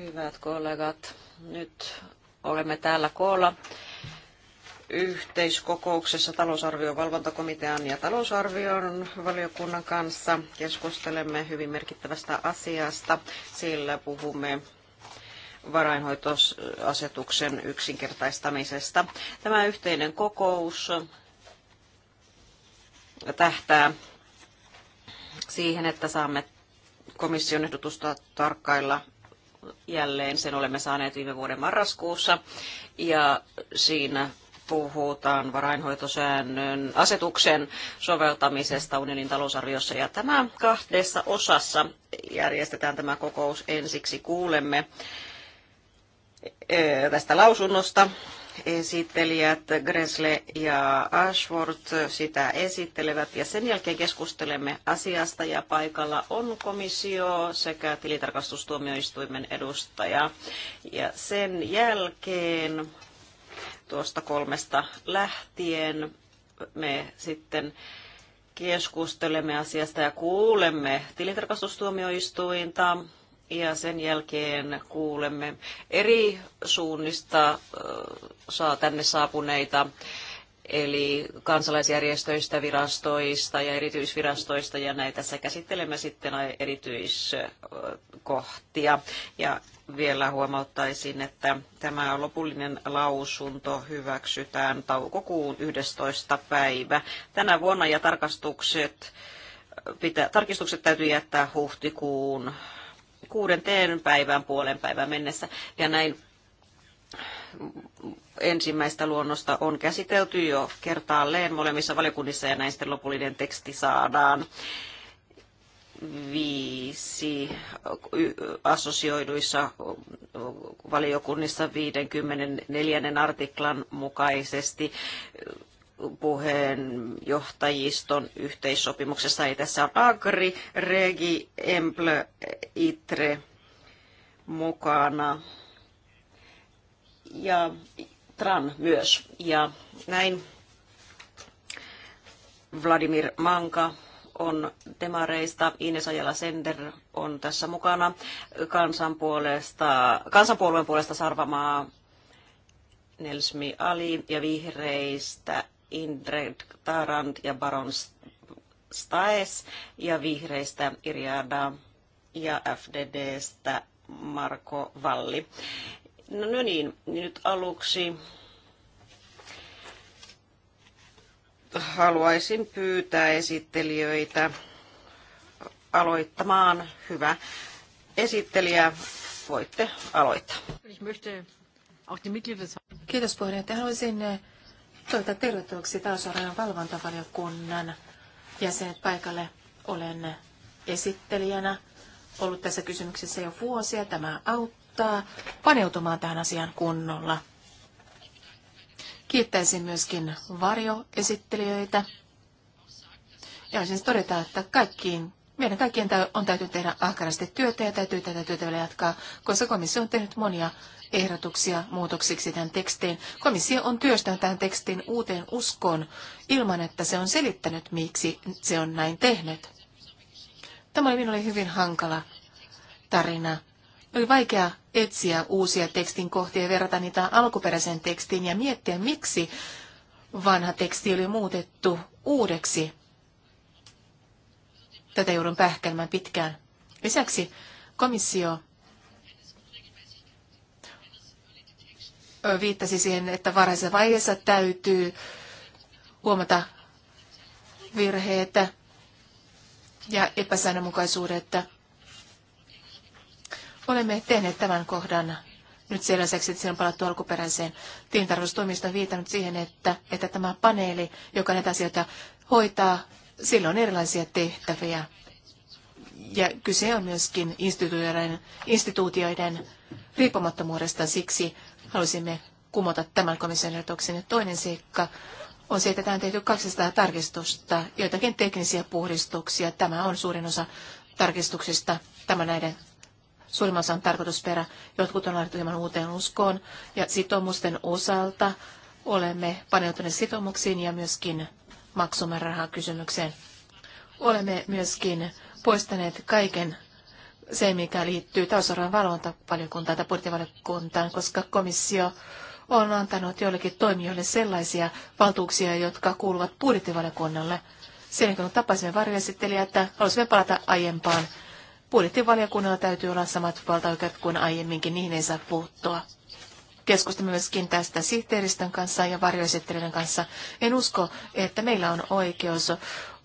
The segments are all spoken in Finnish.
Hyvät kollegat, nyt olemme täällä koolla yhteiskokouksessa talousarvion valvontakomitean ja talousarvion valiokunnan kanssa. Keskustelemme hyvin merkittävästä asiasta, sillä puhumme varainhoitoasetuksen yksinkertaistamisesta. Tämä yhteinen kokous tähtää siihen, että saamme komission ehdotusta tarkkailla jälleen. Sen olemme saaneet viime vuoden marraskuussa ja siinä puhutaan varainhoitosäännön asetuksen soveltamisesta unionin talousarviossa. Ja tämä kahdessa osassa järjestetään tämä kokous. Ensiksi kuulemme tästä lausunnosta esittelijät Gresle ja Ashworth sitä esittelevät ja sen jälkeen keskustelemme asiasta ja paikalla on komissio sekä tilitarkastustuomioistuimen edustaja. Ja sen jälkeen tuosta kolmesta lähtien me sitten keskustelemme asiasta ja kuulemme tilintarkastustuomioistuinta ja sen jälkeen kuulemme eri suunnista saa tänne saapuneita, eli kansalaisjärjestöistä, virastoista ja erityisvirastoista, ja näitä tässä käsittelemme sitten erityiskohtia. Ja vielä huomauttaisin, että tämä lopullinen lausunto hyväksytään taukokuun 11. päivä tänä vuonna, ja tarkastukset Pitä, tarkistukset täytyy jättää huhtikuun kuudenteen päivään puolen päivän mennessä. Ja näin ensimmäistä luonnosta on käsitelty jo kertaalleen molemmissa valiokunnissa ja näin sitten lopullinen teksti saadaan viisi assosioiduissa valiokunnissa 54. artiklan mukaisesti puheenjohtajiston yhteissopimuksessa. Ei tässä on Agri, Regi, Emple, Itre mukana ja Tran myös. Ja näin Vladimir Manka on demareista, Ines Ajala Sender on tässä mukana, kansan puolesta, kansanpuolueen puolesta Sarvamaa Nelsmi Ali ja vihreistä Indred Tarand ja Baron Staes ja vihreistä Iriada ja FDDstä Marko Valli. No, no niin, nyt aluksi haluaisin pyytää esittelijöitä aloittamaan. Hyvä. Esittelijä, voitte aloittaa. Kiitos puheenjohtaja. Haluaisin Toivotan tervetulleeksi talousarvion valvontavaliokunnan jäsenet paikalle. Olen esittelijänä ollut tässä kysymyksessä jo vuosia. Tämä auttaa paneutumaan tähän asiaan kunnolla. Kiittäisin myöskin varjoesittelijöitä. Ja olisin todeta, että kaikkiin meidän kaikkien on täytynyt tehdä ahkarasti työtä ja täytyy tätä työtä vielä jatkaa, koska komissio on tehnyt monia ehdotuksia muutoksiksi tähän tekstiin. Komissio on työstänyt tämän tekstin uuteen uskoon ilman, että se on selittänyt, miksi se on näin tehnyt. Tämä oli minulle hyvin hankala tarina. Oli vaikea etsiä uusia tekstin kohtia ja verrata niitä alkuperäiseen tekstiin ja miettiä, miksi vanha teksti oli muutettu uudeksi Tätä joudun pähkäilemään pitkään. Lisäksi komissio viittasi siihen, että varhaisessa vaiheessa täytyy huomata virheitä ja epäsäännönmukaisuudet. Olemme tehneet tämän kohdan nyt sellaiseksi, että siinä on palattu alkuperäiseen. Tilintarkastustoimisto on viitannut siihen, että, että tämä paneeli, joka näitä asioita hoitaa, siellä on erilaisia tehtäviä ja kyse on myöskin instituutioiden, instituutioiden riippumattomuudesta. Siksi halusimme kumota tämän komission ehdotuksen. Toinen seikka on se, että tämä on tehty 200 tarkistusta, joitakin teknisiä puhdistuksia. Tämä on suurin osa tarkistuksista, tämä näiden suurimman osan tarkoitusperä. Jotkut on laitettu hieman uuteen uskoon ja sitoumusten osalta olemme paneutuneet sitoumuksiin ja myöskin maksumäärärahakysymykseen. Olemme myöskin poistaneet kaiken se, mikä liittyy talousarvon valvontavaliokuntaan tai budjettivaliokuntaan, koska komissio on antanut joillekin toimijoille sellaisia valtuuksia, jotka kuuluvat budjettivaliokunnalle. Sen kun tapasimme varjoesittelijää, että halusimme palata aiempaan. Budjettivaliokunnalla täytyy olla samat valtaoikeudet kuin aiemminkin, niihin ei saa puuttua. Keskustamme myöskin tästä sihteeristön kanssa ja varjoesittelijän kanssa. En usko, että meillä on oikeus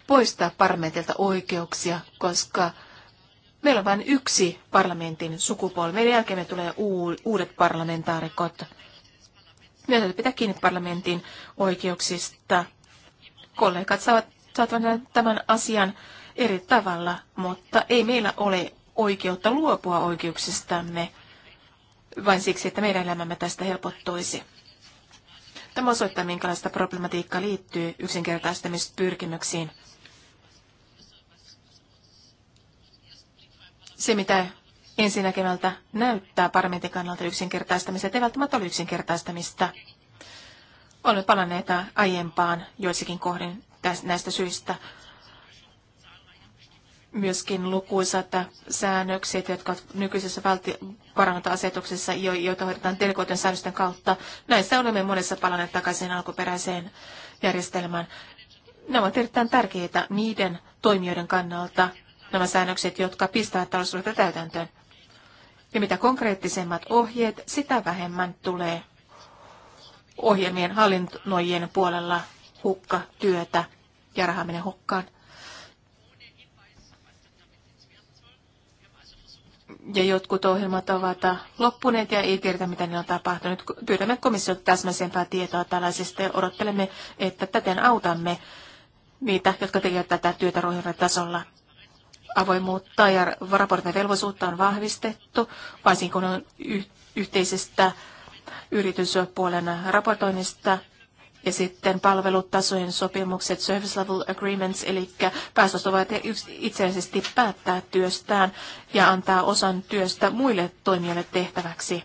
poistaa parlamentilta oikeuksia, koska meillä on vain yksi parlamentin sukupolvi. Meidän jälkeen me tulee uudet parlamentaarikot. Meidän täytyy pitää kiinni parlamentin oikeuksista. Kollegat saavat, saavat tämän asian eri tavalla, mutta ei meillä ole oikeutta luopua oikeuksistamme vain siksi, että meidän elämämme tästä helpottuisi. Tämä osoittaa, minkälaista problematiikka liittyy yksinkertaistamispyrkimyksiin. Se, mitä ensinnäkemältä näyttää parlamentin kannalta yksinkertaistamista, ei välttämättä ole yksinkertaistamista. Olemme palanneet aiempaan joissakin kohdin näistä syistä myöskin lukuisat säännökset, jotka nykyisessä valtioparantoasetuksessa, jo, joita hoidetaan delegoitujen säännösten kautta. Näissä olemme monessa palanneet takaisin alkuperäiseen järjestelmään. Ne ovat erittäin tärkeitä niiden toimijoiden kannalta, nämä säännökset, jotka pistävät taloussuhdetta täytäntöön. Ja mitä konkreettisemmat ohjeet, sitä vähemmän tulee ohjelmien hallinnoijien puolella hukka työtä ja raha menee hukkaan. ja jotkut ohjelmat ovat loppuneet ja ei tiedetä, mitä ne on tapahtunut. Pyydämme komissiolta täsmäisempää tietoa tällaisista ja odottelemme, että täten autamme niitä, jotka tekevät tätä työtä tasolla. Avoimuutta ja raportin velvollisuutta on vahvistettu, varsinkin kun on yhteisestä yrityspuolen raportoinnista ja sitten palvelutasojen sopimukset, service level agreements, eli päästöstä voivat itsenäisesti päättää työstään ja antaa osan työstä muille toimijoille tehtäväksi.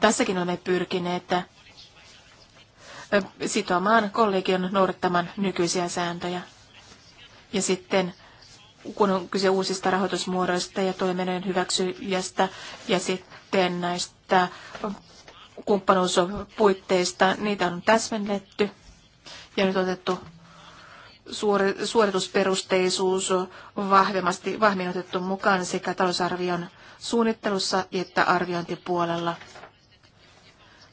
Tässäkin olemme pyrkineet sitomaan kollegion noudattaman nykyisiä sääntöjä. Ja sitten kun on kyse uusista rahoitusmuodoista ja toiminnan hyväksyjästä ja sitten näistä kumppanuuspuitteista, niitä on täsmennetty ja nyt otettu suoritusperusteisuus vahvemmasti, vahvemmin otettu mukaan sekä talousarvion suunnittelussa että arviointipuolella.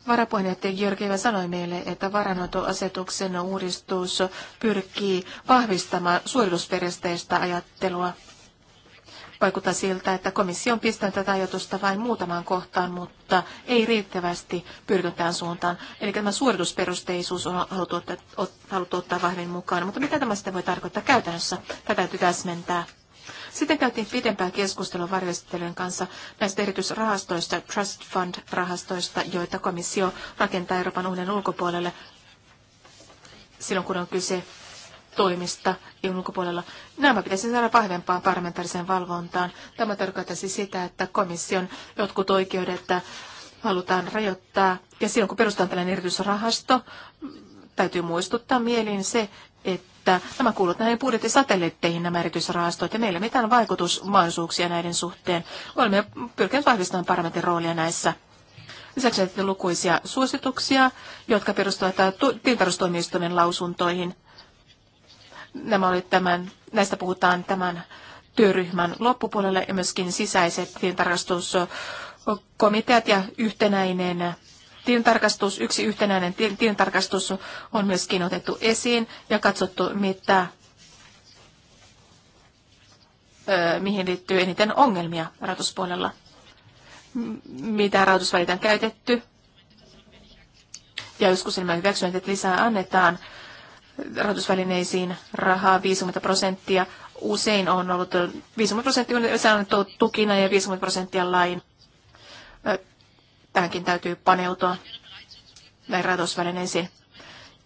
Varapuheenjohtaja Georgieva sanoi meille, että varanotoasetuksen uudistus pyrkii vahvistamaan suoritusperusteista ajattelua vaikuta siltä, että komissio on pistänyt tätä ajatusta vain muutamaan kohtaan, mutta ei riittävästi pyrkinyt tähän suuntaan. Eli tämä suoritusperusteisuus on haluttu ottaa, haluttu ottaa vahvin mukaan. Mutta mitä tämä sitten voi tarkoittaa käytännössä? Tätä täytyy täsmentää. Sitten käytiin pidempää keskustelua varjostelujen kanssa näistä erityisrahastoista, trust fund-rahastoista, joita komissio rakentaa Euroopan unionin ulkopuolelle silloin, kun on kyse toimista EUn ulkopuolella. Nämä pitäisi saada vahvempaan parlamentaariseen valvontaan. Tämä tarkoittaisi sitä, että komission jotkut oikeudet halutaan rajoittaa. Ja silloin kun perustetaan tällainen erityisrahasto, täytyy muistuttaa mieliin se, että nämä kuuluvat näihin budjettisatelliitteihin nämä erityisrahastot, ja meillä ei mitään vaikutusmahdollisuuksia näiden suhteen. Olemme pyrkineet vahvistamaan parlamentin roolia näissä. Lisäksi näitä lukuisia suosituksia, jotka perustuvat tilintarkastustoimistoimen lausuntoihin. Nämä oli tämän, näistä puhutaan tämän työryhmän loppupuolelle ja myöskin sisäiset tilintarkastuskomiteat ja yhtenäinen tilintarkastus, yksi yhtenäinen tilintarkastus on myöskin otettu esiin ja katsottu, mitä, mihin liittyy eniten ongelmia rahoituspuolella, mitä rahoitusvälineitä on käytetty ja joskus enemmän että lisää annetaan rahoitusvälineisiin rahaa 50 prosenttia. Usein on ollut 50 prosenttia säännetty tukina ja 50 prosenttia lain. Tähänkin täytyy paneutua näin rahoitusvälineisiin.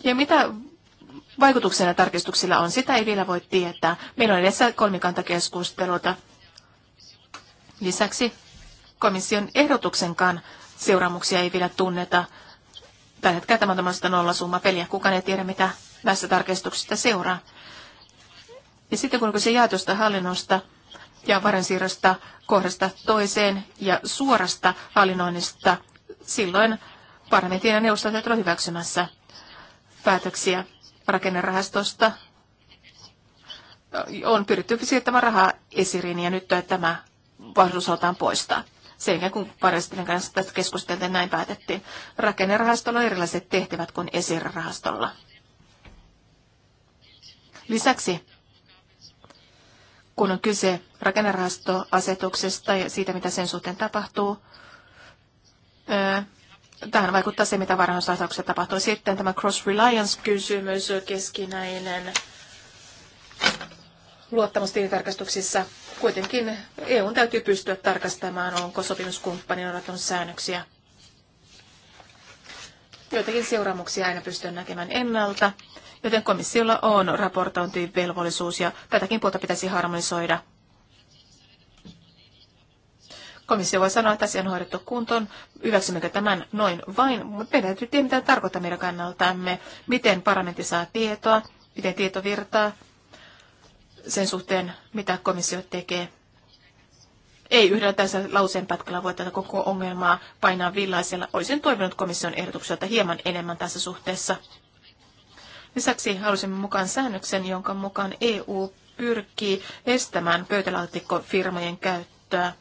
Ja mitä vaikutuksena tarkistuksilla on, sitä ei vielä voi tietää. Meillä on edessä kolmikantakeskusteluta. Lisäksi komission ehdotuksenkaan seuraamuksia ei vielä tunneta. Tällä hetkellä tämä on tämmöistä peliä. Kukaan ei tiedä, mitä tässä tarkistuksesta seuraa. Ja sitten kun se jaetusta hallinnosta ja varansiirrosta kohdasta toiseen ja suorasta hallinnoinnista, silloin parlamentin ja neuvostot ovat hyväksymässä päätöksiä rakennerahastosta. On pyritty siirtämään rahaa esiriin ja nyt tämä mahdollisuus halutaan poistaa. Sen kun parlamentin kanssa tästä keskusteltiin, näin päätettiin. Rakennerahastolla on erilaiset tehtävät kuin esirahastolla. Lisäksi, kun on kyse rakennerahastoasetuksesta ja siitä, mitä sen suhteen tapahtuu, tähän vaikuttaa se, mitä varhaisasauksessa tapahtuu. Sitten tämä cross-reliance-kysymys, keskinäinen luottamustilintarkastuksissa. Kuitenkin EUn täytyy pystyä tarkastamaan, onko sopimuskumppani noudattanut säännöksiä. Joitakin seuraamuksia aina pystyn näkemään ennalta joten komissiolla on raportointivelvollisuus ja tätäkin puolta pitäisi harmonisoida. Komissio voi sanoa, että asia on hoidettu kuntoon. Hyväksymmekö tämän noin vain? Mutta meidän täytyy tietää, mitä tarkoittaa meidän kannaltamme, miten parlamentti saa tietoa, miten tieto virtaa sen suhteen, mitä komissio tekee. Ei yhdellä tässä lauseen pätkällä voi tätä koko ongelmaa painaa villaisella. Olisin toivonut komission ehdotukselta hieman enemmän tässä suhteessa. Lisäksi halusimme mukaan säännöksen, jonka mukaan EU pyrkii estämään pöytälaatikkofirmojen käyttöä.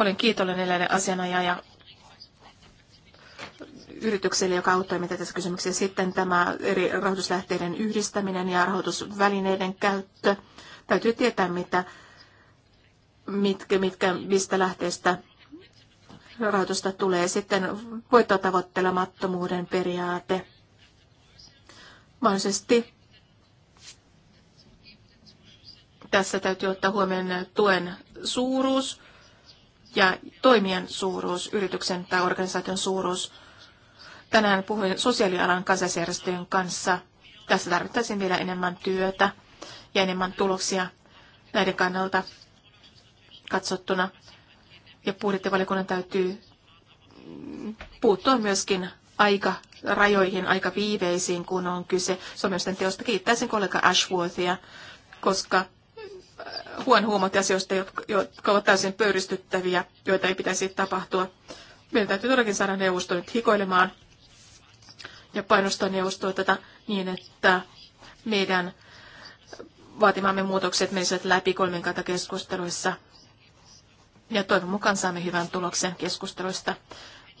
Olen kiitollinen näille asianajaja yritykselle, joka auttoi meitä tässä kysymyksessä. Sitten tämä eri rahoituslähteiden yhdistäminen ja rahoitusvälineiden käyttö. Täytyy tietää, mitä, mitkä, mitkä, mistä lähteistä rahoitusta tulee sitten voittotavoittelemattomuuden periaate. Mahdollisesti tässä täytyy ottaa huomioon tuen suuruus ja toimien suuruus, yrityksen tai organisaation suuruus. Tänään puhuin sosiaalialan kansalaisjärjestöjen kanssa. Tässä tarvittaisiin vielä enemmän työtä ja enemmän tuloksia näiden kannalta katsottuna ja budjettivaliokunnan täytyy puuttua myöskin aika rajoihin, aika viiveisiin, kun on kyse sopimusten teosta. Kiittäisin kollega Ashworthia, koska äh, huon huomot asioista, jotka ovat täysin pöyristyttäviä, joita ei pitäisi tapahtua. Meidän täytyy todellakin saada neuvosto nyt hikoilemaan ja painostaa neuvostoa tätä niin, että meidän vaatimamme muutokset menisivät läpi keskusteluissa ja toivon mukaan saamme hyvän tuloksen keskusteluista.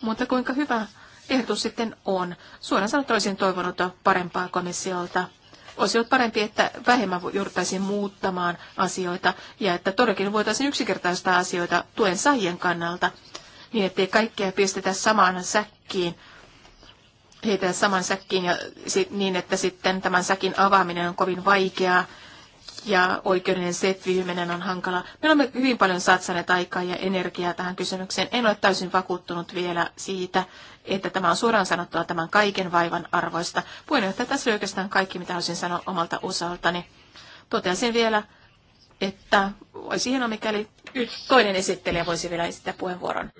Mutta kuinka hyvä ehdotus sitten on? Suoraan sanottuna olisin toivonut parempaa komissiolta. Olisi ollut parempi, että vähemmän jouduttaisiin muuttamaan asioita ja että todellakin voitaisiin yksinkertaistaa asioita tuen saajien kannalta niin, ettei kaikkea pistetä samaan säkkiin heitä saman säkkiin ja sit, niin, että sitten tämän säkin avaaminen on kovin vaikeaa ja oikeudellinen se viimeinen on hankala. Me olemme hyvin paljon satsaneet aikaa ja energiaa tähän kysymykseen. En ole täysin vakuuttunut vielä siitä, että tämä on suoraan sanottua tämän kaiken vaivan arvoista. Puheenjohtaja, tässä oli oikeastaan kaikki, mitä haluaisin sanoa omalta osaltani. Toteasin vielä, että olisi hienoa, mikäli toinen esittelijä voisi vielä esittää puheenvuoron.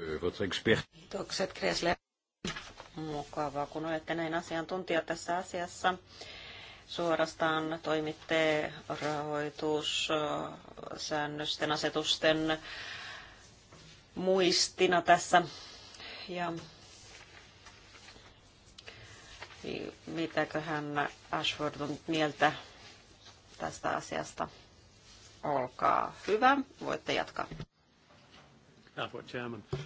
Kiitokset, Kresle. Mukavaa, kun olette näin asiantuntija tässä asiassa suorastaan toimitte rahoitussäännösten, asetusten muistina tässä. Ja mitäköhän Ashford on mieltä tästä asiasta? Olkaa hyvä, voitte jatkaa. Chairman. Uh,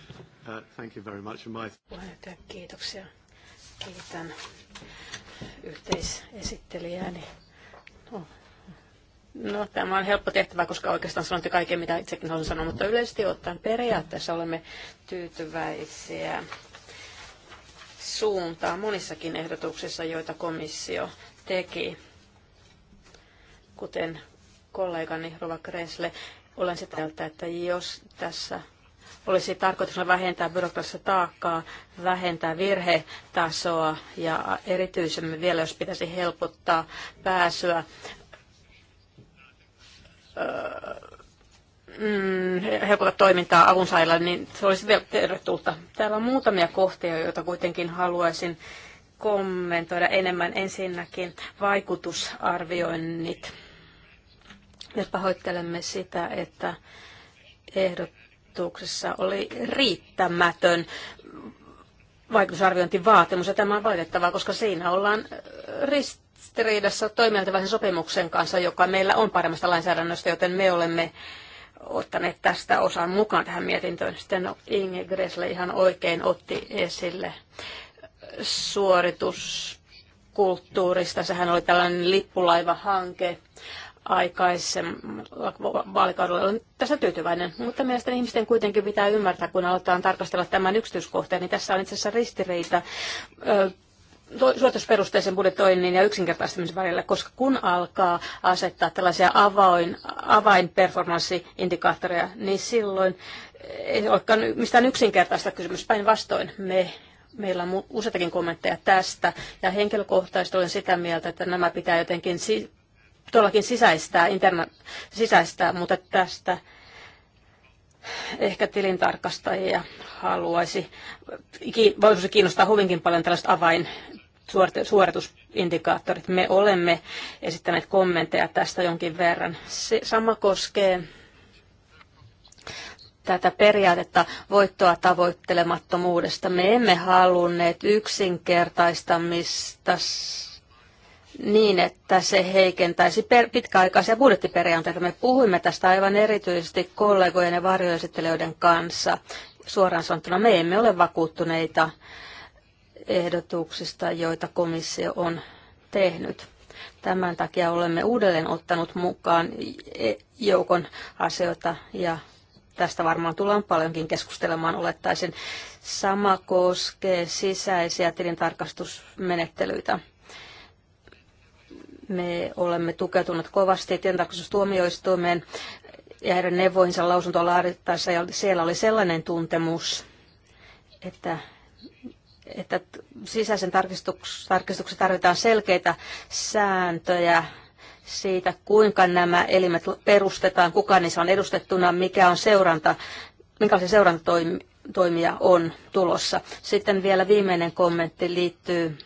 thank you very much. My... Kiitoksia. Kiitän yhteisesittelijääni. Niin no, no, tämä on helppo tehtävä, koska oikeastaan sanoitte kaiken, mitä itsekin haluan sanoa, mutta yleisesti ottaen periaatteessa olemme tyytyväisiä suuntaan monissakin ehdotuksissa, joita komissio teki. Kuten kollegani Rova Kresle, olen sitä mieltä, että jos tässä olisi tarkoituksena vähentää byrokratista taakkaa, vähentää virhetasoa ja erityisemmin vielä, jos pitäisi helpottaa pääsyä öö, mm, helpottaa helpota toimintaa avunsaajilla, niin se olisi vielä tervetulta. Täällä on muutamia kohtia, joita kuitenkin haluaisin kommentoida enemmän. Ensinnäkin vaikutusarvioinnit. Me pahoittelemme sitä, että ehdot ehdotuksessa oli riittämätön vaikutusarviointivaatimus, ja tämä on valitettavaa, koska siinä ollaan äh, ristiriidassa toimijoiden sopimuksen kanssa, joka meillä on paremmasta lainsäädännöstä, joten me olemme ottaneet tästä osan mukaan tähän mietintöön. Sitten no, Inge Gressle ihan oikein otti esille suorituskulttuurista. Sehän oli tällainen lippulaivahanke aikaisemmalla vaalikaudella. Olen tässä tyytyväinen, mutta mielestäni ihmisten kuitenkin pitää ymmärtää, kun aletaan tarkastella tämän yksityiskohteen, niin tässä on itse asiassa ristiriita suotusperusteisen budjetoinnin ja yksinkertaistamisen välillä, koska kun alkaa asettaa tällaisia avain, avainperformanssiindikaattoreja, niin silloin ei olekaan mistään yksinkertaista kysymys. Päinvastoin me meillä on useitakin kommentteja tästä, ja henkilökohtaisesti olen sitä mieltä, että nämä pitää jotenkin todellakin sisäistää, interna, sisäistää, mutta tästä ehkä tilintarkastajia haluaisi, voisi kiinnostaa hyvinkin paljon tällaiset avain suoritusindikaattorit. Me olemme esittäneet kommentteja tästä jonkin verran. Se sama koskee tätä periaatetta voittoa tavoittelemattomuudesta. Me emme halunneet yksinkertaistamista niin, että se heikentäisi per- pitkäaikaisia budjettiperiaatteita. Me puhuimme tästä aivan erityisesti kollegojen ja varjoesittelijöiden kanssa. Suoraan sanottuna me emme ole vakuuttuneita ehdotuksista, joita komissio on tehnyt. Tämän takia olemme uudelleen ottanut mukaan e-, joukon asioita ja tästä varmaan tullaan paljonkin keskustelemaan, olettaisin. Sama koskee sisäisiä tilintarkastusmenettelyitä me olemme tukeutuneet kovasti tientarkastustuomioistuimeen ja heidän neuvoihinsa lausuntoa laadittaessa, ja siellä oli sellainen tuntemus, että että sisäisen tarkistuksen tarvitaan selkeitä sääntöjä siitä, kuinka nämä elimet perustetaan, kuka niissä on edustettuna, mikä on seuranta, minkälaisia seurantatoimia on tulossa. Sitten vielä viimeinen kommentti liittyy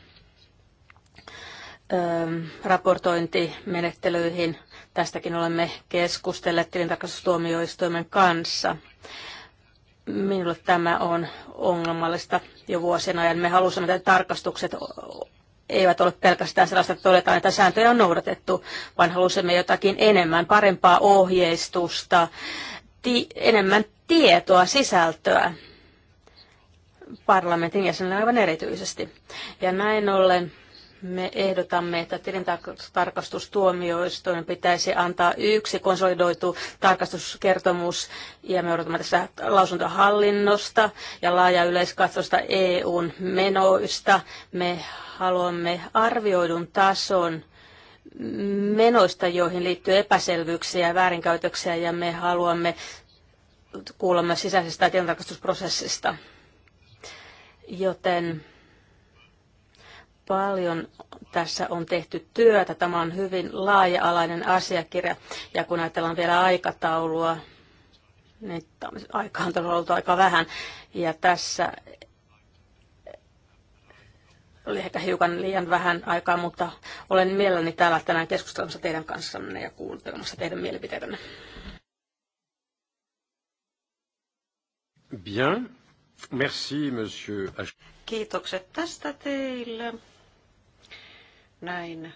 raportointimenettelyihin. Tästäkin olemme keskustelleet tilintarkastustuomioistuimen kanssa. Minulle tämä on ongelmallista jo vuosien ajan. Me halusimme, että tarkastukset eivät ole pelkästään sellaista, että todetaan, että sääntöjä on noudatettu, vaan halusimme jotakin enemmän, parempaa ohjeistusta, ti- enemmän tietoa, sisältöä parlamentin jäsenille aivan erityisesti. Ja näin ollen me ehdotamme, että tilintarkastustuomioistuin pitäisi antaa yksi konsolidoitu tarkastuskertomus, ja me odotamme tässä lausuntohallinnosta ja laaja yleiskatsosta EUn menoista. Me haluamme arvioidun tason menoista, joihin liittyy epäselvyyksiä ja väärinkäytöksiä, ja me haluamme kuulla myös sisäisestä tilintarkastusprosessista. Joten paljon tässä on tehty työtä. Tämä on hyvin laaja-alainen asiakirja. Ja kun ajatellaan vielä aikataulua, niin siis- aika on ollut aika vähän. Ja tässä oli ehkä hiukan liian vähän aikaa, mutta olen mielelläni täällä tänään keskustelemassa teidän kanssanne ja kuuntelemassa teidän mielipiteitänne. Bien. Merci, monsieur. Kiitokset tästä teille. Näin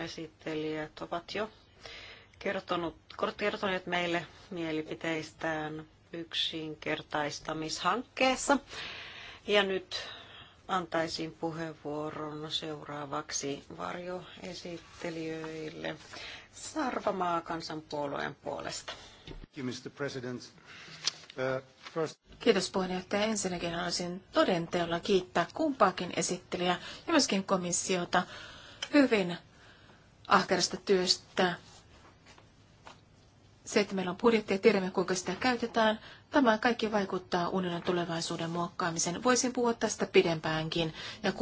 esittelijät ovat jo kertonut, kertoneet meille mielipiteistään yksinkertaistamishankkeessa. Ja nyt antaisin puheenvuoron seuraavaksi varjoesittelijöille Sarvamaa kansanpuolueen puolesta. Mr. President. Kiitos puheenjohtaja. Ensinnäkin haluaisin todenteolla kiittää kumpaakin esittelijää ja myöskin komissiota hyvin ahkerasta työstä. Se, että meillä on budjetti ja tiedämme, kuinka sitä käytetään, tämä kaikki vaikuttaa unionin tulevaisuuden muokkaamiseen. Voisin puhua tästä pidempäänkin ja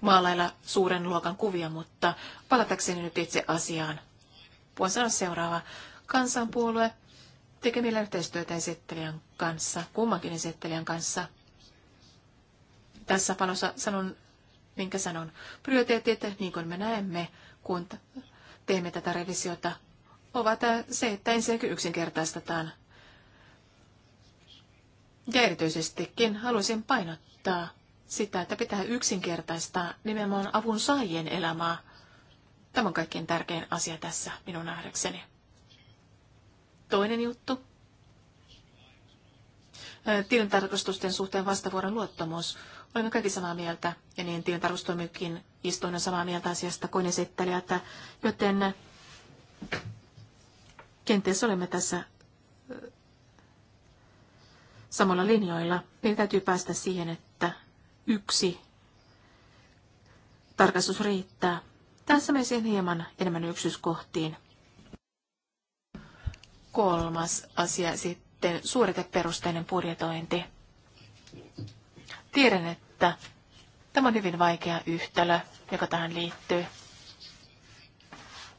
maalailla suuren luokan kuvia, mutta palatakseni nyt itse asiaan. Voin sanoa seuraava. Kansanpuolue tekemillä yhteistyötä esittelijän kanssa, kummankin esittelijän kanssa. Tässä panossa sanon, minkä sanon, että niin kuin me näemme, kun teemme tätä revisiota, ovat äh, se, että ensinnäkin yksinkertaistetaan. Ja erityisestikin haluaisin painottaa sitä, että pitää yksinkertaistaa nimenomaan avun saajien elämää. Tämä on kaikkein tärkein asia tässä minun nähdäkseni. Toinen juttu tilintarkastusten suhteen vastavuoron luottamus. Olemme kaikki samaa mieltä, ja niin tilintarkastustoimikin istuin on samaa mieltä asiasta kuin esittelijät, joten kenties olemme tässä samalla linjoilla. Meidän täytyy päästä siihen, että yksi tarkastus riittää. Tässä siihen hieman enemmän yksityiskohtiin. Kolmas asia sitten sitten suoriteperusteinen budjetointi. Tiedän, että tämä on hyvin vaikea yhtälö, joka tähän liittyy.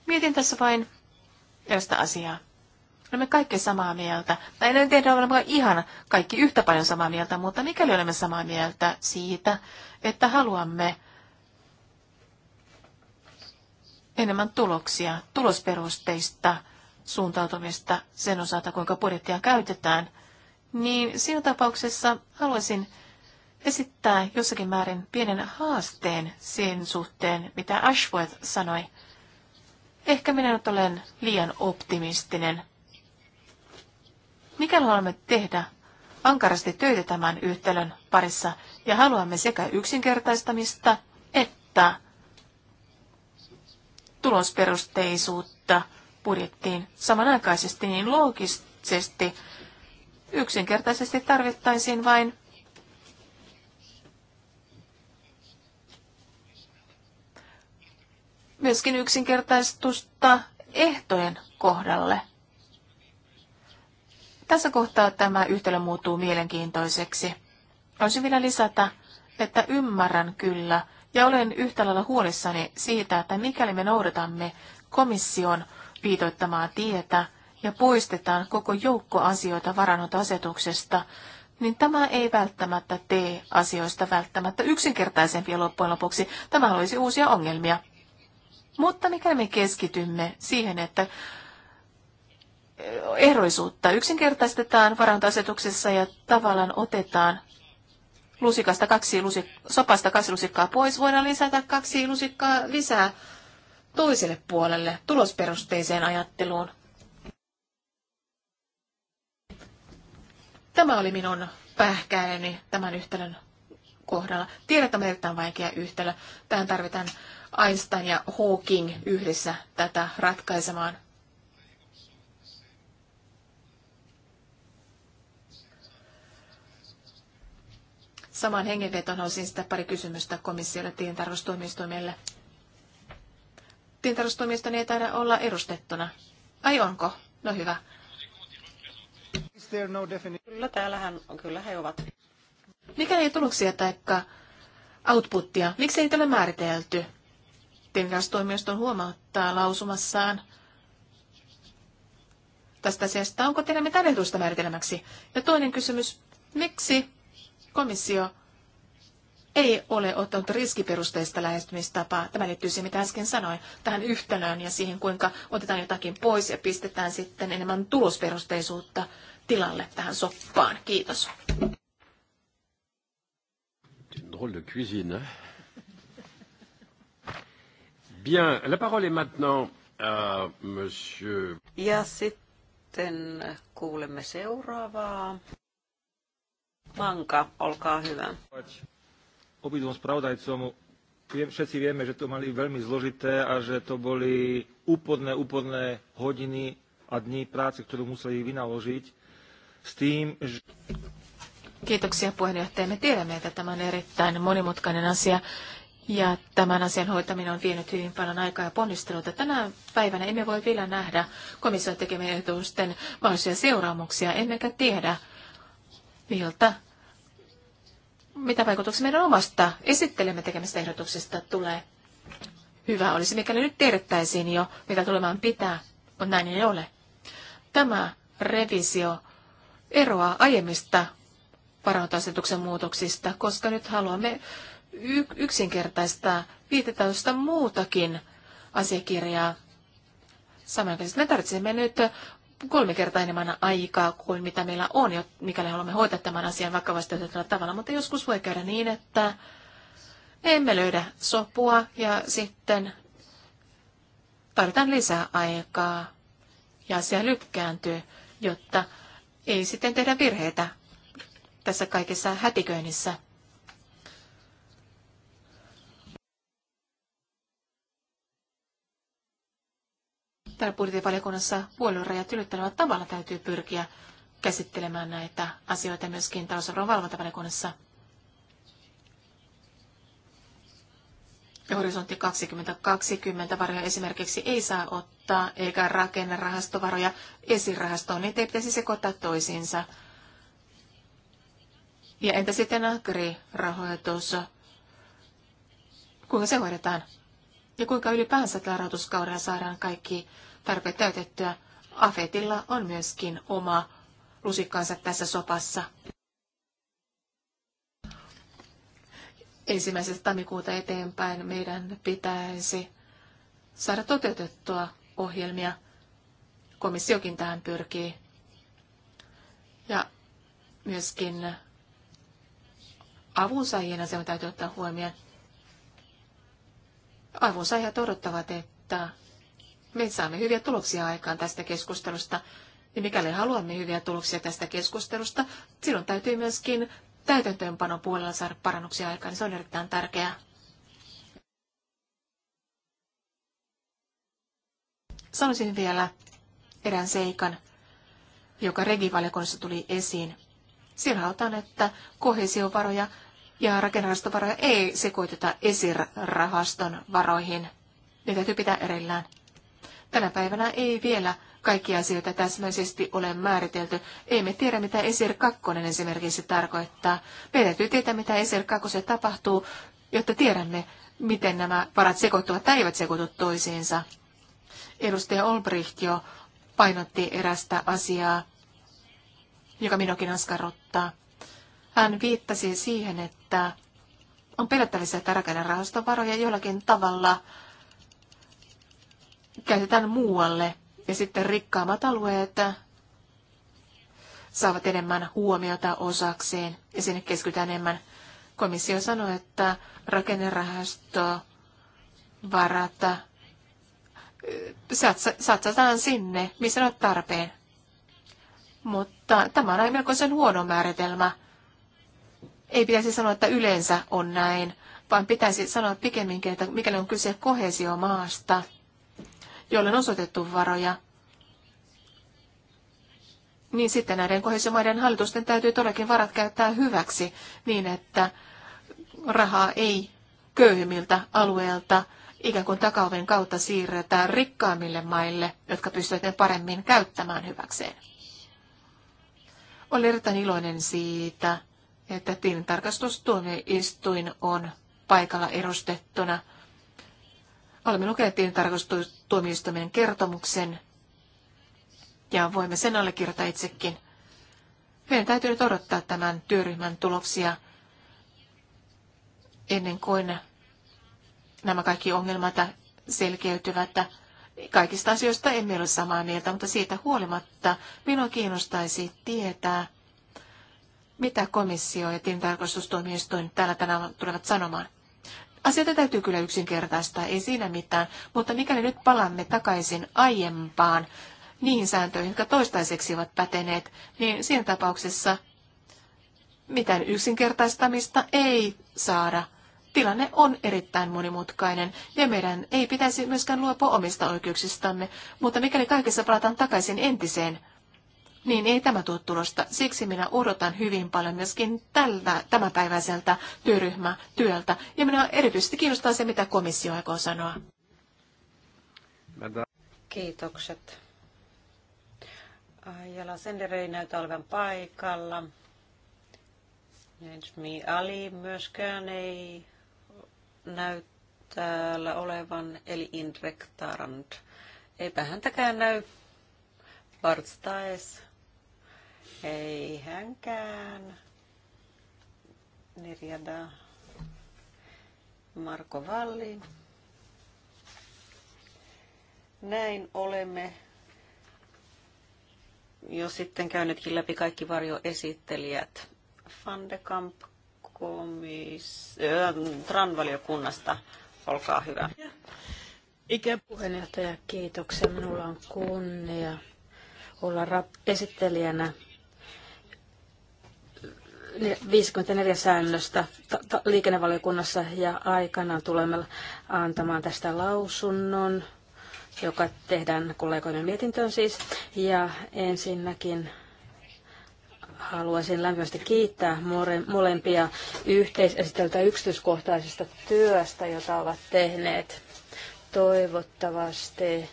Mietin tässä vain erästä asiaa. Olemme kaikki samaa mieltä. Tai en tiedä, olemme ihan kaikki yhtä paljon samaa mieltä, mutta mikäli olemme samaa mieltä siitä, että haluamme enemmän tuloksia, tulosperusteista suuntautumista sen osalta, kuinka budjettia käytetään, niin siinä tapauksessa haluaisin esittää jossakin määrin pienen haasteen sen suhteen, mitä Ashworth sanoi. Ehkä minä nyt olen liian optimistinen. Mikäli haluamme tehdä ankarasti töitä tämän yhtälön parissa ja haluamme sekä yksinkertaistamista että tulosperusteisuutta, budjettiin samanaikaisesti, niin loogisesti yksinkertaisesti tarvittaisiin vain myöskin yksinkertaistusta ehtojen kohdalle. Tässä kohtaa tämä yhtälö muuttuu mielenkiintoiseksi. Voisin vielä lisätä, että ymmärrän kyllä ja olen yhtä lailla huolissani siitä, että mikäli me noudatamme komission viitoittamaa tietä ja poistetaan koko joukko asioita varannut-asetuksesta, niin tämä ei välttämättä tee asioista välttämättä yksinkertaisempia loppujen lopuksi. Tämä olisi uusia ongelmia. Mutta mikäli me keskitymme siihen, että ehdollisuutta yksinkertaistetaan varantoasetuksessa ja tavallaan otetaan lusikasta kaksi lusik- sopasta kaksi lusikkaa pois, voidaan lisätä kaksi lusikkaa lisää toiselle puolelle, tulosperusteiseen ajatteluun. Tämä oli minun pähkäilyni tämän yhtälön kohdalla. Tiedän, että on erittäin vaikea yhtälö. Tähän tarvitaan Einstein ja Hawking yhdessä tätä ratkaisemaan. Samaan hengenvetoon olisin sitä pari kysymystä komissiolle tilintarkastustuomioistuimelle tilintarkastustoimiston ei taida olla edustettuna. Ai onko? No hyvä. No kyllä, täällähän on, kyllä he ovat. Mikä ei tuloksia tai outputtia, miksi ei ole määritelty? Tilintarkastustoimiston huomauttaa lausumassaan tästä asiasta. Onko teillä mitään ehdotusta määritelmäksi? Ja toinen kysymys, miksi komissio ei ole ottanut riskiperusteista lähestymistapaa. Tämä liittyy siihen, mitä äsken sanoin, tähän yhtälöön ja siihen, kuinka otetaan jotakin pois ja pistetään sitten enemmän tulosperusteisuutta tilalle tähän soppaan. Kiitos. Drôle de cuisine. Bien, la parole est maintenant à monsieur... Ja sitten kuulemme seuraavaa. Manka, olkaa hyvä obidvom spravodajcom všetci vieme, že to mali veľmi zložité a že to boli úporné, úporné hodiny a dní práce, ktorú museli vynaložiť s tým, že... Kiitoksia puheenjohtaja. Me tiedämme, että tämä on erittäin monimutkainen asia ja tämän asian hoitaminen on vienyt hyvin paljon aikaa ja ponnisteluita. Tänä päivänä emme voi vielä nähdä komission tekemien ehdotusten mahdollisia seuraamuksia, emmekä tiedä, miltä mitä vaikutuksia meidän omasta esittelemme tekemistä ehdotuksesta tulee. Hyvä olisi, mikäli nyt tiedettäisiin jo, mitä tulemaan pitää, mutta näin ei ole. Tämä revisio eroaa aiemmista varantoasetuksen muutoksista, koska nyt haluamme yksinkertaistaa 15 muutakin asiakirjaa. Samoin me tarvitsemme nyt kolme kertaa enemmän aikaa kuin mitä meillä on, mikäli haluamme hoitaa tämän asian vakavasti otettavalla tavalla. Mutta joskus voi käydä niin, että emme löydä sopua ja sitten tarvitaan lisää aikaa ja asia lykkääntyy, jotta ei sitten tehdä virheitä tässä kaikessa hätiköinnissä. täällä budjettivaliokunnassa puoluerajat ylittävällä tavalla täytyy pyrkiä käsittelemään näitä asioita myöskin talousarvon valvontavaliokunnassa. Horisontti 2020 varoja esimerkiksi ei saa ottaa, eikä rakennerahastovaroja esirahastoon, niitä ei pitäisi sekoittaa toisiinsa. Ja entä sitten agri-rahoitus? Kuinka se hoidetaan? ja kuinka ylipäänsä tällä rahoituskaudella saadaan kaikki tarpeet täytettyä. Afetilla on myöskin oma lusikkansa tässä sopassa. Ensimmäisestä tammikuuta eteenpäin meidän pitäisi saada toteutettua ohjelmia. Komissiokin tähän pyrkii. Ja myöskin avunsaajien asema täytyy ottaa huomioon avunsaajat odottavat, että me saamme hyviä tuloksia aikaan tästä keskustelusta. Ja mikäli haluamme hyviä tuloksia tästä keskustelusta, silloin täytyy myöskin täytäntöönpanon puolella saada parannuksia aikaan. se on erittäin tärkeää. Sanoisin vielä erään seikan, joka regivaliokunnassa tuli esiin. Siellä halutaan, että kohesiovaroja ja rakennerahastovaroja ei sekoiteta esirahaston varoihin. Ne täytyy pitää erillään. Tänä päivänä ei vielä kaikkia asioita täsmäisesti ole määritelty. Ei me tiedä, mitä ESIR 2 esimerkiksi tarkoittaa. Meidän täytyy tietää, mitä ESIR 2 tapahtuu, jotta tiedämme, miten nämä varat sekoittuvat tai eivät sekoitu toisiinsa. Edustaja Olbricht jo painotti erästä asiaa, joka minunkin askarruttaa. Hän viittasi siihen, että on pelättävissä, että rahastovaroja jollakin tavalla käytetään muualle ja sitten rikkaammat alueet saavat enemmän huomiota osakseen ja sinne keskitytään enemmän. Komissio sanoi, että rakennerahasto varata satsataan sinne, missä on tarpeen. Mutta tämä on melkoisen huono määritelmä ei pitäisi sanoa, että yleensä on näin, vaan pitäisi sanoa pikemminkin, että mikäli on kyse kohesiomaasta, jolle on osoitettu varoja, niin sitten näiden kohesiomaiden hallitusten täytyy todellakin varat käyttää hyväksi niin, että rahaa ei köyhimmiltä alueilta ikään kuin takauven kautta siirretään rikkaammille maille, jotka pystyvät ne paremmin käyttämään hyväkseen. Olen erittäin iloinen siitä, että tilintarkastustuomioistuin on paikalla edustettuna. Olemme lukeneet tilintarkastustuomioistuimen kertomuksen ja voimme sen allekirjoittaa itsekin. Meidän täytyy nyt odottaa tämän työryhmän tuloksia ennen kuin nämä kaikki ongelmat selkeytyvät. Kaikista asioista emme ole samaa mieltä, mutta siitä huolimatta minua kiinnostaisi tietää, mitä komissio ja tilintarkastustuomioistuin tällä tänään tulevat sanomaan. Asioita täytyy kyllä yksinkertaistaa, ei siinä mitään, mutta mikäli nyt palaamme takaisin aiempaan niihin sääntöihin, jotka toistaiseksi ovat päteneet, niin siinä tapauksessa mitään yksinkertaistamista ei saada. Tilanne on erittäin monimutkainen ja meidän ei pitäisi myöskään luopua omista oikeuksistamme, mutta mikäli kaikessa palataan takaisin entiseen, niin ei tämä tuo tulosta. Siksi minä odotan hyvin paljon myöskin tällä, tämänpäiväiseltä työryhmätyöltä. Ja minä erityisesti kiinnostaa se, mitä komissio aikoo sanoa. Kiitokset. Ajala Sender ei näytä olevan paikalla. Nesmi Ali myöskään ei näytä täällä olevan, eli Indrek Tarant. Eipä häntäkään näy. Bartstaes ei hänkään. Nirjada Marko Vallin. Näin olemme jo sitten käynytkin läpi kaikki varjoesittelijät. Fandekamp de Kamp komis, TRAN-valiokunnasta. Olkaa hyvä. puheenjohtaja, kiitoksia. Minulla on kunnia olla rap- esittelijänä 54 säännöstä liikennevaliokunnassa ja aikanaan tulemme antamaan tästä lausunnon, joka tehdään kollegoiden mietintöön siis. Ja ensinnäkin haluaisin lämpimästi kiittää molempia yhteisesiteltä yksityiskohtaisesta työstä, jota ovat tehneet. Toivottavasti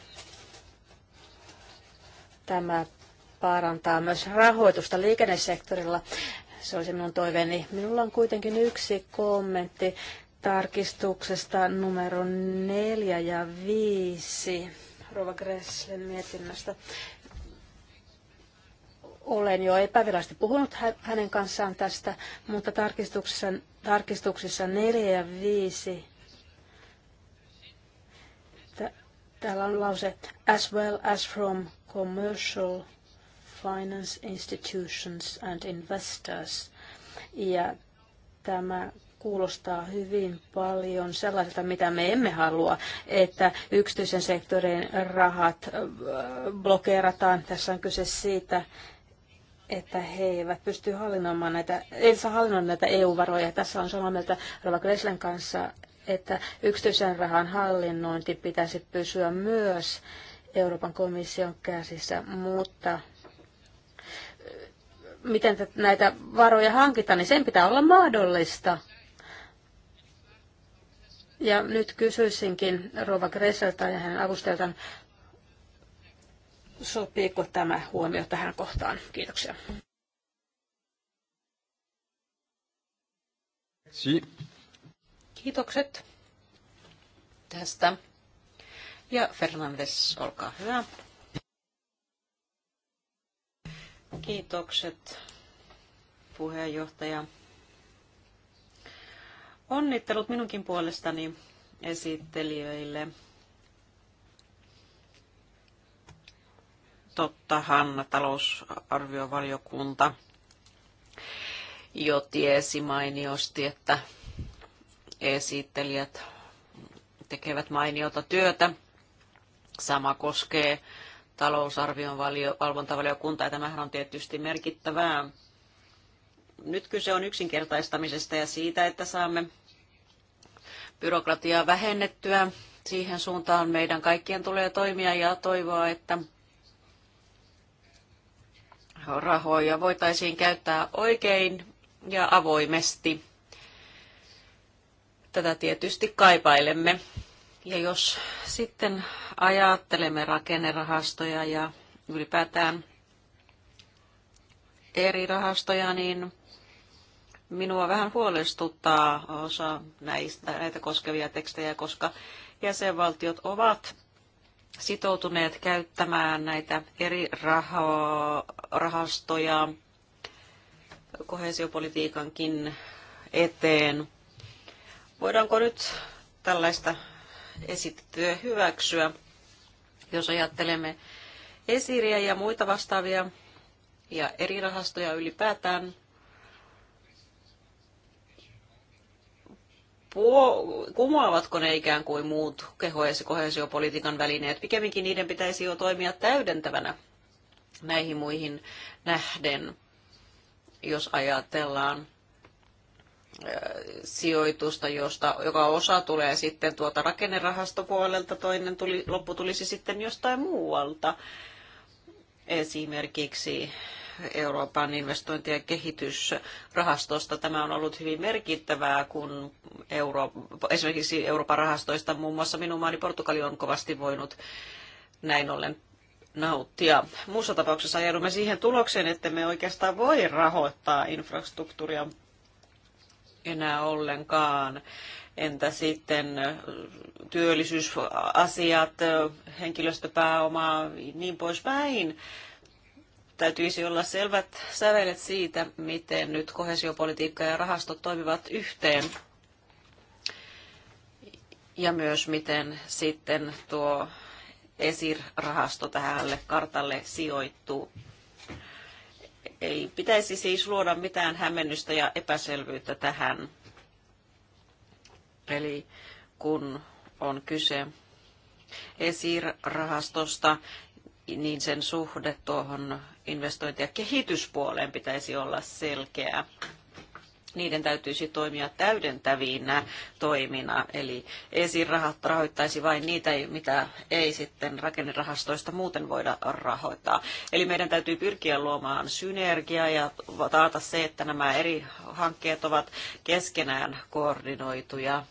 tämä parantaa myös rahoitusta liikennesektorilla se olisi minun toiveeni. Minulla on kuitenkin yksi kommentti tarkistuksesta numero neljä ja viisi Rova Gresslen mietinnöstä. Olen jo epävirallisesti puhunut hänen kanssaan tästä, mutta tarkistuksissa, tarkistuksissa 4 ja 5 täällä on lause as well as from commercial finance institutions and investors. Ja tämä kuulostaa hyvin paljon sellaiselta, mitä me emme halua, että yksityisen sektorin rahat blokeerataan. Tässä on kyse siitä, että he eivät pysty hallinnoimaan näitä, ei saa hallinnoida näitä EU-varoja. Tässä on samaa mieltä Rova Greslen kanssa, että yksityisen rahan hallinnointi pitäisi pysyä myös Euroopan komission käsissä, mutta miten näitä varoja hankitaan, niin sen pitää olla mahdollista. Ja nyt kysyisinkin Rova Gresseltä ja hänen avustajaltaan, sopiiko tämä huomio tähän kohtaan? Kiitoksia. Kiitokset tästä. Ja Fernandes, olkaa hyvä. Kiitokset puheenjohtaja. Onnittelut minunkin puolestani esittelijöille. Tottahan talousarviovaliokunta jo tiesi mainiosti, että esittelijät tekevät mainiota työtä. Sama koskee talousarvion valio, valvontavaliokunta, ja tämähän on tietysti merkittävää. Nyt kyse on yksinkertaistamisesta ja siitä, että saamme byrokratiaa vähennettyä. Siihen suuntaan meidän kaikkien tulee toimia ja toivoa, että rahoja voitaisiin käyttää oikein ja avoimesti. Tätä tietysti kaipailemme ja jos sitten ajattelemme rakennerahastoja ja ylipäätään eri rahastoja, niin minua vähän huolestuttaa osa näistä, näitä koskevia tekstejä, koska jäsenvaltiot ovat sitoutuneet käyttämään näitä eri raho- rahastoja kohesiopolitiikankin eteen. Voidaanko nyt tällaista esitettyä hyväksyä. Jos ajattelemme esiriä ja muita vastaavia ja eri rahastoja ylipäätään, kumoavatko ne ikään kuin muut kohesiopolitiikan välineet? Pikemminkin niiden pitäisi jo toimia täydentävänä näihin muihin nähden, jos ajatellaan sijoitusta, josta, joka osa tulee sitten tuota rakennerahastopuolelta, toinen tuli, loppu tulisi sitten jostain muualta. Esimerkiksi Euroopan investointi- ja kehitysrahastosta. Tämä on ollut hyvin merkittävää, kun Euro, esimerkiksi Euroopan rahastoista muun muassa minun maani Portugali on kovasti voinut näin ollen nauttia. Muussa tapauksessa joudumme siihen tulokseen, että me oikeastaan voi rahoittaa infrastruktuuria enää ollenkaan. Entä sitten työllisyysasiat, henkilöstöpääoma, niin poispäin. Täytyisi olla selvät sävelet siitä, miten nyt kohesiopolitiikka ja rahastot toimivat yhteen. Ja myös miten sitten tuo esirahasto tähän kartalle sijoittuu. Ei pitäisi siis luoda mitään hämmennystä ja epäselvyyttä tähän. Eli kun on kyse esirahastosta, niin sen suhde tuohon investointi- ja kehityspuoleen pitäisi olla selkeä niiden täytyisi toimia täydentävinä toimina, eli esirahat rahoittaisi vain niitä, mitä ei sitten rakennerahastoista muuten voida rahoittaa. Eli meidän täytyy pyrkiä luomaan synergiaa ja taata se, että nämä eri hankkeet ovat keskenään koordinoituja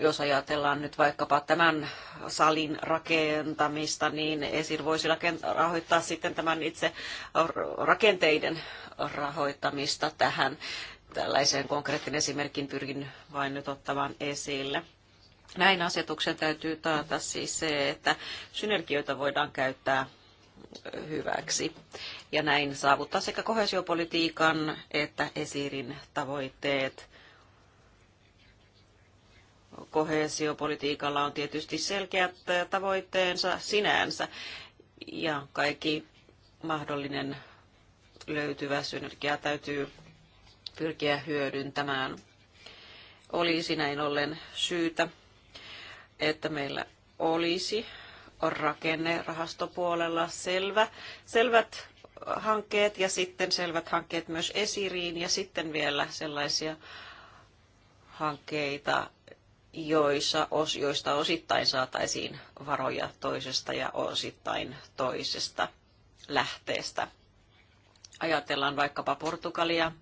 jos ajatellaan nyt vaikkapa tämän salin rakentamista, niin esir voisi rahoittaa sitten tämän itse rakenteiden rahoittamista tähän. Tällaisen konkreettinen esimerkin pyrin vain nyt ottamaan esille. Näin asetuksen täytyy taata siis se, että synergioita voidaan käyttää hyväksi. Ja näin saavuttaa sekä kohesiopolitiikan että esirin tavoitteet Kohesiopolitiikalla on tietysti selkeät tavoitteensa sinänsä ja kaikki mahdollinen löytyvä synergia täytyy pyrkiä hyödyntämään. Olisi näin ollen syytä, että meillä olisi rakennerahastopuolella selvä, selvät hankkeet ja sitten selvät hankkeet myös esiriin ja sitten vielä sellaisia hankkeita, joissa os, joista osittain saataisiin varoja toisesta ja osittain toisesta lähteestä. Ajatellaan vaikkapa Portugalia.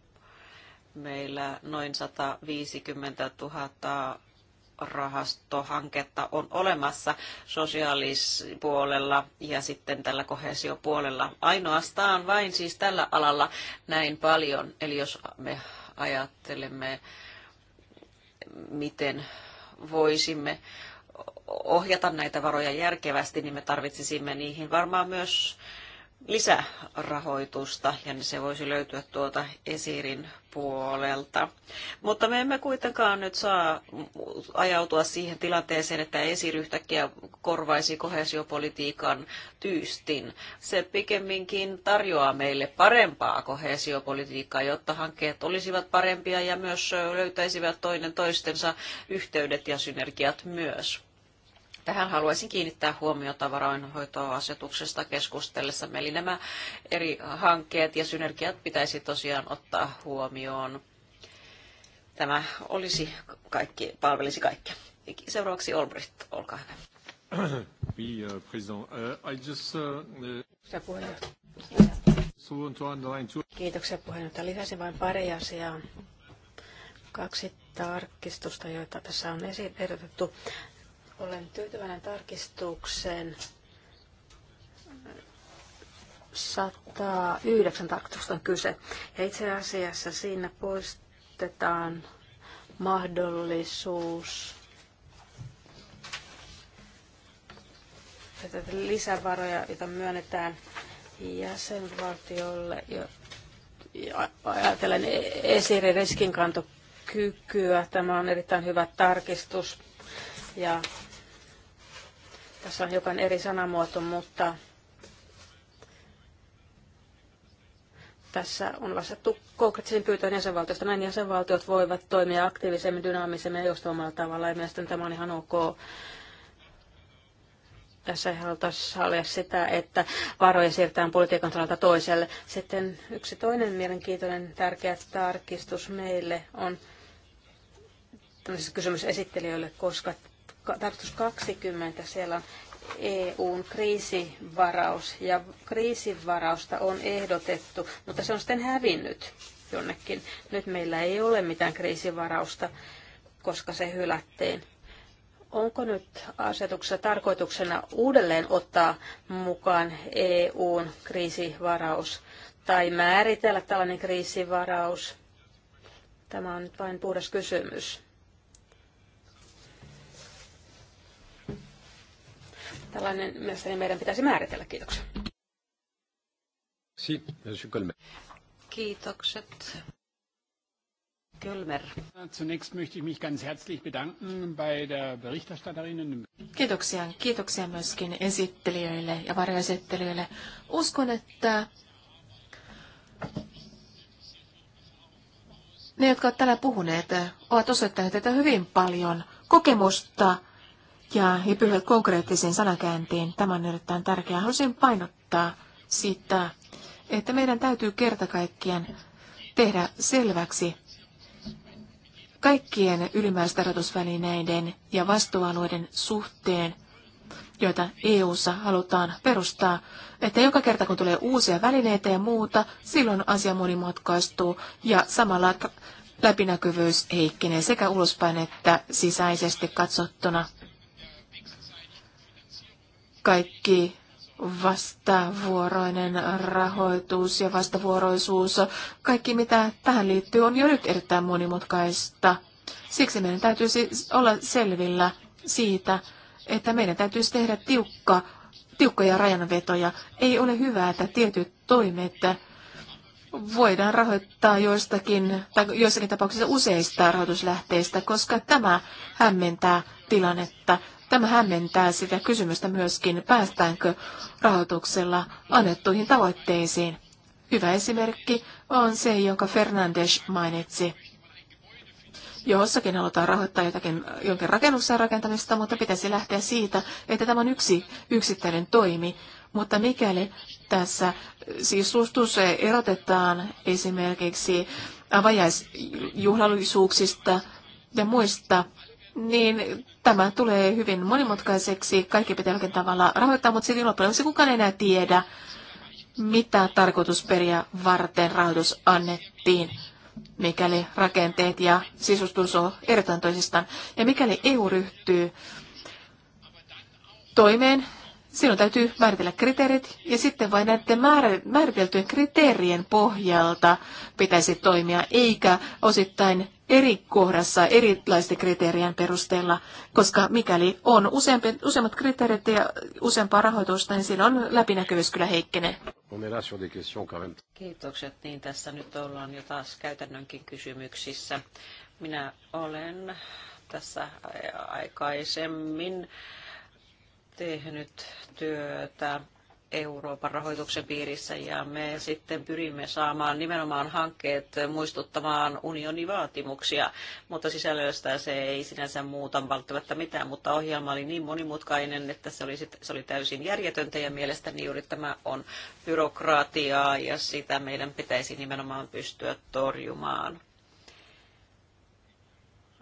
Meillä noin 150 000 rahastohanketta on olemassa sosiaalispuolella ja sitten tällä kohesiopuolella. Ainoastaan vain siis tällä alalla näin paljon. Eli jos me ajattelemme, miten voisimme ohjata näitä varoja järkevästi, niin me tarvitsisimme niihin varmaan myös lisärahoitusta ja se voisi löytyä tuolta esirin puolelta. Mutta me emme kuitenkaan nyt saa ajautua siihen tilanteeseen, että esir yhtäkkiä korvaisi kohesiopolitiikan tyystin. Se pikemminkin tarjoaa meille parempaa kohesiopolitiikkaa, jotta hankkeet olisivat parempia ja myös löytäisivät toinen toistensa yhteydet ja synergiat myös. Tähän haluaisin kiinnittää huomiota varainhoitoasetuksesta keskustellessa. Eli nämä eri hankkeet ja synergiat pitäisi tosiaan ottaa huomioon. Tämä olisi kaikki, palvelisi kaikkia. Seuraavaksi Olbricht, olkaa hyvä. Oui, uh, président. Uh, I just, uh, Kiitoksia puheenjohtaja. Lisäsin vain pari asiaa. Kaksi tarkistusta, joita tässä on ehdotettu. Olen tyytyväinen tarkistukseen. 109 tarkistusta on kyse. Ja itse asiassa siinä poistetaan mahdollisuus lisävaroja, joita myönnetään jäsenvaltiolle, ajatellen e- esiri riskinkantokykyä. Tämä on erittäin hyvä tarkistus ja tässä on hiukan eri sanamuoto, mutta tässä on vastattu konkreettisiin pyytöön jäsenvaltioista. Näin jäsenvaltiot voivat toimia aktiivisemmin, dynaamisemmin ja joustavammalla tavalla. Ja mielestäni tämä on ihan ok. Tässä ei haluta sallia sitä, että varoja siirtää politiikan talalta toiselle. Sitten yksi toinen mielenkiintoinen tärkeä tarkistus meille on kysymys esittelijöille, koska tarkistus 20, siellä on EUn kriisivaraus, ja kriisivarausta on ehdotettu, mutta se on sitten hävinnyt jonnekin. Nyt meillä ei ole mitään kriisivarausta, koska se hylättiin. Onko nyt asetuksessa tarkoituksena uudelleen ottaa mukaan EUn kriisivaraus tai määritellä tällainen kriisivaraus? Tämä on nyt vain puhdas kysymys. Tällainen mielestäni meidän pitäisi määritellä. Kiitoksia. Si, Kiitokset. Zunächst möchte ich mich ganz herzlich bedanken bei der Berichterstatterin. Kiitoksia. Kiitoksia myöskin esittelijöille ja varjoesittelijöille. Uskon, että ne, jotka ovat täällä puhuneet, ovat osoittaneet, että hyvin paljon kokemusta – ja he pyrkivät konkreettisiin sanakäänteen. Tämä on erittäin tärkeää. Haluaisin painottaa sitä, että meidän täytyy kerta tehdä selväksi kaikkien ylimääräistarjoitusvälineiden ja vastuualueiden suhteen, joita EU-ssa halutaan perustaa, että joka kerta kun tulee uusia välineitä ja muuta, silloin asia monimutkaistuu ja samalla läpinäkyvyys heikkenee sekä ulospäin että sisäisesti katsottuna kaikki vastavuoroinen rahoitus ja vastavuoroisuus, kaikki mitä tähän liittyy, on jo nyt erittäin monimutkaista. Siksi meidän täytyy siis olla selvillä siitä, että meidän täytyisi siis tehdä tiukka, tiukkoja rajanvetoja. Ei ole hyvä, että tietyt toimet voidaan rahoittaa joistakin, tai joissakin tapauksissa useista rahoituslähteistä, koska tämä hämmentää tilannetta. Tämä hämmentää sitä kysymystä myöskin, päästäänkö rahoituksella annettuihin tavoitteisiin. Hyvä esimerkki on se, jonka Fernandes mainitsi. Jossakin halutaan rahoittaa jotakin, jonkin rakennuksen rakentamista, mutta pitäisi lähteä siitä, että tämä on yksi yksittäinen toimi. Mutta mikäli tässä siis suostus erotetaan esimerkiksi avajaisjuhlallisuuksista ja muista niin tämä tulee hyvin monimutkaiseksi. Kaikki pitää jollakin tavalla rahoittaa, mutta sitten loppujen lopuksi kukaan ei enää tiedä, mitä tarkoitusperiä varten rahoitus annettiin, mikäli rakenteet ja sisustus on erittäin toisistaan. Ja mikäli EU ryhtyy toimeen, silloin täytyy määritellä kriteerit ja sitten vain näiden määriteltyjen kriteerien pohjalta pitäisi toimia, eikä osittain eri kohdassa erilaisten kriteerien perusteella, koska mikäli on useampi, useammat kriteerit ja useampaa rahoitusta, niin silloin läpinäkyvyys kyllä heikkenee. Kiitokset, niin tässä nyt ollaan jo taas käytännönkin kysymyksissä. Minä olen tässä aikaisemmin tehnyt työtä Euroopan rahoituksen piirissä ja me sitten pyrimme saamaan nimenomaan hankkeet muistuttamaan unionin vaatimuksia, mutta sisällöstä se ei sinänsä muuta välttämättä mitään, mutta ohjelma oli niin monimutkainen, että se oli, se oli täysin järjetöntä ja mielestäni juuri tämä on byrokratiaa ja sitä meidän pitäisi nimenomaan pystyä torjumaan.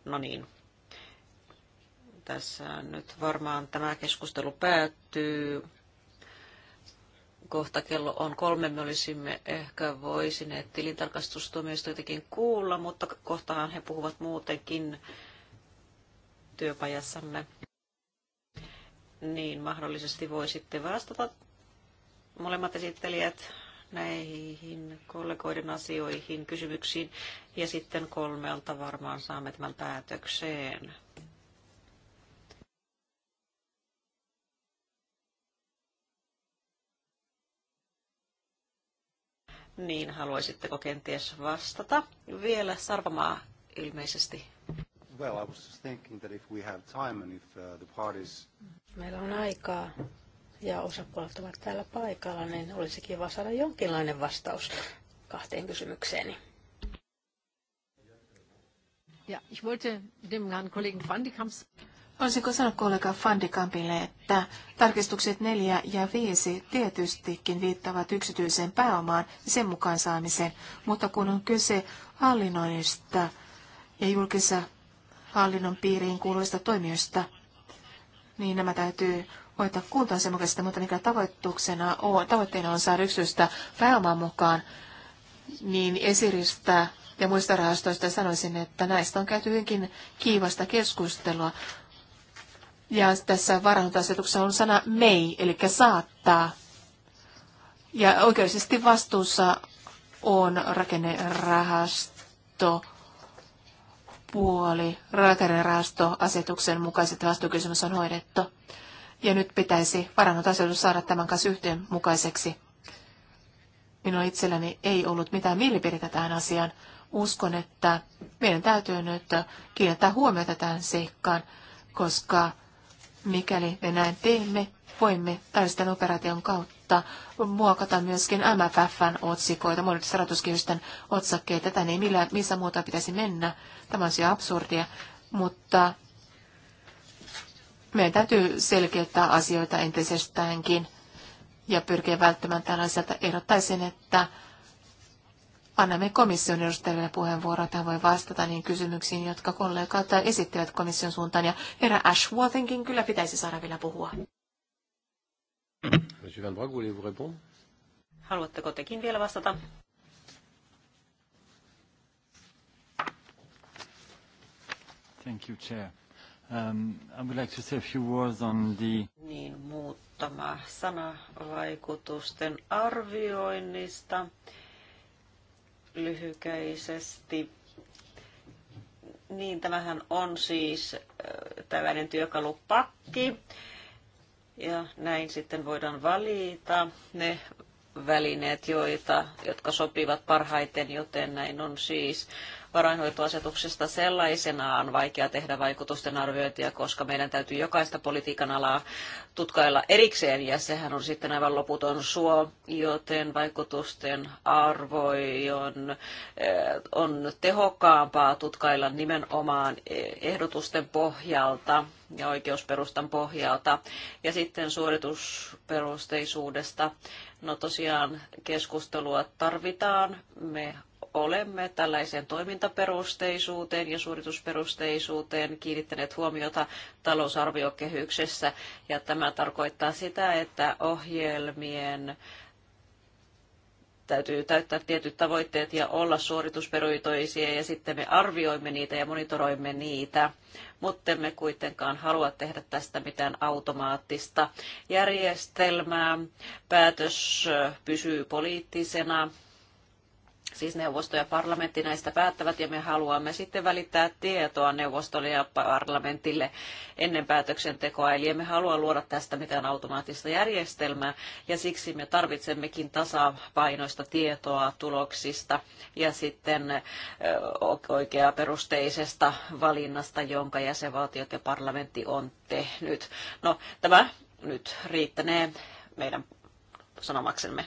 No niin tässä nyt varmaan tämä keskustelu päättyy kohta kello on kolme. Me olisimme ehkä voisineet tilintarkastustuomioistuitakin kuulla, mutta kohtahan he puhuvat muutenkin työpajassamme. Niin, mahdollisesti voisitte vastata molemmat esittelijät näihin kollegoiden asioihin, kysymyksiin. Ja sitten kolmelta varmaan saamme tämän päätökseen. niin haluaisitteko kenties vastata? Vielä Sarvamaa ilmeisesti. Well, I was thinking that if we have time and if uh, the parties... Meillä on aikaa ja osapuolet ovat täällä paikalla, niin olisi kiva saada jonkinlainen vastaus kahteen kysymykseeni. Ja, ich wollte dem Herrn Kollegen Kamps Olisinko sanonut kollega Fandikampille, että tarkistukset 4 ja 5 tietystikin viittavat yksityiseen pääomaan ja sen mukaan saamiseen, mutta kun on kyse hallinnoinnista ja julkisen hallinnon piiriin kuuluvista toimijoista, niin nämä täytyy hoitaa kuntoon sen mukaisesti, mutta mikä tavoittuksena on, tavoitteena on saada yksityistä pääomaa mukaan, niin esiristä ja muista rahastoista sanoisin, että näistä on käyty hyvinkin kiivasta keskustelua. Ja tässä varhaisasetuksessa on sana mei, eli saattaa. Ja oikeudellisesti vastuussa on rakennerahasto puoli. Rakennerahastoasetuksen mukaiset vastuukysymys on hoidettu. Ja nyt pitäisi varannotasetus saada tämän kanssa mukaiseksi. Minulla itselläni ei ollut mitään mielipidettä tähän asiaan. Uskon, että meidän täytyy nyt kiinnittää huomiota tähän seikkaan, koska Mikäli me näin teemme, voimme tällaisten operaation kautta muokata myöskin MFFn otsikoita, muiden rahoituskehysten otsakkeita. Tätä ei millään, missä muuta pitäisi mennä. Tämä on siis absurdia, mutta meidän täytyy selkeyttää asioita entisestäänkin ja pyrkiä välttämään tällaiselta. Ehdottaisin, että Annamme komission edustajille puheenvuoroa, että voi vastata niin kysymyksiin, jotka kollegat esittivät komission suuntaan. Ja herra Ashworthinkin kyllä pitäisi saada vielä puhua. Haluatteko tekin vielä vastata? Thank you, Chair. Um, I would like to say a few words on the... Niin, muuttama sana vaikutusten arvioinnista lyhykäisesti. Niin, tämähän on siis tällainen työkalupakki. Ja näin sitten voidaan valita ne välineet, joita, jotka sopivat parhaiten, joten näin on siis varainhoitoasetuksesta sellaisenaan vaikea tehdä vaikutusten arviointia, koska meidän täytyy jokaista politiikan alaa tutkailla erikseen, ja sehän on sitten aivan loputon suo, joten vaikutusten arvoion eh, on tehokkaampaa tutkailla nimenomaan eh, ehdotusten pohjalta ja oikeusperustan pohjalta. Ja sitten suoritusperusteisuudesta. No tosiaan keskustelua tarvitaan. Me olemme tällaiseen toimintaperusteisuuteen ja suoritusperusteisuuteen kiinnittäneet huomiota talousarviokehyksessä. Ja tämä tarkoittaa sitä, että ohjelmien täytyy täyttää tietyt tavoitteet ja olla suoritusperuitoisia ja sitten me arvioimme niitä ja monitoroimme niitä, mutta emme kuitenkaan halua tehdä tästä mitään automaattista järjestelmää. Päätös pysyy poliittisena Siis neuvosto ja parlamentti näistä päättävät ja me haluamme sitten välittää tietoa neuvostolle ja parlamentille ennen päätöksentekoa. Eli emme halua luoda tästä mitään automaattista järjestelmää ja siksi me tarvitsemmekin tasapainoista tietoa tuloksista ja sitten oikea perusteisesta valinnasta, jonka jäsenvaltiot ja parlamentti on tehnyt. No, tämä nyt riittänee meidän sanomaksemme.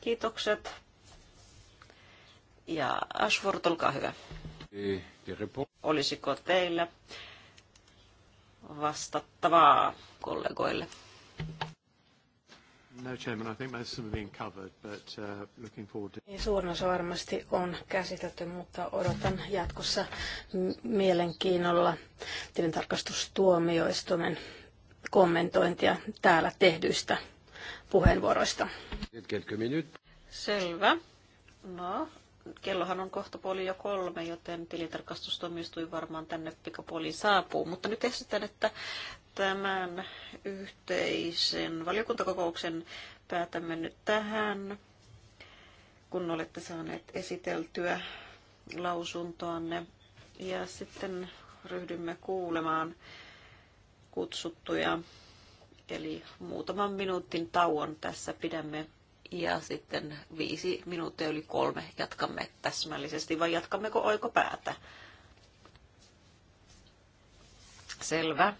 Kiitokset ja Ashford, olkaa hyvä. Olisiko teillä vastattavaa kollegoille? No, Chairman, I think most of them have been covered, but uh, looking forward to... Niin, suurin osa varmasti on käsitelty, mutta odotan jatkossa mielenkiinnolla tilintarkastustuomioistuimen kommentointia täällä tehdyistä puheenvuoroista. Selvä. No, kellohan on kohta puoli jo kolme, joten tilintarkastustuomioistuin varmaan tänne pikapuoliin saapuu. Mutta nyt esitän, että tämän yhteisen valiokuntakokouksen päätämme nyt tähän, kun olette saaneet esiteltyä lausuntoanne. Ja sitten ryhdymme kuulemaan kutsuttuja. Eli muutaman minuutin tauon tässä pidämme ja sitten viisi minuuttia yli kolme jatkamme täsmällisesti vai jatkammeko oikopäätä? Selvä.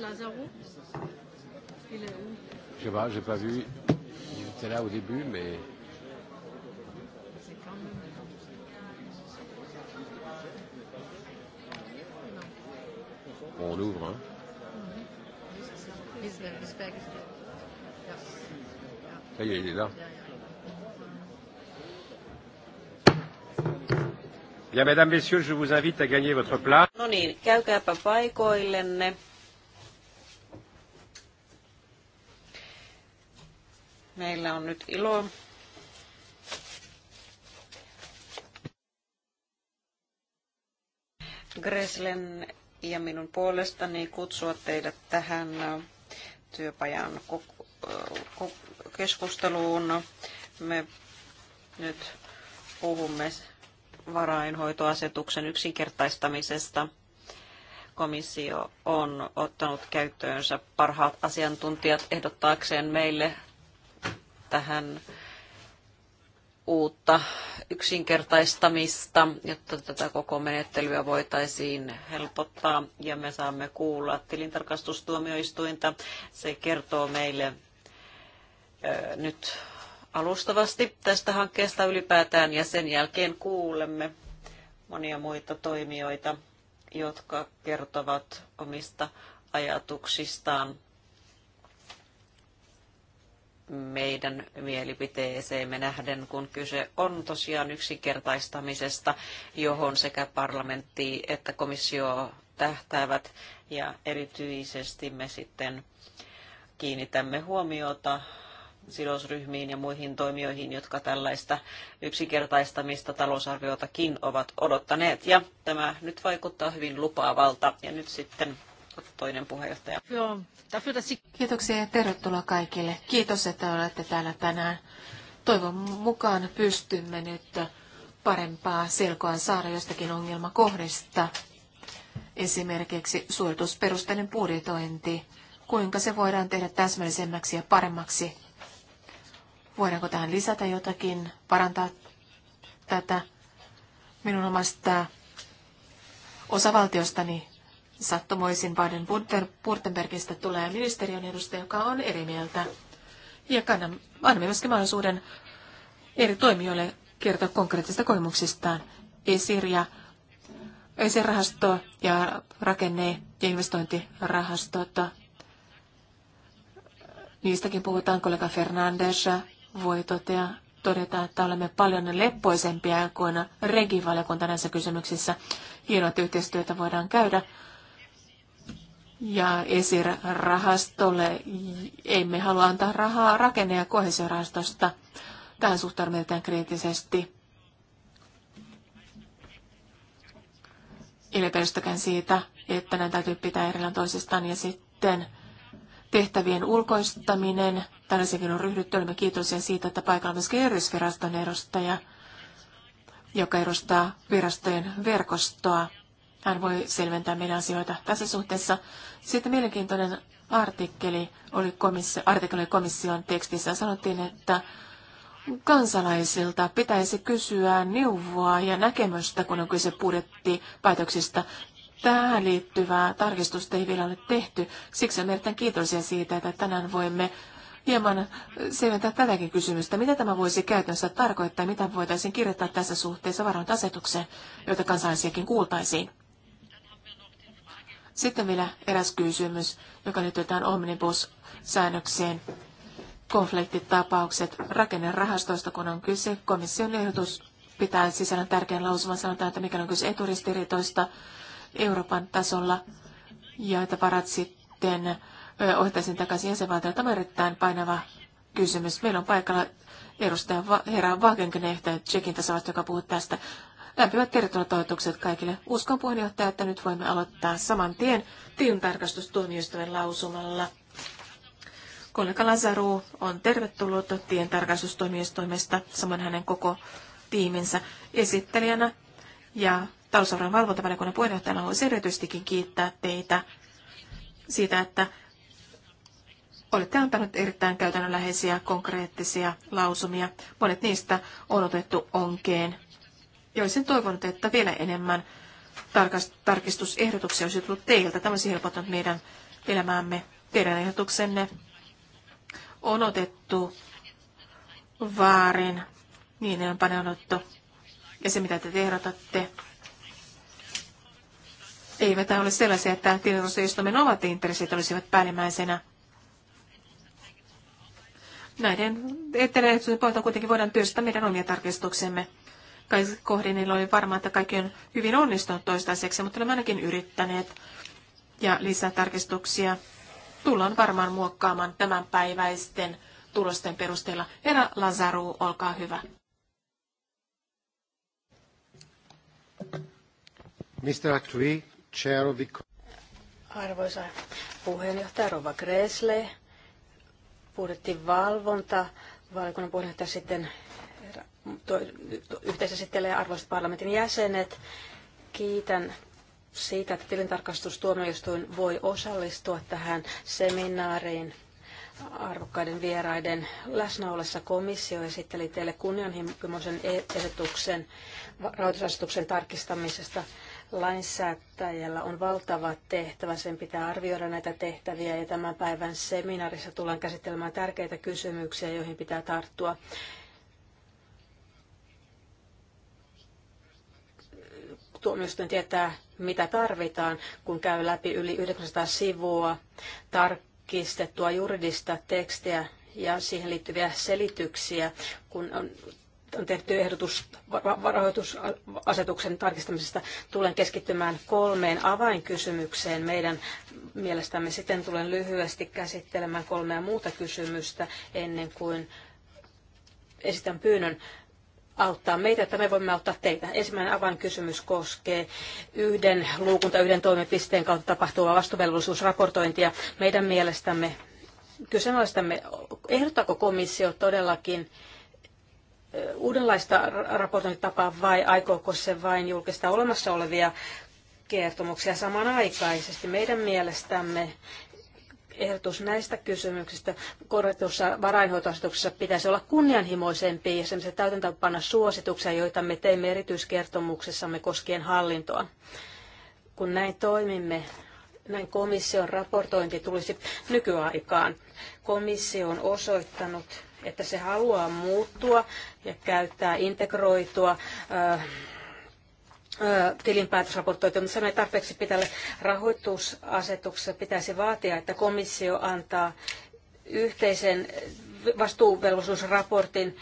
Lazaro Je sais pas, j'ai pas vu. Il était là au début, mais. Bon, on ouvre, hein. Ça y est, il est là. Bien, mesdames, messieurs, je vous invite à gagner votre place. No niin, käykääpä paikoillenne. on nyt ilo Greslen ja minun puolestani kutsua teidät tähän työpajan keskusteluun. Me nyt puhumme varainhoitoasetuksen yksinkertaistamisesta. Komissio on ottanut käyttöönsä parhaat asiantuntijat ehdottaakseen meille tähän uutta yksinkertaistamista, jotta tätä koko menettelyä voitaisiin helpottaa ja me saamme kuulla tilintarkastustuomioistuinta. Se kertoo meille nyt alustavasti tästä hankkeesta ylipäätään ja sen jälkeen kuulemme monia muita toimijoita, jotka kertovat omista ajatuksistaan meidän mielipiteeseemme nähden, kun kyse on tosiaan yksinkertaistamisesta, johon sekä parlamentti että komissio tähtäävät ja erityisesti me sitten kiinnitämme huomiota sidosryhmiin ja muihin toimijoihin, jotka tällaista yksinkertaistamista talousarviotakin ovat odottaneet. Ja tämä nyt vaikuttaa hyvin lupaavalta. Ja nyt sitten toinen puheenjohtaja. Kiitoksia ja tervetuloa kaikille. Kiitos, että olette täällä tänään. Toivon mukaan pystymme nyt parempaa selkoa saada jostakin ongelmakohdista. Esimerkiksi suoritusperusteinen budjetointi. Kuinka se voidaan tehdä täsmällisemmäksi ja paremmaksi? Voidaanko tähän lisätä jotakin, parantaa tätä minun omasta osavaltiostani sattumoisin Baden-Württembergistä tulee ministeriön edustaja, joka on eri mieltä. Ja kannan, annamme myöskin mahdollisuuden eri toimijoille kertoa konkreettisista koimuksistaan. ESIR ja ESIR-rahasto ja rakenne- ja investointirahastot. Niistäkin puhutaan kollega Fernandes voi totea, todeta, että olemme paljon leppoisempia kuin regivaliokunta näissä kysymyksissä. Hienoa, että yhteistyötä voidaan käydä ja ESIR-rahastolle emme halua antaa rahaa rakenne- ja kohesiorahastosta. Tähän suhtaudutaan kriittisesti. Ilpeystäkään siitä, että näitä täytyy pitää erillään toisistaan ja sitten tehtävien ulkoistaminen. Tällaisenkin on ryhdytty. Olemme kiitollisia siitä, että paikalla on myös erillisviraston edustaja, joka edustaa virastojen verkostoa. Hän voi selventää meidän asioita tässä suhteessa. Sitten mielenkiintoinen artikkeli oli, komissio, artikkeli oli komission tekstissä. Sanottiin, että kansalaisilta pitäisi kysyä neuvoa ja näkemystä, kun on kyse budjettipäätöksistä. Tähän liittyvää tarkistusta ei vielä ole tehty. Siksi on erittäin kiitollisia siitä, että tänään voimme hieman selventää tätäkin kysymystä. Mitä tämä voisi käytännössä tarkoittaa? Mitä voitaisiin kirjoittaa tässä suhteessa varantasetukseen, jota kansalaisiakin kuultaisiin? Sitten vielä eräs kysymys, joka tähän omnibus-säännökseen. Konfliktitapaukset rakennerahastoista, kun on kyse, komission ehdotus pitää sisällön tärkeän lausuman sanotaan, että mikä on kyse eturistiriitoista Euroopan tasolla ja että varat sitten ohjattaisiin takaisin jäsenvaltioon. Tämä on erittäin painava kysymys. Meillä on paikalla edustaja herra Wagenknecht Tsekin tasavasta, joka puhuu tästä. Lämpimät tervetuloa toivotukset kaikille. Uskon puheenjohtaja, että nyt voimme aloittaa saman tien tilintarkastustuomioistuimen lausumalla. Kollega Lazaru on tervetullut tilintarkastustuomioistuimesta, saman hänen koko tiiminsä esittelijänä. Ja talousarvon valvontavaliokunnan puheenjohtajana haluaisin erityisestikin kiittää teitä siitä, että olette antanut erittäin käytännönläheisiä, konkreettisia lausumia. Monet niistä on otettu onkeen ja olisin toivonut, että vielä enemmän tarkistusehdotuksia olisi tullut teiltä. Tämä olisi helpottanut meidän elämäämme. Teidän ehdotuksenne on otettu vaarin, niin ne on paneuduttu Ja se, mitä te ehdotatte, eivät ole sellaisia, että me ovat intressit olisivat päällimmäisenä. Näiden etelän pohjalta kuitenkin voidaan työstää meidän omia tarkistuksemme kohdin niillä oli varmaan, että kaikki on hyvin onnistunut toistaiseksi, mutta olemme ainakin yrittäneet. Ja lisää tarkistuksia tullaan varmaan muokkaamaan tämänpäiväisten tulosten perusteella. Herra Lazaru, olkaa hyvä. Mr. Actui, chair of the... Arvoisa puheenjohtaja Rova Gresle, budjettivalvonta, valiokunnan puheenjohtaja sitten yhteisö ja arvoisat parlamentin jäsenet. Kiitän siitä, että tilintarkastustuomioistuin voi osallistua tähän seminaariin arvokkaiden vieraiden läsnä ollessa komissio esitteli teille kunnianhimoisen e- ehdotuksen rahoitusasetuksen tarkistamisesta. Lainsäätäjällä on valtava tehtävä, sen pitää arvioida näitä tehtäviä ja tämän päivän seminaarissa tullaan käsittelemään tärkeitä kysymyksiä, joihin pitää tarttua tuomioistuin tietää, mitä tarvitaan, kun käy läpi yli 900 sivua tarkistettua juridista tekstiä ja siihen liittyviä selityksiä, kun on on tehty ehdotus rahoitusasetuksen tarkistamisesta. Tulen keskittymään kolmeen avainkysymykseen. Meidän mielestämme sitten tulen lyhyesti käsittelemään kolmea muuta kysymystä ennen kuin esitän pyynnön auttaa meitä, että me voimme auttaa teitä. Ensimmäinen avainkysymys koskee yhden luukun tai yhden toimipisteen kautta tapahtuvaa vastuvelvollisuusraportointia. Meidän mielestämme kyseenalaistamme, ehdottaako komissio todellakin uudenlaista raportointitapaa vai aikooko se vain julkistaa olemassa olevia kertomuksia samanaikaisesti. Meidän mielestämme ehdotus näistä kysymyksistä korjatussa varainhoitoasetuksessa pitäisi olla kunnianhimoisempi ja semmoisia täytäntöönpanna suosituksia, joita me teimme erityiskertomuksessamme koskien hallintoa. Kun näin toimimme, näin komission raportointi tulisi nykyaikaan. Komissio on osoittanut, että se haluaa muuttua ja käyttää integroitua äh, tilinpäätösraportoitu, mutta sanoi tarpeeksi pitälle rahoitusasetuksessa pitäisi vaatia, että komissio antaa yhteisen vastuuvelvollisuusraportin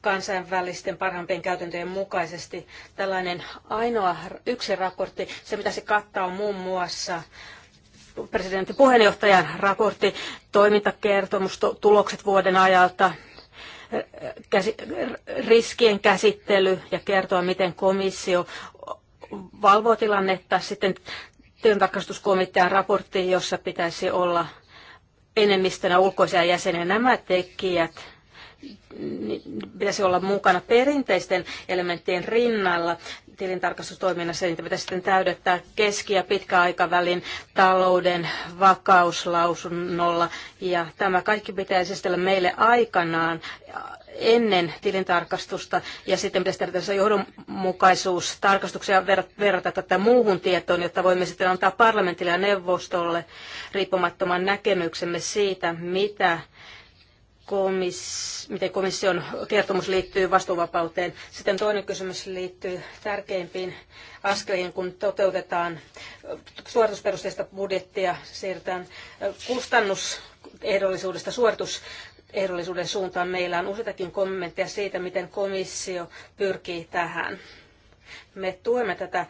kansainvälisten parhaimpien käytäntöjen mukaisesti. Tällainen ainoa yksi raportti, se mitä se kattaa on muun muassa presidentin puheenjohtajan raportti, toimintakertomus, tulokset vuoden ajalta, riskien käsittely ja kertoa, miten komissio valvoo tilannetta. Sitten tilintarkastuskomitean raportti, jossa pitäisi olla enemmistönä ulkoisia jäseniä. Nämä tekijät niin, pitäisi olla mukana perinteisten elementtien rinnalla tilintarkastustoiminnassa, niitä pitäisi sitten täydettää keski- ja pitkäaikavälin talouden vakauslausunnolla. Ja tämä kaikki pitäisi esitellä meille aikanaan ennen tilintarkastusta ja sitten pitäisi tehdä tässä johdonmukaisuustarkastuksia verrata tätä muuhun tietoon, jotta voimme sitten antaa parlamentille ja neuvostolle riippumattoman näkemyksemme siitä, mitä komis, miten komission kertomus liittyy vastuuvapauteen. Sitten toinen kysymys liittyy tärkeimpiin askeliin, kun toteutetaan suoritusperusteista budjettia, siirrytään kustannusehdollisuudesta suoritus ehdollisuuden suuntaan. Meillä on useitakin kommentteja siitä, miten komissio pyrkii tähän. Me tuemme tätä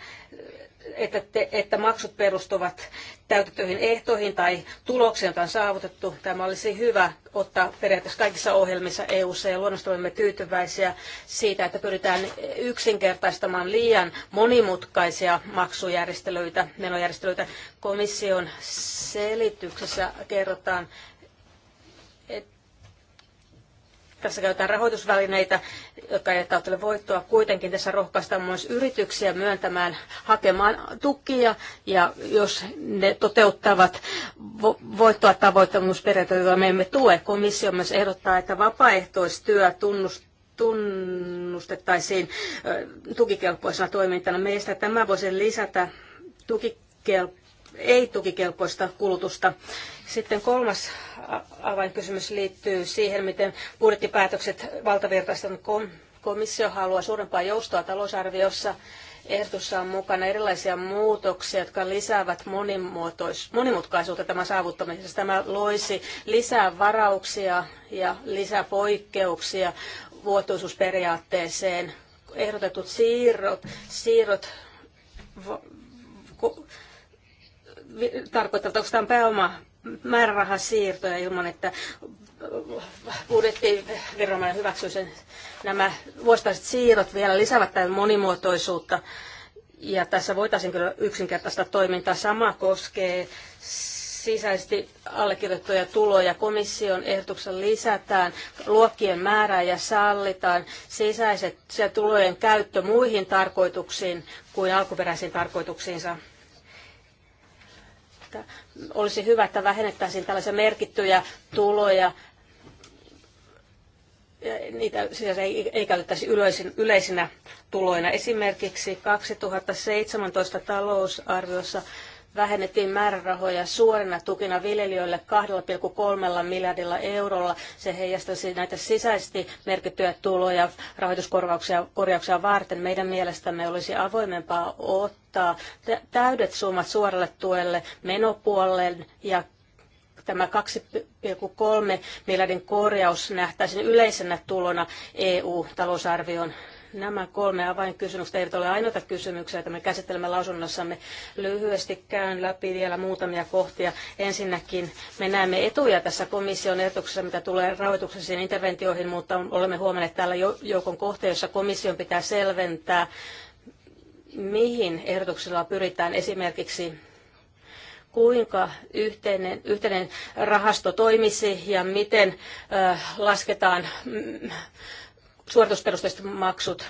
että, te, että maksut perustuvat täytettyihin ehtoihin tai tulokseen, jota on saavutettu. Tämä olisi hyvä ottaa periaatteessa kaikissa ohjelmissa EU-ssa ja luonnollisesti olemme tyytyväisiä siitä, että pyritään yksinkertaistamaan liian monimutkaisia maksujärjestelyitä, menojärjestelyitä. Komission selityksessä kerrotaan, tässä käytetään rahoitusvälineitä, jotka eivät tavoittele voittoa. Kuitenkin tässä rohkaistaan myös yrityksiä myöntämään, hakemaan tukia, ja jos ne toteuttavat voittoa tavoittamusperiaatteita, joita me emme tue, komissio myös ehdottaa, että vapaaehtoistyö tunnustaa tunnustettaisiin tukikelpoisena toimintana. Meistä tämä voisi lisätä tukikelpoisuutta ei-tukikelpoista kulutusta. Sitten kolmas avainkysymys liittyy siihen, miten budjettipäätökset valtavirtaistan komissio haluaa suurempaa joustoa talousarviossa. Ehdotussa on mukana erilaisia muutoksia, jotka lisäävät monimutkaisuutta tämän saavuttamisessa. Tämä loisi lisää varauksia ja lisää poikkeuksia vuotuisuusperiaatteeseen. Ehdotetut siirrot, siirrot onko tämä pääoma määrärahasiirtoja ilman, että budjettiviranomainen hyväksyy sen. Nämä vuosittaiset siirrot vielä lisäävät tämän monimuotoisuutta. Ja tässä voitaisiin kyllä yksinkertaista toimintaa. Sama koskee sisäisesti allekirjoittuja tuloja. Komission ehdotuksella lisätään luokkien määrää ja sallitaan sisäiset tulojen käyttö muihin tarkoituksiin kuin alkuperäisiin tarkoituksiinsa että olisi hyvä, että vähennettäisiin tällaisia merkittyjä tuloja, niitä siis ei, ei käytettäisi yleisin, yleisinä tuloina. Esimerkiksi 2017 talousarviossa vähennettiin määrärahoja suorina tukina viljelijöille 2,3 miljardilla eurolla. Se heijastaisi näitä sisäisesti merkittyjä tuloja rahoituskorvauksia korjauksia varten. Meidän mielestämme olisi avoimempaa ottaa ottaa täydet summat suoralle tuelle menopuolelle ja tämä 2,3 miljardin korjaus nähtäisiin yleisenä tulona EU-talousarvioon. Nämä kolme avainkysymystä eivät ole ainoita kysymyksiä, että me käsittelemme lausunnossamme. Lyhyesti käyn läpi vielä muutamia kohtia. Ensinnäkin me näemme etuja tässä komission ehdotuksessa, mitä tulee rahoituksellisiin interventioihin, mutta olemme huomanneet täällä joukon kohteessa jossa komission pitää selventää mihin ehdotuksella pyritään esimerkiksi kuinka yhteinen, yhteinen rahasto toimisi ja miten ö, lasketaan mm, suoritusperusteiset maksut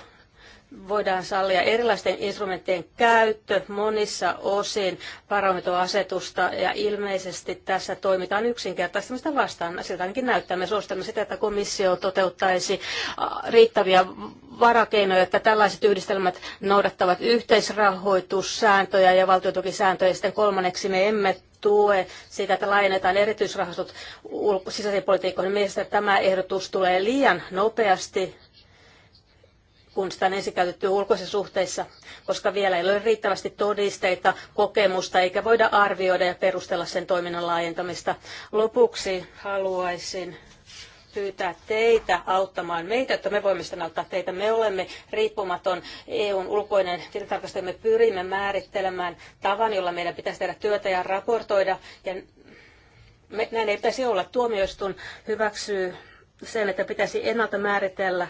voidaan sallia erilaisten instrumenttien käyttö monissa osin parametroasetusta ja ilmeisesti tässä toimitaan yksinkertaistamista vastaan. Siltä ainakin näyttää. Me suosittelemme sitä, että komissio toteuttaisi riittäviä varakeinoja, että tällaiset yhdistelmät noudattavat yhteisrahoitussääntöjä ja valtiotukisääntöjä. Sitten kolmanneksi me emme tue sitä, että laajennetaan erityisrahastot sisäisiin politiikkoihin. Mielestäni tämä ehdotus tulee liian nopeasti kun sitä on ensin käytetty ulkoisissa suhteissa, koska vielä ei ole riittävästi todisteita, kokemusta, eikä voida arvioida ja perustella sen toiminnan laajentamista. Lopuksi haluaisin pyytää teitä auttamaan meitä, että me voimme sitten auttaa teitä. Me olemme riippumaton EUn ulkoinen tilintarkastaja. Me pyrimme määrittelemään tavan, jolla meidän pitäisi tehdä työtä ja raportoida. Ja me, näin ei pitäisi olla. Tuomioistuin hyväksyy sen, että pitäisi ennalta määritellä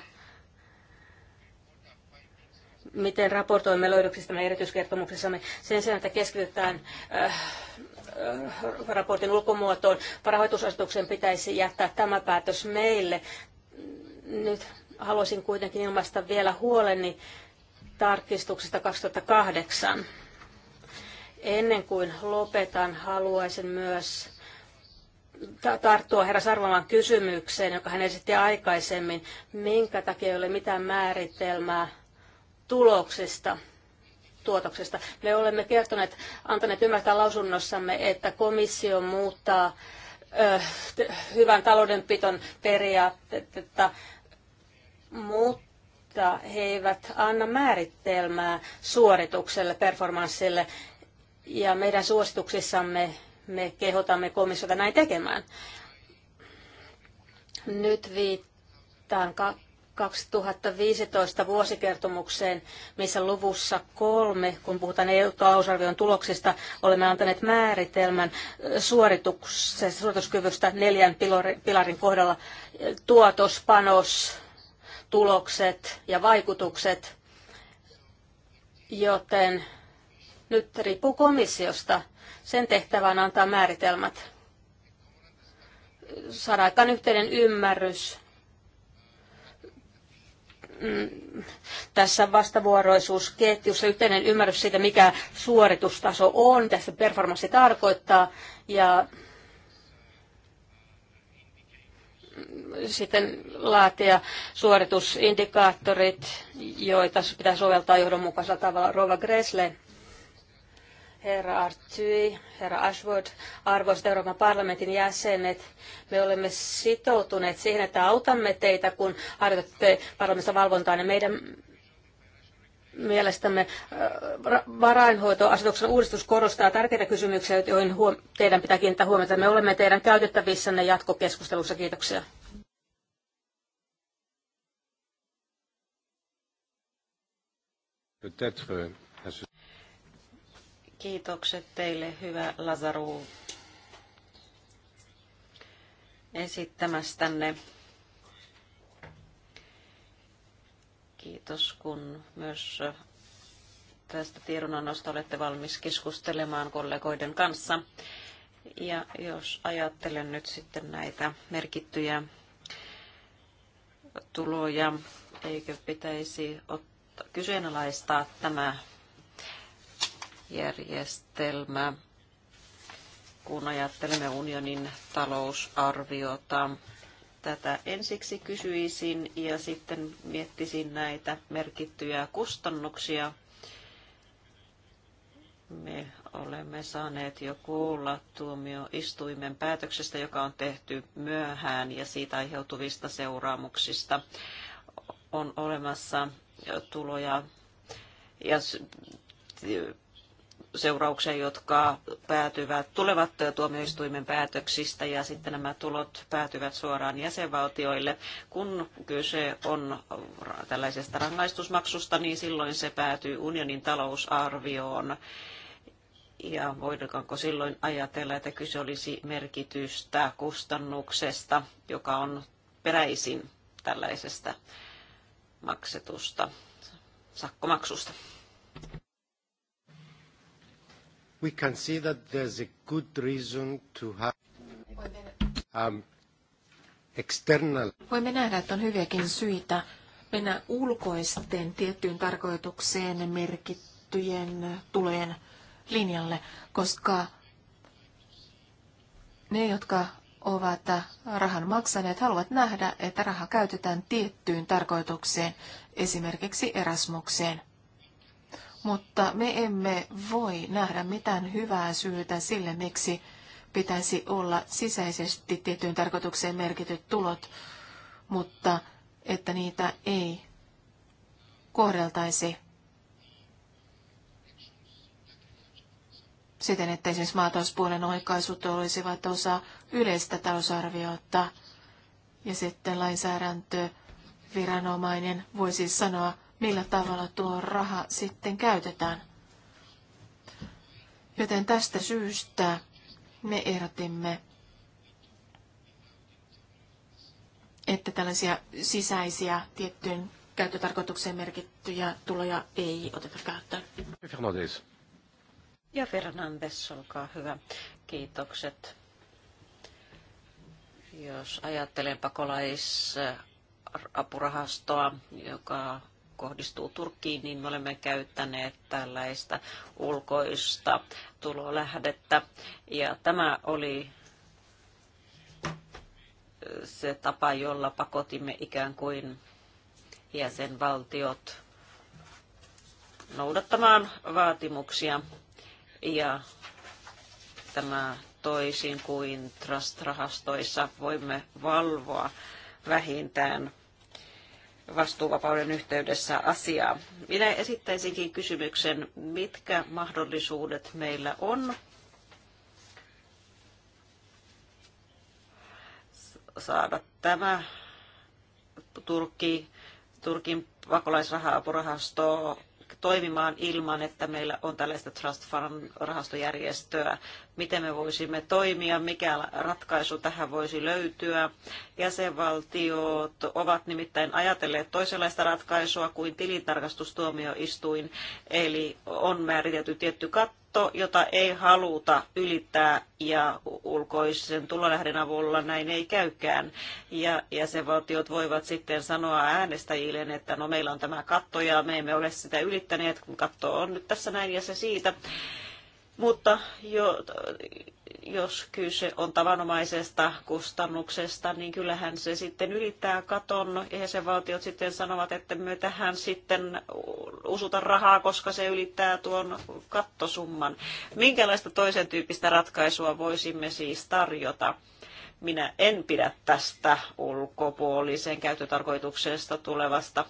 miten raportoimme löydöksistämme erityiskertomuksessamme sen sijaan, että keskitytään äh, äh, raportin ulkomuotoon. Rahoitusasetuksen pitäisi jättää tämä päätös meille. Nyt haluaisin kuitenkin ilmaista vielä huoleni tarkistuksesta 2008. Ennen kuin lopetan, haluaisin myös tarttua herra Sarvalan kysymykseen, joka hän esitti aikaisemmin. Minkä takia ei ole mitään määritelmää tuloksesta tuotoksesta. Me olemme kertoneet, antaneet ymmärtää lausunnossamme, että komissio muuttaa ö, hyvän taloudenpiton periaatteita, mutta he eivät anna määritelmää suoritukselle, performanssille. Ja meidän suosituksissamme me kehotamme komissiota näin tekemään. Nyt viittaan 2015 vuosikertomukseen, missä luvussa kolme, kun puhutaan EU-talousarvion tuloksista, olemme antaneet määritelmän suorituskyvystä neljän pilarin kohdalla tuotos, panos, tulokset ja vaikutukset, joten nyt riippuu komissiosta. Sen tehtävä on antaa määritelmät. aikaan yhteinen ymmärrys Mm, tässä vastavuoroisuusketjussa yhteinen ymmärrys siitä, mikä suoritustaso on, tässä performanssi tarkoittaa, ja mm, sitten laatia suoritusindikaattorit, joita pitää soveltaa johdonmukaisella tavalla. Rova Gresle herra Artyi, herra Ashwood, arvoisat Euroopan parlamentin jäsenet, me olemme sitoutuneet siihen, että autamme teitä, kun harjoitatte parlamentaarista valvontaa, ja niin meidän mielestämme äh, varainhoitoasetuksen uudistus korostaa tärkeitä kysymyksiä, joihin teidän pitää kiinnittää huomiota. Me olemme teidän käytettävissänne jatkokeskustelussa. Kiitoksia. Kiitokset teille, hyvä Lazaru, esittämästänne. Kiitos, kun myös tästä tiedonannosta olette valmis keskustelemaan kollegoiden kanssa. Ja jos ajattelen nyt sitten näitä merkittyjä tuloja, eikö pitäisi ottaa, kyseenalaistaa tämä järjestelmä, kun ajattelemme unionin talousarviota. Tätä ensiksi kysyisin ja sitten miettisin näitä merkittyjä kustannuksia. Me olemme saaneet jo kuulla tuomioistuimen päätöksestä, joka on tehty myöhään ja siitä aiheutuvista seuraamuksista on olemassa tuloja ja seurauksia, jotka päätyvät, tulevat tuomioistuimen päätöksistä ja sitten nämä tulot päätyvät suoraan jäsenvaltioille. Kun kyse on tällaisesta rangaistusmaksusta, niin silloin se päätyy unionin talousarvioon. Ja voidaanko silloin ajatella, että kyse olisi merkitystä kustannuksesta, joka on peräisin tällaisesta maksetusta sakkomaksusta? we can see that there's a good reason to have um, external. Voimme nähdä, että on hyviäkin syitä mennä ulkoisten tiettyyn tarkoitukseen merkittyjen tulojen linjalle, koska ne, jotka ovat rahan maksaneet, haluavat nähdä, että raha käytetään tiettyyn tarkoitukseen, esimerkiksi erasmukseen mutta me emme voi nähdä mitään hyvää syytä sille, miksi pitäisi olla sisäisesti tiettyyn tarkoitukseen merkityt tulot, mutta että niitä ei kohdeltaisi siten, että esimerkiksi maatalouspuolen oikaisut olisivat osa yleistä talousarviota ja sitten lainsäädäntö viranomainen voisi sanoa, millä tavalla tuo raha sitten käytetään. Joten tästä syystä me ehdotimme, että tällaisia sisäisiä tiettyyn käyttötarkoitukseen merkittyjä tuloja ei oteta käyttöön. Fernandes. Ja Fernandes, olkaa hyvä. Kiitokset. Jos ajattelen pakolaisapurahastoa, apurahastoa, joka kohdistuu Turkkiin, niin me olemme käyttäneet tällaista ulkoista tulolähdettä. Ja tämä oli se tapa, jolla pakotimme ikään kuin jäsenvaltiot noudattamaan vaatimuksia. Ja tämä toisin kuin trust-rahastoissa voimme valvoa vähintään vastuuvapauden yhteydessä asiaa. Minä esittäisinkin kysymyksen, mitkä mahdollisuudet meillä on saada tämä Turkki, Turkin pakolaisraha-apurahasto toimimaan ilman, että meillä on tällaista Trust Fund-rahastojärjestöä. Miten me voisimme toimia, mikä ratkaisu tähän voisi löytyä. Jäsenvaltiot ovat nimittäin ajatelleet toisenlaista ratkaisua kuin tilintarkastustuomioistuin, eli on määritelty tietty katto katto, jota ei haluta ylittää ja ulkoisen tulolähden avulla näin ei käykään. Ja jäsenvaltiot voivat sitten sanoa äänestäjille, että no meillä on tämä katto ja me emme ole sitä ylittäneet, kun katto on nyt tässä näin ja se siitä. Mutta jo, jos kyse on tavanomaisesta kustannuksesta, niin kyllähän se sitten ylittää katon. Ja sen valtiot sitten sanovat, että me tähän sitten usuta rahaa, koska se ylittää tuon kattosumman. Minkälaista toisen tyyppistä ratkaisua voisimme siis tarjota? Minä en pidä tästä ulkopuolisen käyttötarkoituksesta tulevasta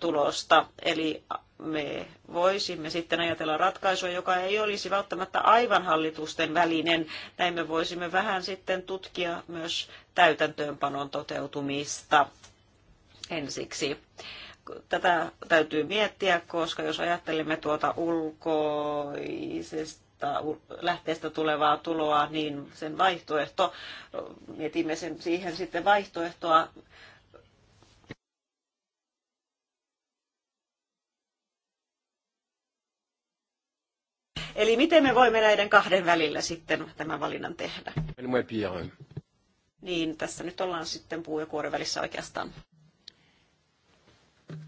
tulosta. Eli me voisimme sitten ajatella ratkaisua, joka ei olisi välttämättä aivan hallitusten välinen. Näin me voisimme vähän sitten tutkia myös täytäntöönpanon toteutumista ensiksi. Tätä täytyy miettiä, koska jos ajattelemme tuota ulkoisesta lähteestä tulevaa tuloa, niin sen vaihtoehto, mietimme sen, siihen sitten vaihtoehtoa Eli miten me voimme näiden kahden välillä sitten tämän valinnan tehdä? Niin, tässä nyt ollaan sitten puu ja kuoren välissä oikeastaan.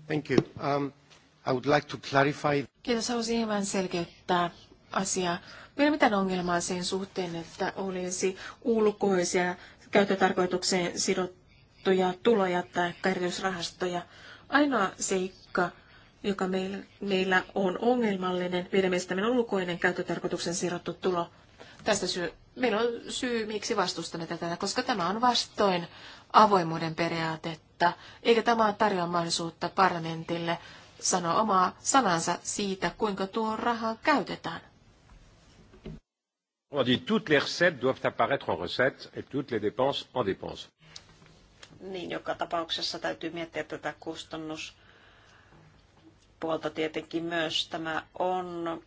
Thank you. Um, I would like to clarify. Kiitos, haluaisin hieman selkeyttää asiaa. Meillä mitään ongelmaa sen suhteen, että olisi ulkoisia käyttötarkoitukseen sidottuja tuloja tai erityisrahastoja. Ainoa seikka, joka meillä, meillä on ongelmallinen. Meidän mielestämme on ulkoinen käyttötarkoituksen siirrottu tulo. Tästä syy, meillä on syy, miksi vastustamme tätä, koska tämä on vastoin avoimuuden periaatetta, eikä tämä tarjoa mahdollisuutta parlamentille sanoa omaa sanansa siitä, kuinka tuo raha käytetään. On dit toutes les recettes doivent apparaître en recettes et toutes les dépenses en dépenses. Niin, joka tapauksessa täytyy miettiä tätä kustannus puolta tietenkin myös tämä on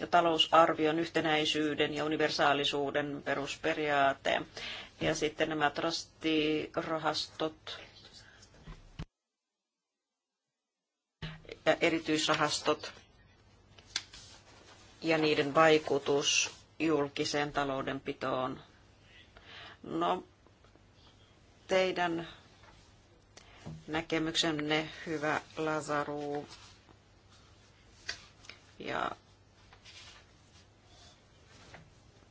ja talousarvion yhtenäisyyden ja universaalisuuden perusperiaate. Ja sitten nämä trustirahastot ja erityisrahastot ja niiden vaikutus julkiseen taloudenpitoon. No, teidän näkemyksenne, hyvä Lazaru, ja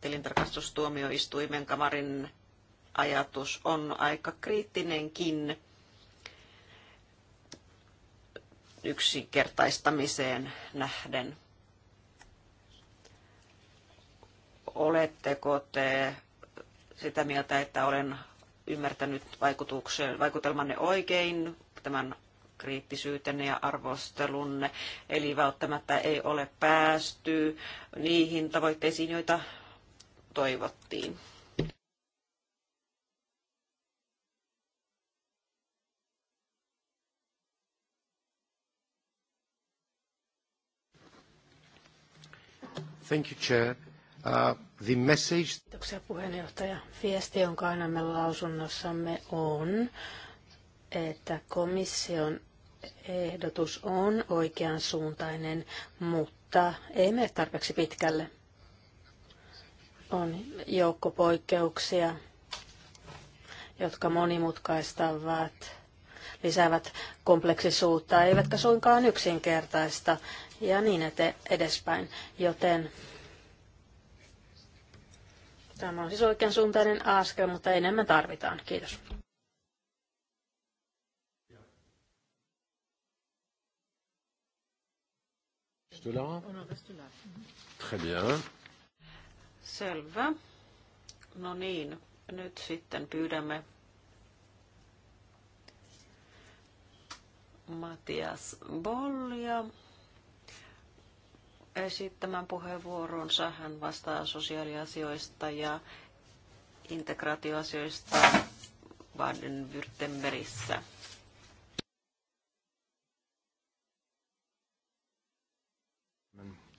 tilintarkastustuomioistuimen kamarin ajatus on aika kriittinenkin yksinkertaistamiseen nähden. Oletteko te sitä mieltä, että olen ymmärtänyt vaikutelmanne oikein tämän kriittisyytenne ja arvostelunne, eli välttämättä ei ole päästy niihin tavoitteisiin, joita toivottiin. Thank you, Chair. Uh, the message... Kiitoksia puheenjohtaja. Viesti, jonka annamme lausunnossamme on, että komission ehdotus on oikeansuuntainen, mutta ei mene tarpeeksi pitkälle. On joukko poikkeuksia, jotka monimutkaistavat, lisäävät kompleksisuutta, eivätkä suinkaan yksinkertaista ja niin ete- edespäin. Joten tämä on siis oikeansuuntainen askel, mutta enemmän tarvitaan. Kiitos. reste là On oh, en reste là. Mhm. Très bien. Selvä. No niin, nyt sitten pyydämme Matias Bollia esittämään puheenvuoronsa. Hän vastaa sosiaaliasioista ja integraatioasioista Baden-Württembergissä.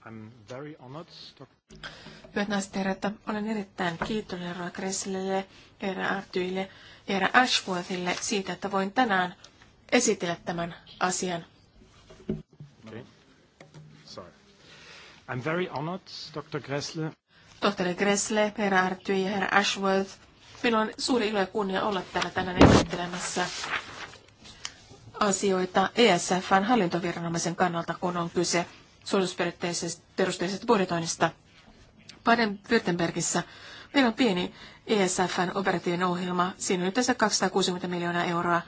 I'm very honored. olen erittäin kiitollinen Roa Kresslille, Eera Artyille ja Eera Ashworthille siitä, että voin tänään esitellä tämän asian. Okay. Sorry. I'm very honored, Dr. Gressle. Tohtori Gressle, Eera Artyi ja Eera Ashworth. Minulla on suuri ilo ja kunnia olla täällä tänään esittelemässä asioita ESFn hallintoviranomaisen kannalta, kun on kyse suoritusperusteisestä budjetoinnista. Baden-Württembergissä meillä on pieni ESFn operatiivinen ohjelma. Siinä on yhteensä 260 miljoonaa euroa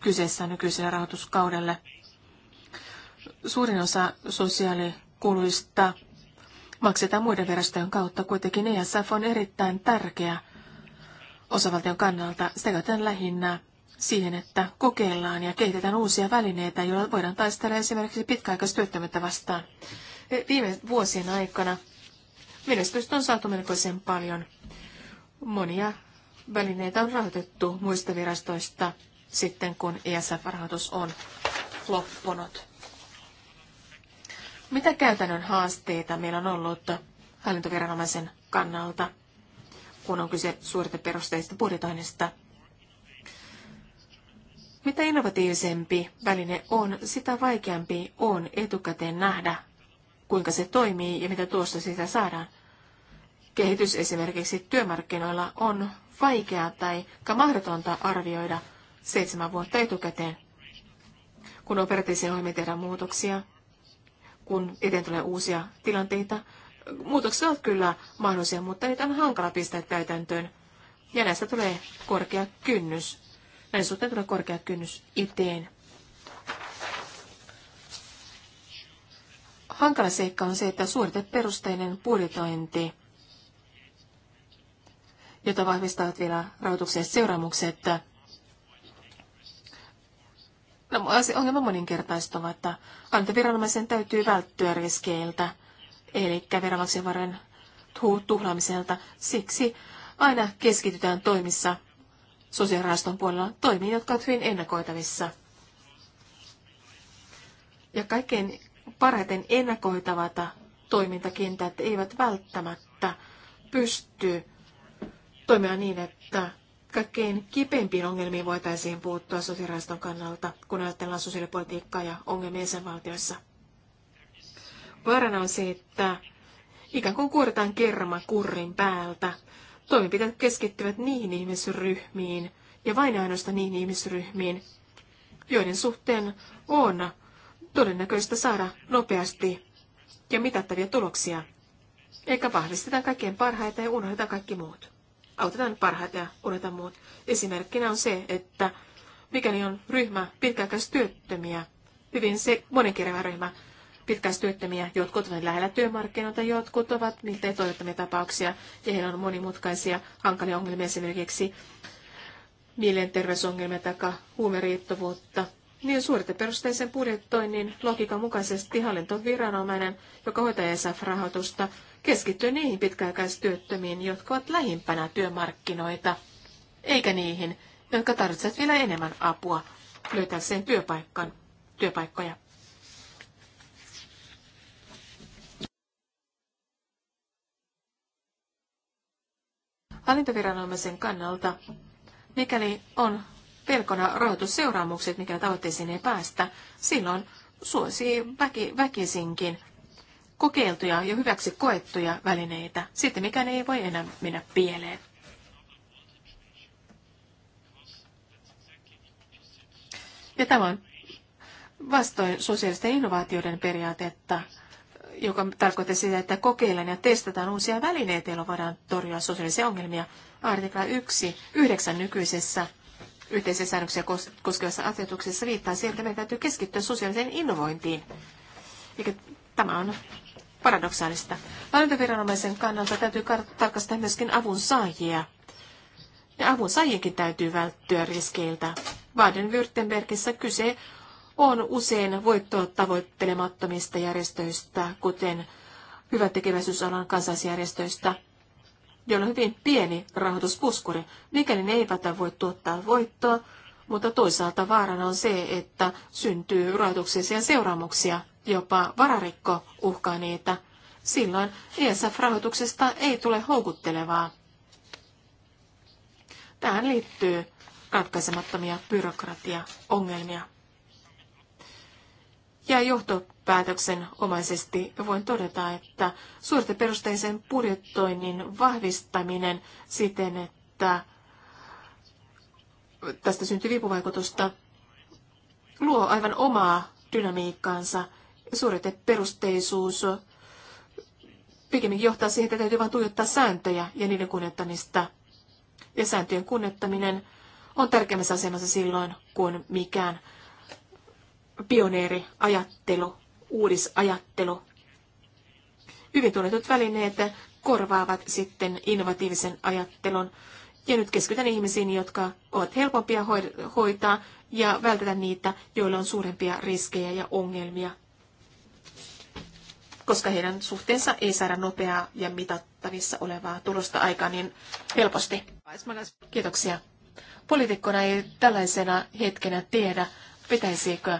kyseessä nykyiselle rahoituskaudelle. Suurin osa sosiaalikuluista maksetaan muiden verastojen kautta. Kuitenkin ESF on erittäin tärkeä osavaltion kannalta. Sitä käytetään lähinnä siihen, että kokeillaan ja kehitetään uusia välineitä, joilla voidaan taistella esimerkiksi pitkäaikaistyöttömyyttä vastaan. E, Viime vuosien aikana menestystä on saatu melkoisen paljon. Monia välineitä on rahoitettu muista virastoista sitten, kun ESF-rahoitus on loppunut. Mitä käytännön haasteita meillä on ollut hallintoviranomaisen kannalta, kun on kyse perusteista budjetoinnista – mitä innovatiivisempi väline on, sitä vaikeampi on etukäteen nähdä, kuinka se toimii ja mitä tuosta sitä saadaan. Kehitys esimerkiksi työmarkkinoilla on vaikeaa tai mahdotonta arvioida seitsemän vuotta etukäteen. Kun operatiivisiin ohjelmiin tehdään muutoksia, kun eteen tulee uusia tilanteita, muutokset ovat kyllä mahdollisia, mutta niitä on hankala pistää täytäntöön. Ja näistä tulee korkea kynnys näin suhteen tulee korkea kynnys eteen. Hankala seikka on se, että suoriteperusteinen budjetointi, jota vahvistavat vielä rahoituksen seuraamukset, No, ongelma moninkertaistuva, että antaviranomaisen täytyy välttyä riskeiltä, eli veronmaksajan varojen tuhlaamiselta. Siksi aina keskitytään toimissa sosiaalirahaston puolella toimii, jotka ovat hyvin ennakoitavissa. Ja kaikkein parhaiten ennakoitavat toimintakentät eivät välttämättä pysty toimimaan niin, että kaikkein kipeimpiin ongelmiin voitaisiin puuttua sosiaalirahaston kannalta, kun ajatellaan sosiaalipolitiikkaa ja ongelmia valtioissa. Vaarana on se, että ikään kuin kuoritaan kerma kurrin päältä Toimenpiteet keskittyvät niihin ihmisryhmiin ja vain ainoastaan niihin ihmisryhmiin, joiden suhteen on todennäköistä saada nopeasti ja mitattavia tuloksia. Eikä vahvistetaan kaikkien parhaita ja unohdetaan kaikki muut. Autetaan parhaita ja unohdetaan muut. Esimerkkinä on se, että mikäli on ryhmä pitkäaikaistyöttömiä, hyvin se monenkirjava ryhmä, pitkästyöttömiä. Jotkut ovat lähellä työmarkkinoita, jotkut ovat miltei toivottomia tapauksia ja heillä on monimutkaisia hankalia ongelmia esimerkiksi mielenterveysongelmia tai huumeriittovuutta. Niin suoriteperusteisen budjettoinnin logiikan mukaisesti hallintoviranomainen, joka hoitaa ESF-rahoitusta, keskittyy niihin pitkäaikaistyöttömiin, jotka ovat lähimpänä työmarkkinoita, eikä niihin, jotka tarvitsevat vielä enemmän apua löytääkseen työpaikkan, työpaikkoja. hallintoviranomaisen kannalta, mikäli on pelkona rahoitusseuraamukset, mikä tavoitteisiin ei päästä, silloin suosii väki, väkisinkin kokeiltuja ja hyväksi koettuja välineitä. Sitten mikä ei voi enää mennä pieleen. Ja tämä on vastoin sosiaalisten innovaatioiden periaatetta – joka tarkoittaa sitä, että kokeillaan ja testataan uusia välineitä, joilla voidaan torjua sosiaalisia ongelmia. Artikla 1, 9 nykyisessä yhteisiä säännöksiä koskevassa asetuksessa viittaa siihen, että meidän täytyy keskittyä sosiaaliseen innovointiin. Eikä tämä on paradoksaalista. Valvontaviranomaisen kannalta täytyy tarkastaa myöskin avun saajia. Ja avun saajienkin täytyy välttyä riskeiltä. Baden-Württembergissä kyse on usein voittoa tavoittelemattomista järjestöistä, kuten hyvätekeväisyysalan kansaisjärjestöistä, joilla on hyvin pieni rahoituspuskuri. Mikäli ne eivät voi tuottaa voittoa, mutta toisaalta vaarana on se, että syntyy rahoituksellisia seuraamuksia, jopa vararikko uhkaa niitä. Silloin ESF-rahoituksesta ei tule houkuttelevaa. Tähän liittyy ratkaisemattomia byrokratiaongelmia. Ja johtopäätöksen omaisesti voin todeta, että perusteisen budjettoinnin vahvistaminen siten, että tästä syntyy vipuvaikutusta, luo aivan omaa dynamiikkaansa. perusteisuus, pikemminkin johtaa siihen, että täytyy vain tuijottaa sääntöjä ja niiden kunnettamista. Ja sääntöjen kunnettaminen on tärkeimmässä asemassa silloin, kun mikään pioneeriajattelu, uudisajattelu. Hyvin tunnetut välineet korvaavat sitten innovatiivisen ajattelun. Ja nyt keskitytään ihmisiin, jotka ovat helpompia hoitaa ja vältetään niitä, joilla on suurempia riskejä ja ongelmia, koska heidän suhteensa ei saada nopeaa ja mitattavissa olevaa tulosta aikaa niin helposti. Kiitoksia. Poliitikkona ei tällaisena hetkenä tiedä, pitäisikö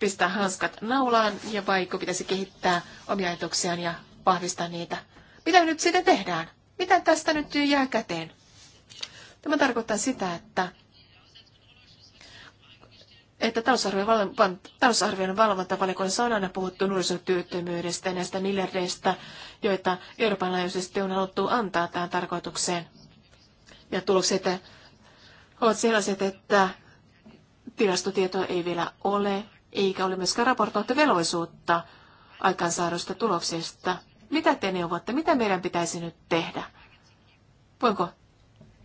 pistää hanskat naulaan ja vaiko pitäisi kehittää omia ajatuksiaan ja vahvistaa niitä. Mitä nyt sitten tehdään? Mitä tästä nyt jää käteen? Tämä tarkoittaa sitä, että että talousarvion valvontavalikoissa on aina puhuttu nuorisotyöttömyydestä ja näistä miljardeista, joita Euroopan laajuisesti on haluttu antaa tähän tarkoitukseen. Ja tulokset ovat sellaiset, että tilastotietoa ei vielä ole eikä ole myöskään raportointivelvollisuutta aikaansaadusta tuloksista. Mitä te neuvotte? Mitä meidän pitäisi nyt tehdä? Voinko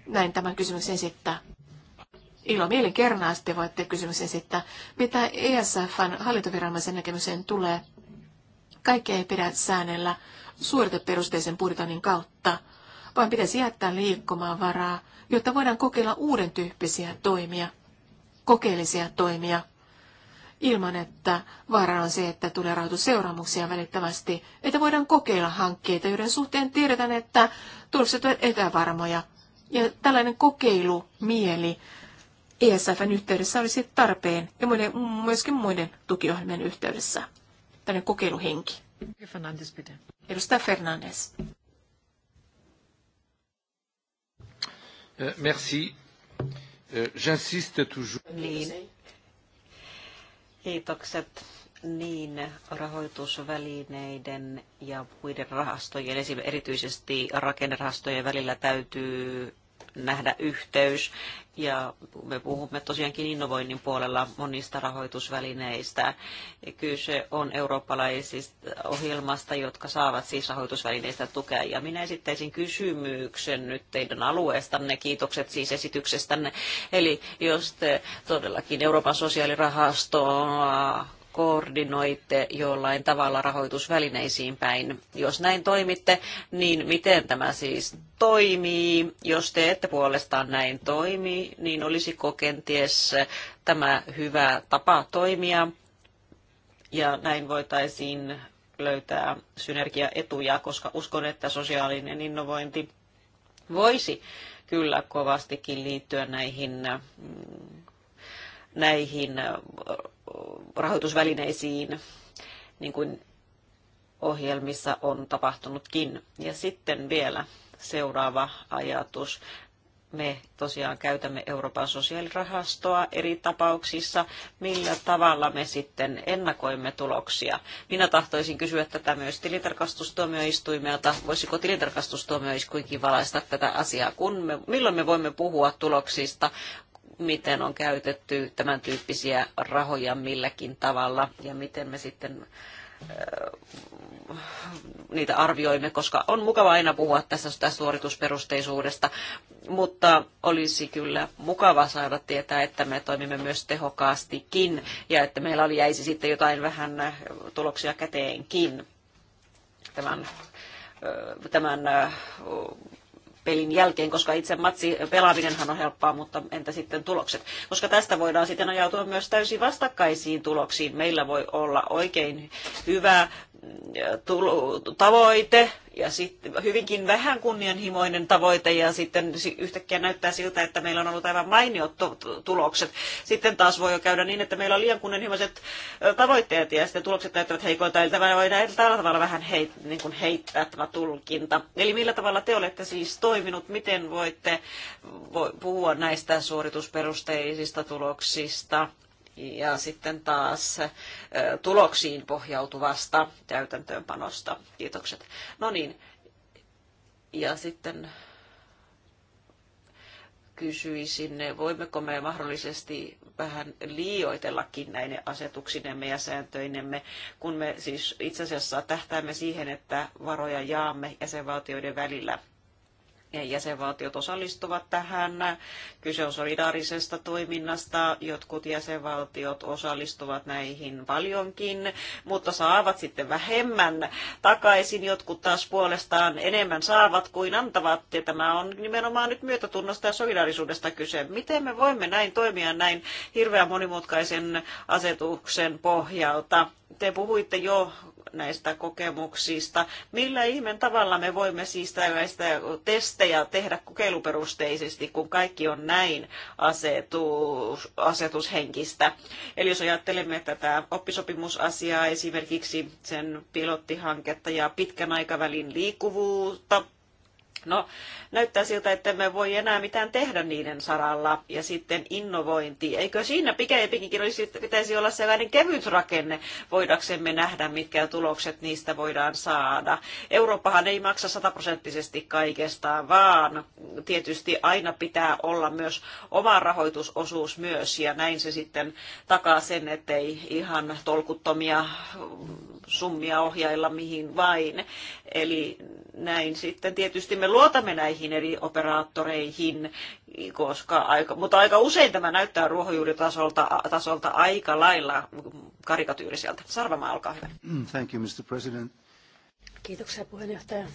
näin tämän kysymyksen esittää? Ilo te voitte kysymyksen esittää. Mitä ESFn hallintoviranomaisen näkemykseen tulee? Kaikkea ei pidä säännellä suoriteperusteisen budjetoinnin kautta, vaan pitäisi jättää liikkumaan varaa, jotta voidaan kokeilla uuden tyyppisiä toimia, kokeellisia toimia – ilman, että vaara on se, että tulee rahoitusseuraamuksia välittävästi, että voidaan kokeilla hankkeita, joiden suhteen tiedetään, että tulokset ovat epävarmoja. Ja tällainen kokeilumieli ESFn yhteydessä olisi tarpeen ja muiden, myöskin muiden tukiohjelmien yhteydessä. Tällainen kokeiluhenki. Fernandes, Edustaja Fernandes. Euh, merci. Euh, j'insiste toujours. Niin Kiitokset niin rahoitusvälineiden ja muiden rahastojen, erityisesti rakennerahastojen välillä täytyy nähdä yhteys. Ja me puhumme tosiaankin innovoinnin puolella monista rahoitusvälineistä. Kyse on eurooppalaisista ohjelmasta, jotka saavat siis rahoitusvälineistä tukea. Ja minä esittäisin kysymyksen nyt teidän alueestanne. Kiitokset siis esityksestänne. Eli jos te todellakin Euroopan sosiaalirahastoa koordinoitte jollain tavalla rahoitusvälineisiin päin. Jos näin toimitte, niin miten tämä siis toimii? Jos te ette puolestaan näin toimi, niin olisiko kenties tämä hyvä tapa toimia? Ja näin voitaisiin löytää synergiaetuja, koska uskon, että sosiaalinen innovointi voisi kyllä kovastikin liittyä näihin näihin rahoitusvälineisiin, niin kuin ohjelmissa on tapahtunutkin. Ja sitten vielä seuraava ajatus. Me tosiaan käytämme Euroopan sosiaalirahastoa eri tapauksissa. Millä tavalla me sitten ennakoimme tuloksia? Minä tahtoisin kysyä tätä myös tilintarkastustuomioistuimelta. Voisiko tilintarkastustuomioistuinkin valaista tätä asiaa? Kun me, milloin me voimme puhua tuloksista? miten on käytetty tämän tyyppisiä rahoja milläkin tavalla ja miten me sitten äh, niitä arvioimme, koska on mukava aina puhua tässä tästä suoritusperusteisuudesta, mutta olisi kyllä mukava saada tietää, että me toimimme myös tehokkaastikin ja että meillä oli jäisi sitten jotain vähän äh, tuloksia käteenkin tämän, äh, tämän pelin jälkeen, koska itse matsi pelaaminenhan on helppoa, mutta entä sitten tulokset? Koska tästä voidaan sitten ajautua myös täysin vastakkaisiin tuloksiin. Meillä voi olla oikein hyvä mm, tavoite ja sitten hyvinkin vähän kunnianhimoinen tavoite ja sitten yhtäkkiä näyttää siltä, että meillä on ollut aivan mainiot tulokset. Sitten taas voi jo käydä niin, että meillä on liian kunnianhimoiset tavoitteet ja sitten tulokset näyttävät heikoilta. Eli tämä voidaan tällä tavalla vähän heit, niin kuin heittää tämä tulkinta. Eli millä tavalla te olette siis toimineet? toiminut. Miten voitte puhua näistä suoritusperusteisista tuloksista? ja sitten taas tuloksiin pohjautuvasta täytäntöönpanosta. Kiitokset. No niin, ja sitten kysyisin, voimmeko me mahdollisesti vähän liioitellakin näiden asetuksinemme ja sääntöinemme, kun me siis itse asiassa tähtäämme siihen, että varoja jaamme jäsenvaltioiden välillä jäsenvaltiot osallistuvat tähän. Kyse on solidaarisesta toiminnasta. Jotkut jäsenvaltiot osallistuvat näihin paljonkin, mutta saavat sitten vähemmän takaisin. Jotkut taas puolestaan enemmän saavat kuin antavat. Ja tämä on nimenomaan nyt myötätunnosta ja solidaarisuudesta kyse. Miten me voimme näin toimia näin hirveän monimutkaisen asetuksen pohjalta? Te puhuitte jo näistä kokemuksista. Millä ihmeen tavalla me voimme siis tällaista testejä tehdä kokeiluperusteisesti, kun kaikki on näin asetus, asetushenkistä? Eli jos ajattelemme tätä oppisopimusasiaa, esimerkiksi sen pilottihanketta ja pitkän aikavälin liikkuvuutta, No, näyttää siltä, että me voi enää mitään tehdä niiden saralla. Ja sitten innovointi. Eikö siinä pikemminkin olisi, pitäisi olla sellainen kevyt rakenne, voidaksemme nähdä, mitkä tulokset niistä voidaan saada. Eurooppahan ei maksa sataprosenttisesti kaikesta, vaan tietysti aina pitää olla myös oma rahoitusosuus myös. Ja näin se sitten takaa sen, ettei ihan tolkuttomia summia ohjailla mihin vain. Eli näin sitten tietysti me luotamme näihin eri operaattoreihin, koska aika, mutta aika usein tämä näyttää ruohonjuuritasolta tasolta aika lailla karikatyyriseltä. Sarvama, alkaa hyvä. Mm, thank you, Mr. President. Kiitoksia puheenjohtaja.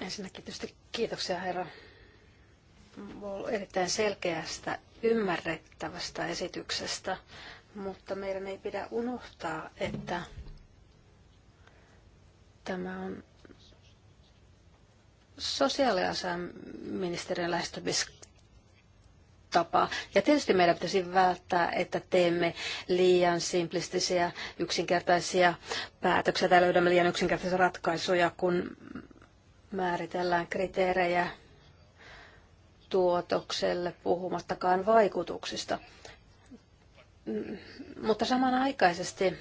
Ensinnäkin tietysti kiitoksia herra erittäin selkeästä, ymmärrettävästä esityksestä, mutta meidän ei pidä unohtaa, että Tämä on sosiaaliasiaministeriön lähestymistapa. Ja tietysti meidän pitäisi välttää, että teemme liian simplistisiä, yksinkertaisia päätöksiä tai löydämme liian yksinkertaisia ratkaisuja, kun määritellään kriteerejä tuotokselle, puhumattakaan vaikutuksista. Mutta samanaikaisesti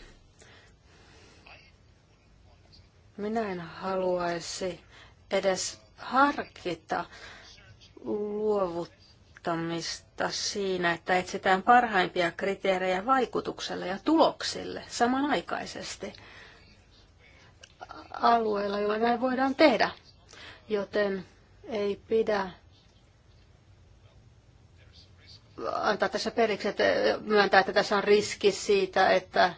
minä en haluaisi edes harkita luovuttamista siinä, että etsitään parhaimpia kriteerejä vaikutukselle ja tuloksille samanaikaisesti alueilla, joilla näin voidaan tehdä. Joten ei pidä antaa tässä periksi, että myöntää, että tässä on riski siitä, että,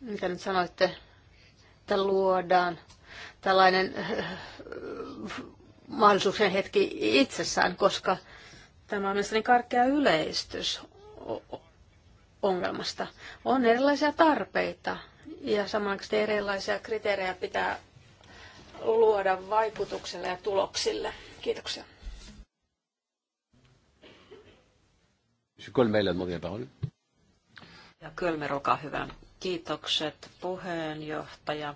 mitä nyt sanoitte, että luodaan tällainen äh, mahdollisuuksien hetki itsessään, koska tämä on mielestäni karkea yleistys ongelmasta. On erilaisia tarpeita ja samanaikaisesti erilaisia kriteerejä pitää luoda vaikutukselle ja tuloksille. Kiitoksia. Kölmeillä on parole. Ja Kölmer, olkaa hyvä. Kiitokset puheenjohtaja.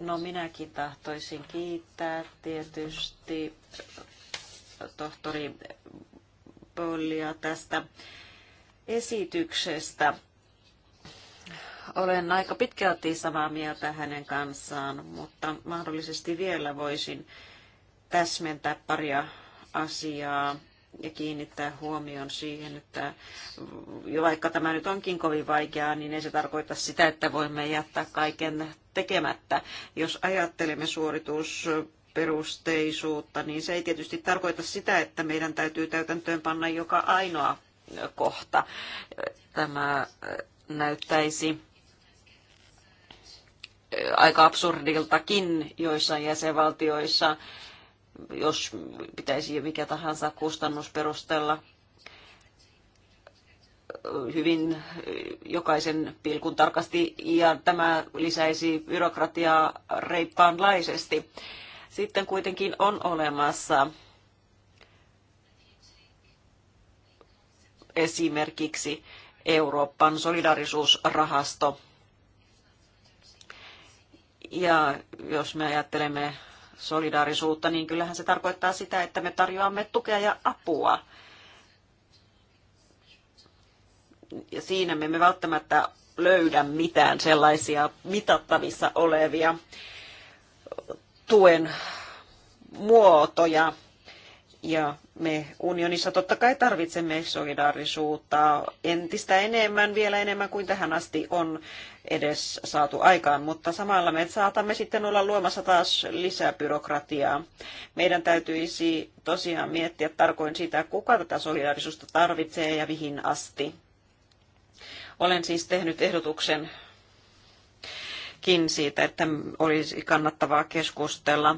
No minäkin tahtoisin kiittää tietysti äh, tohtori Pollia tästä esityksestä. Olen aika pitkälti samaa mieltä hänen kanssaan, mutta mahdollisesti vielä voisin täsmentää paria asiaa ja kiinnittää huomion siihen, että vaikka tämä nyt onkin kovin vaikeaa, niin ei se tarkoita sitä, että voimme jättää kaiken tekemättä. Jos ajattelemme suoritusperusteisuutta, niin se ei tietysti tarkoita sitä, että meidän täytyy täytäntöön panna joka ainoa kohta. Tämä näyttäisi aika absurdiltakin joissain jäsenvaltioissa jos pitäisi mikä tahansa kustannus perustella hyvin jokaisen pilkun tarkasti ja tämä lisäisi byrokratiaa reippaanlaisesti. Sitten kuitenkin on olemassa esimerkiksi Euroopan solidarisuusrahasto. Ja jos me ajattelemme solidaarisuutta, niin kyllähän se tarkoittaa sitä, että me tarjoamme tukea ja apua. Ja siinä me emme välttämättä löydä mitään sellaisia mitattavissa olevia tuen muotoja, ja me unionissa totta kai tarvitsemme solidaarisuutta entistä enemmän, vielä enemmän kuin tähän asti on edes saatu aikaan, mutta samalla me saatamme sitten olla luomassa taas lisää byrokratiaa. Meidän täytyisi tosiaan miettiä tarkoin sitä, kuka tätä solidaarisuutta tarvitsee ja mihin asti. Olen siis tehnyt ehdotuksen siitä, että olisi kannattavaa keskustella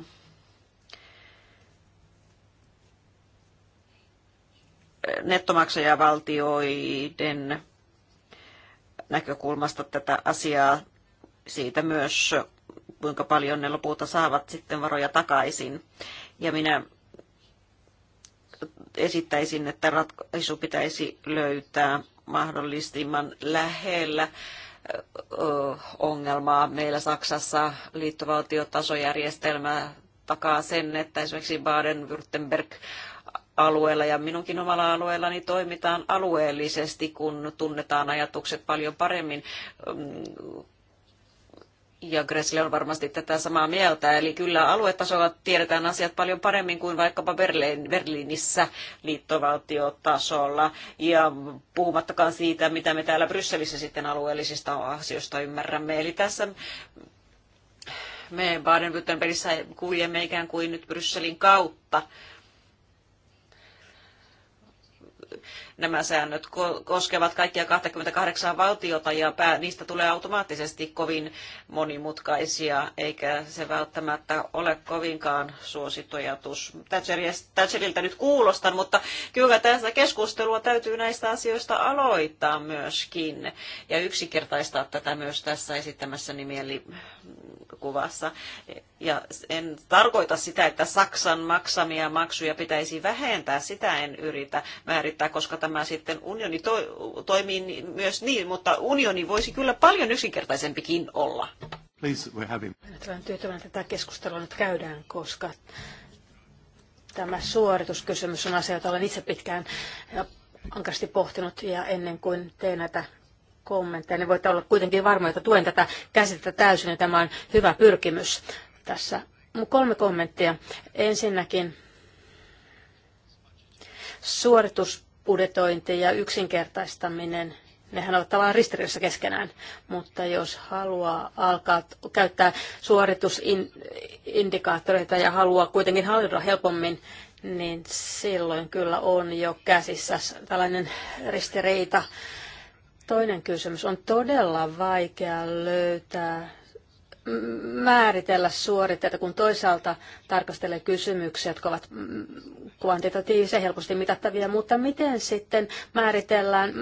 nettomaksajavaltioiden näkökulmasta tätä asiaa siitä myös, kuinka paljon ne lopulta saavat sitten varoja takaisin. Ja minä esittäisin, että ratkaisu pitäisi löytää mahdollisimman lähellä ongelmaa. Meillä Saksassa liittovaltiotasojärjestelmä takaa sen, että esimerkiksi Baden-Württemberg alueella ja minunkin omalla alueellani toimitaan alueellisesti, kun tunnetaan ajatukset paljon paremmin mm, ja Gressle on varmasti tätä samaa mieltä. Eli kyllä aluetasolla tiedetään asiat paljon paremmin kuin vaikkapa Berliin, Berliinissä liittovaltiotasolla. Ja puhumattakaan siitä, mitä me täällä Brysselissä sitten alueellisista asioista ymmärrämme. Eli tässä me Baden-Württembergissä kuljemme ikään kuin nyt Brysselin kautta nämä säännöt koskevat kaikkia 28 valtiota ja niistä tulee automaattisesti kovin monimutkaisia, eikä se välttämättä ole kovinkaan suosittu ajatus. Thatcheriltä nyt kuulostan, mutta kyllä tässä keskustelua täytyy näistä asioista aloittaa myöskin ja yksinkertaistaa tätä myös tässä esittämässäni mielikuvassa. Ja en tarkoita sitä, että Saksan maksamia maksuja pitäisi vähentää, sitä en yritä määrittää, koska tämä sitten unioni to- toimii myös niin, mutta unioni voisi kyllä paljon yksinkertaisempikin olla. Olen tyytyväinen, että tätä keskustelua nyt käydään, koska tämä suorituskysymys on asia, jota olen itse pitkään ankasti pohtinut ja ennen kuin teen näitä kommentteja, niin voitte olla kuitenkin varmoja, että tuen tätä käsitettä täysin ja tämä on hyvä pyrkimys tässä kolme kommenttia. Ensinnäkin suoritusbudetointi ja yksinkertaistaminen nehän ovat tavallaan ristiriidassa keskenään, mutta jos haluaa alkaa käyttää suoritusindikaattoreita ja haluaa kuitenkin hallita helpommin, niin silloin kyllä on jo käsissä tällainen ristiriita. Toinen kysymys on todella vaikea löytää määritellä suoritteita, kun toisaalta tarkastelee kysymyksiä, jotka ovat kvantitatiivisia, helposti mitattavia, mutta miten sitten määritellään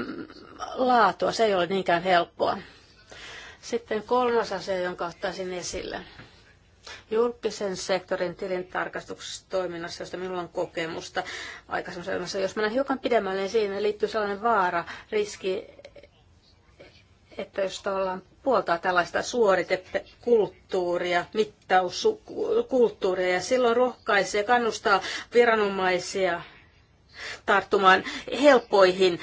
laatua, se ei ole niinkään helppoa. Sitten kolmas asia, jonka ottaisin esille. Julkisen sektorin tilintarkastuksessa toiminnassa, josta minulla on kokemusta aikaisemmassa elämässä, jos mennään hiukan pidemmälle, niin siinä liittyy sellainen vaara, riski, että jos tavallaan puoltaa tällaista suoritekulttuuria, mittauskulttuuria, ja silloin rohkaisee ja kannustaa viranomaisia tarttumaan helppoihin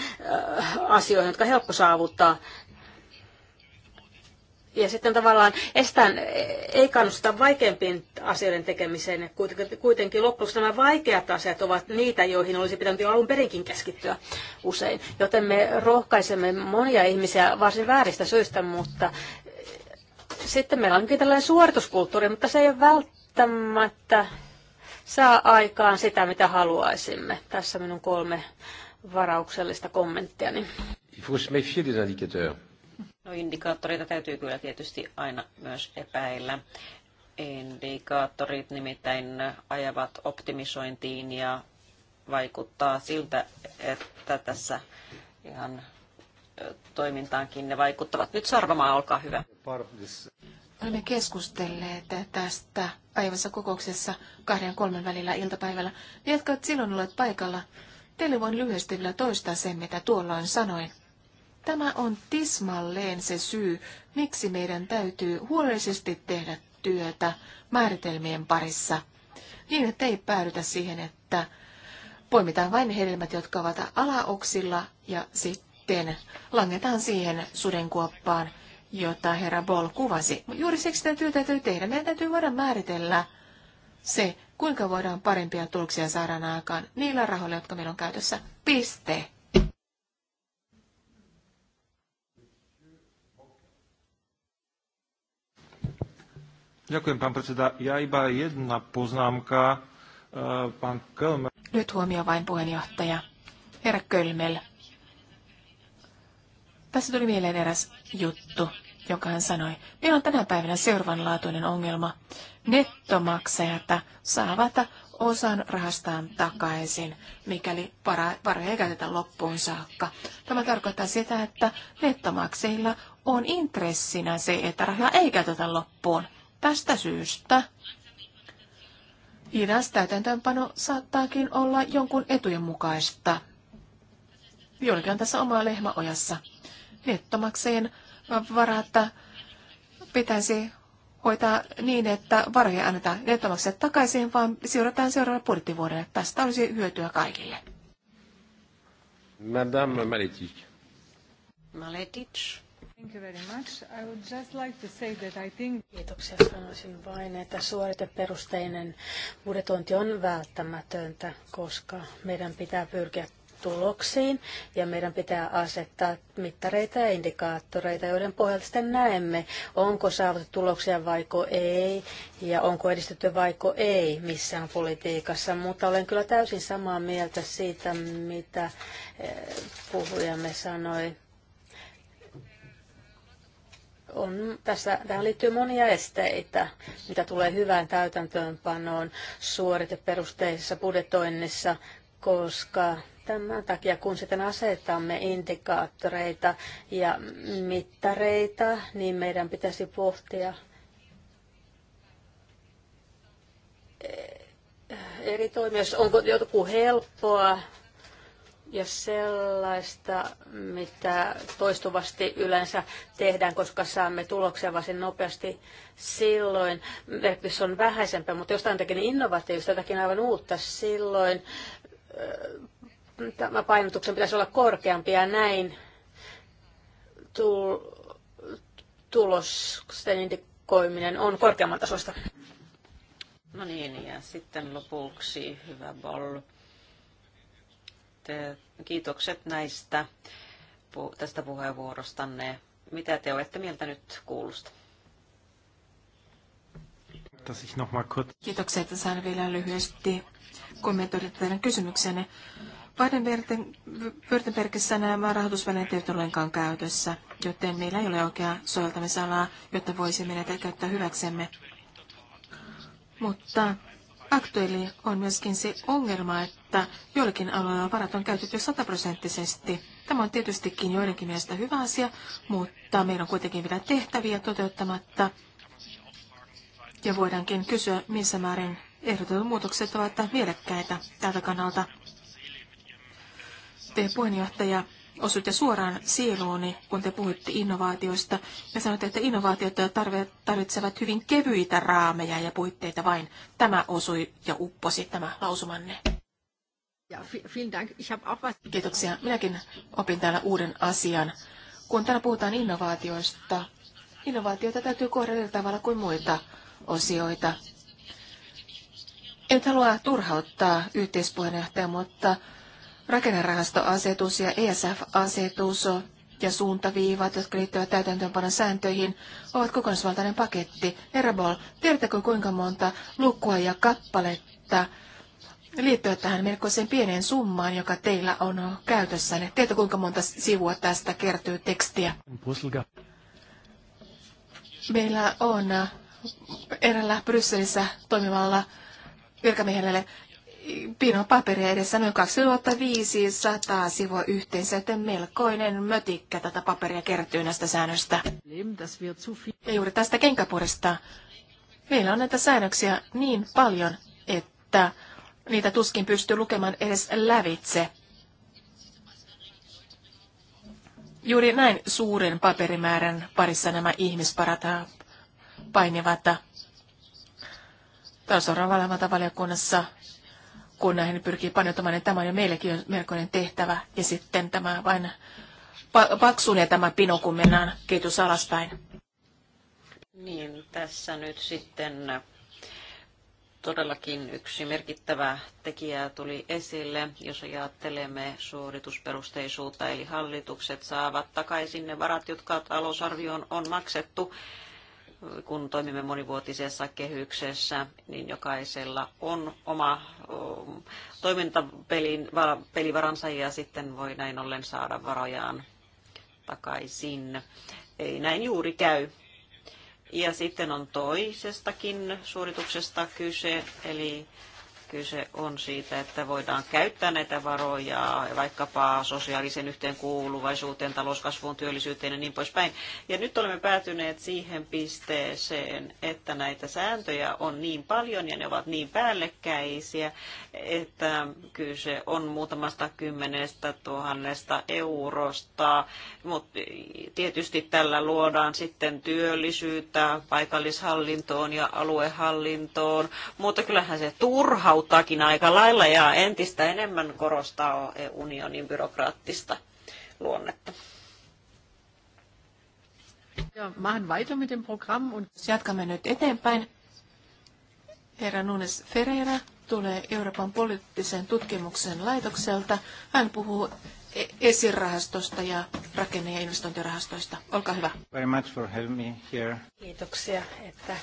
äh, asioihin, jotka helppo saavuttaa ja sitten tavallaan estään, ei kannusta vaikeampiin asioiden tekemiseen. Kuitenkin, kuitenkin loppujen nämä vaikeat asiat ovat niitä, joihin olisi pitänyt jo alun perinkin keskittyä usein. Joten me rohkaisemme monia ihmisiä varsin vääristä syistä, mutta sitten meillä onkin tällainen suorituskulttuuri, mutta se ei ole välttämättä saa aikaan sitä, mitä haluaisimme. Tässä minun kolme varauksellista kommenttiani. Il faut se méfier des indicateurs No indikaattoreita täytyy kyllä tietysti aina myös epäillä. Indikaattorit nimittäin ajavat optimisointiin ja vaikuttaa siltä, että tässä ihan toimintaankin ne vaikuttavat. Nyt Sarvamaa, olkaa hyvä. Olemme no, keskustelleet tästä päivässä kokouksessa kahden kolmen välillä iltapäivällä. Ne, jotka olet silloin olleet paikalla, teille voin lyhyesti vielä toistaa sen, mitä tuolloin sanoin. Tämä on tismalleen se syy, miksi meidän täytyy huolellisesti tehdä työtä määritelmien parissa, niin että ei päädytä siihen, että poimitaan vain hedelmät, jotka ovat alaoksilla, ja sitten langetaan siihen sudenkuoppaan, jota herra Boll kuvasi. Juuri siksi tämä työtä täytyy tehdä. Meidän täytyy voida määritellä se, kuinka voidaan parempia tuloksia saada aikaan niillä rahoilla, jotka meillä on käytössä. Piste. Ďakujem, pán predseda. Ja iba jedna poznámka. Eh, pán Kölmel. Nyt huomio vain puheenjohtaja. Herra Kölmel. Tässä tuli mieleen eräs juttu, jonka hän sanoi. Meillä on tänä päivänä seuraavanlaatuinen ongelma. Nettomaksajat saavat osan rahastaan takaisin, mikäli varoja ei käytetä loppuun saakka. Tämä tarkoittaa sitä, että nettomaksajilla on intressinä se, että rahaa ei käytetä loppuun. Tästä syystä hidas täytäntöönpano saattaakin olla jonkun etujen mukaista. Jollakin on tässä omaa lehmäojassa. Nettomakseen varata pitäisi hoitaa niin, että varoja annetaan nettomakseen takaisin, vaan siirretään seuraavalle budjettivuodelle. Tästä olisi hyötyä kaikille. Madame Maletic. Maletic. Kiitoksia. Sanoisin vain, että suoriteperusteinen budjetointi on välttämätöntä, koska meidän pitää pyrkiä tuloksiin ja meidän pitää asettaa mittareita ja indikaattoreita, joiden pohjalta sitten näemme, onko saavutettu tuloksia vaiko ei ja onko edistetty vaiko ei missään politiikassa. Mutta olen kyllä täysin samaa mieltä siitä, mitä eh, puhujamme sanoi on, tässä, tähän liittyy monia esteitä, mitä tulee hyvään täytäntöönpanoon suoriteperusteisessa budjetoinnissa, koska tämän takia, kun sitten asetamme indikaattoreita ja mittareita, niin meidän pitäisi pohtia eri toimijoissa, onko joku helppoa ja sellaista, mitä toistuvasti yleensä tehdään, koska saamme tuloksia varsin nopeasti silloin. Merkitys on vähäisempää, mutta jostain jotakin innovatiivista, jotakin aivan uutta, silloin äh, tämä painotuksen pitäisi olla korkeampi ja näin tulosten indikoiminen on korkeamman tasosta. No niin, ja sitten lopuksi hyvä ball. Kiitokset näistä tästä puheenvuorostanne. Mitä te olette mieltä nyt kuulusta? Kiitoksia, että saan vielä lyhyesti kommentoida teidän kysymyksenne. Baden-Württembergissä nämä rahoitusvälineet eivät ollenkaan käytössä, joten meillä ei ole oikeaa soveltamisalaa, jotta voisimme näitä käyttää hyväksemme. Mutta Aktuelli on myöskin se ongelma, että joillakin alueilla varat on käytetty sataprosenttisesti. Tämä on tietystikin joidenkin mielestä hyvä asia, mutta meillä on kuitenkin vielä tehtäviä toteuttamatta. Ja voidaankin kysyä, missä määrin ehdotetut muutokset ovat mielekkäitä tältä kannalta. Te puheenjohtaja osuitte suoraan sieluuni, kun te puhuitte innovaatioista, ja sanoitte, että innovaatiot tarvitsevat hyvin kevyitä raameja ja puitteita vain. Tämä osui ja upposi tämä lausumanne. Kiitoksia. Minäkin opin täällä uuden asian. Kun täällä puhutaan innovaatioista, innovaatioita täytyy kohdella tavalla kuin muita osioita. En halua turhauttaa yhteispuheenjohtaja, mutta Rakennerahastoasetus ja ESF-asetus ja suuntaviivat, jotka liittyvät täytäntöönpanon sääntöihin, ovat kokonaisvaltainen paketti. Erabol, tiedättekö kuinka monta lukua ja kappaletta liittyä tähän melkoiseen pieneen summaan, joka teillä on käytössänne? Tiedätkö kuinka monta sivua tästä kertyy tekstiä? Meillä on erällä Brysselissä toimivalla virkamiehelle pinon paperia edessä noin 2500 sivua yhteensä, että melkoinen mötikkä tätä paperia kertyy näistä säännöstä. Ja juuri tästä kenkäpuolesta meillä on näitä säännöksiä niin paljon, että niitä tuskin pystyy lukemaan edes lävitse. Juuri näin suuren paperimäärän parissa nämä ihmisparat painivat. Talousarvovalvontavaliokunnassa kun näihin niin pyrkii paneutumaan, niin tämä on jo meillekin on melkoinen tehtävä. Ja sitten tämä vain paksunee tämä pino, kun mennään ketjus alaspäin. Niin, tässä nyt sitten todellakin yksi merkittävä tekijä tuli esille, jos ajattelemme suoritusperusteisuutta, eli hallitukset saavat takaisin ne varat, jotka talousarvioon on maksettu kun toimimme monivuotisessa kehyksessä, niin jokaisella on oma toimintapelivaransa ja sitten voi näin ollen saada varojaan takaisin. Ei näin juuri käy. Ja sitten on toisestakin suorituksesta kyse, eli Kyse on siitä, että voidaan käyttää näitä varoja vaikkapa sosiaalisen yhteenkuuluvaisuuteen, talouskasvuun, työllisyyteen ja niin poispäin. Ja nyt olemme päätyneet siihen pisteeseen, että näitä sääntöjä on niin paljon ja ne ovat niin päällekkäisiä, että kyse on muutamasta kymmenestä tuhannesta eurosta. Mutta tietysti tällä luodaan sitten työllisyyttä paikallishallintoon ja aluehallintoon, mutta kyllähän se turhaus auttaakin aika lailla ja entistä enemmän korostaa unionin byrokraattista luonnetta. Ja, machen weiter mit dem Programm und jatkamme nyt eteenpäin. Herra Nunes Ferreira tulee Euroopan poliittisen tutkimuksen laitokselta. Hän puhuu e- esirahastosta ja rakenne- ja investointirahastoista. Olkaa hyvä. Very much for me here. Kiitoksia, että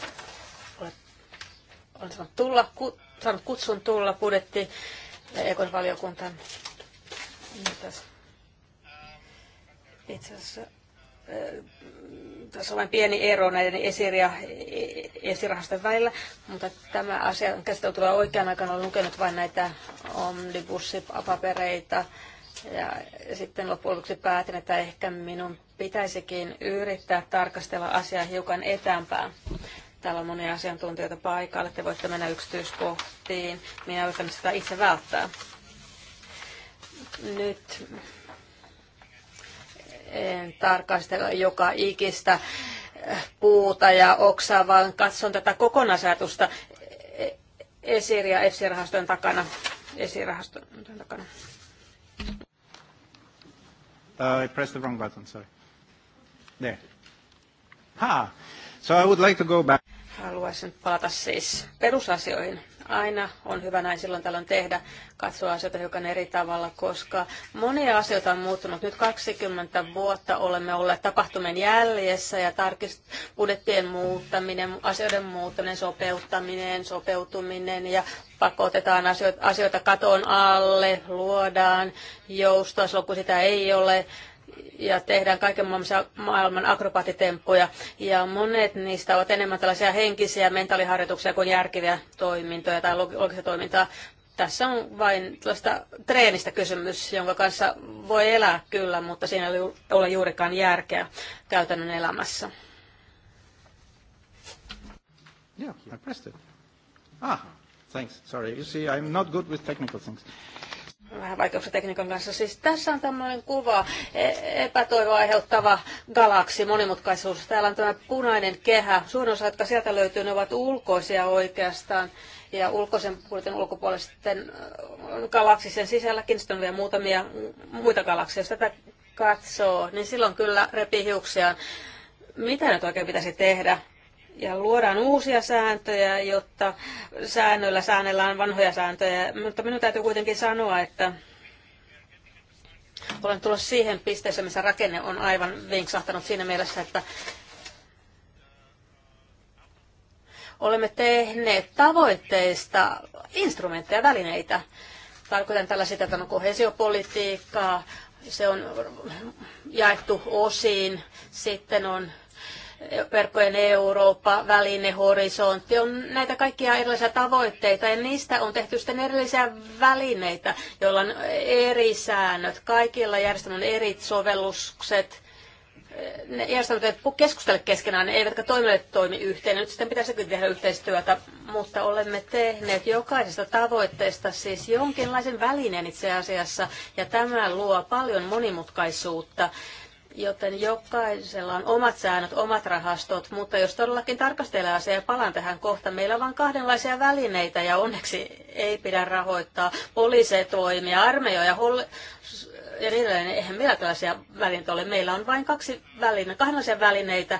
olet, tulla saanut kutsun tulla budjetti Ekon valiokuntaan. Itse asiassa äh, tässä on vain pieni ero näiden esiri- ja esirahasten välillä, mutta tämä asia on käsitelty oikean aikana. Olen lukenut vain näitä omnibussipapereita ja sitten lopuksi päätin, että ehkä minun pitäisikin yrittää tarkastella asiaa hiukan etäämpää Täällä on monia asiantuntijoita paikalla, te voitte mennä yksityiskohtiin. Minä yritän sitä itse välttää. Nyt en tarkastella joka ikistä puuta ja oksaa, vaan katson tätä kokonaisajatusta ESIR ja EFSI-rahastojen takana. esi takana. Uh, I pressed the wrong button, sorry. There. Ha! So I would like to go back. Haluaisin palata siis perusasioihin. Aina on hyvä näin silloin tällöin tehdä, katsoa asioita hiukan eri tavalla, koska monia asioita on muuttunut. Nyt 20 vuotta olemme olleet tapahtumien jäljessä ja tarkist- budjettien muuttaminen, asioiden muuttaminen, sopeuttaminen, sopeutuminen ja pakotetaan asioita, asioita katon alle, luodaan joustoa silloin, kun sitä ei ole ja tehdään kaiken maailman akrobaatitemppuja. Ja monet niistä ovat enemmän tällaisia henkisiä mentaaliharjoituksia kuin järkeviä toimintoja tai logista toimintaa. Tässä on vain tällaista treenistä kysymys, jonka kanssa voi elää kyllä, mutta siinä ei ole juurikaan järkeä käytännön elämässä. Yeah, I pressed it. Ah, thanks. Sorry. You see, I'm not good with technical things vähän vaikeuksia tekniikan kanssa. Siis tässä on tämmöinen kuva, e, epätoivoa aiheuttava galaksi, monimutkaisuus. Täällä on tämä punainen kehä. Suurin osa, jotka sieltä löytyy, ne ovat ulkoisia oikeastaan. Ja ulkoisen puolen ulkopuolisten äh, galaksisen sisälläkin sitten on vielä muutamia muita galakseja. Jos tätä katsoo, niin silloin kyllä repii hiuksiaan. Mitä nyt oikein pitäisi tehdä? ja luodaan uusia sääntöjä, jotta säännöillä säännellään vanhoja sääntöjä. Mutta minun täytyy kuitenkin sanoa, että olen tullut siihen pisteeseen, missä rakenne on aivan vinksahtanut siinä mielessä, että olemme tehneet tavoitteista instrumentteja, välineitä. Tarkoitan tällä sitä, että on kohesiopolitiikkaa, se on jaettu osiin, sitten on verkkojen Eurooppa, väline, horisontti, on näitä kaikkia erilaisia tavoitteita ja niistä on tehty sitten erillisiä välineitä, joilla on eri säännöt, kaikilla on eri sovellukset, ne järjestelmät eivät keskustele keskenään, ne eivätkä toimijat toimi yhteen. Nyt sitten pitäisikin tehdä yhteistyötä, mutta olemme tehneet jokaisesta tavoitteesta siis jonkinlaisen välineen itse asiassa, ja tämä luo paljon monimutkaisuutta joten jokaisella on omat säännöt, omat rahastot, mutta jos todellakin tarkastelee asiaa, palaan tähän kohta, meillä on vain kahdenlaisia välineitä ja onneksi ei pidä rahoittaa poliisitoimia, armeijoja, ja niin edelleen. Eihän meillä tällaisia välineitä ole. Meillä on vain kaksi väline, kahdenlaisia välineitä,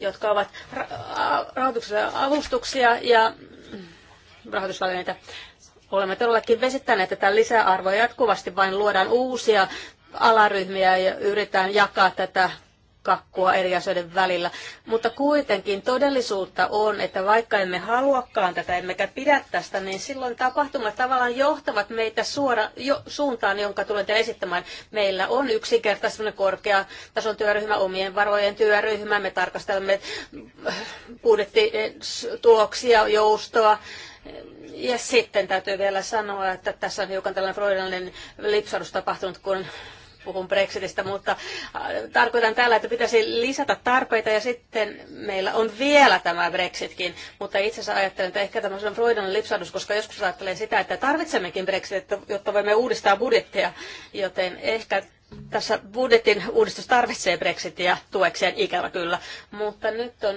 jotka ovat ra- avustuksia ja rahoitusvälineitä olemme todellakin vesittäneet tätä lisäarvoa jatkuvasti, vain luodaan uusia alaryhmiä ja yritetään jakaa tätä kakkua eri asioiden välillä. Mutta kuitenkin todellisuutta on, että vaikka emme haluakaan tätä, emmekä pidä tästä, niin silloin tapahtumat tavallaan johtavat meitä suora, jo, suuntaan, jonka tulen teille esittämään. Meillä on yksinkertaisesti korkea tason työryhmä, omien varojen työryhmä, me tarkastelemme äh, budjettituloksia, eh, joustoa, ja sitten täytyy vielä sanoa, että tässä on hiukan tällainen freudallinen lipsarus tapahtunut, kun puhun Brexitistä, mutta äh, tarkoitan tällä, että pitäisi lisätä tarpeita ja sitten meillä on vielä tämä Brexitkin, mutta itse asiassa ajattelen, että ehkä tämmöisen Freudan lipsahdus, koska joskus ajattelen sitä, että tarvitsemmekin Brexit, jotta voimme uudistaa budjettia, joten ehkä tässä budjetin uudistus tarvitsee Brexitia tuekseen, ikävä kyllä, mutta nyt on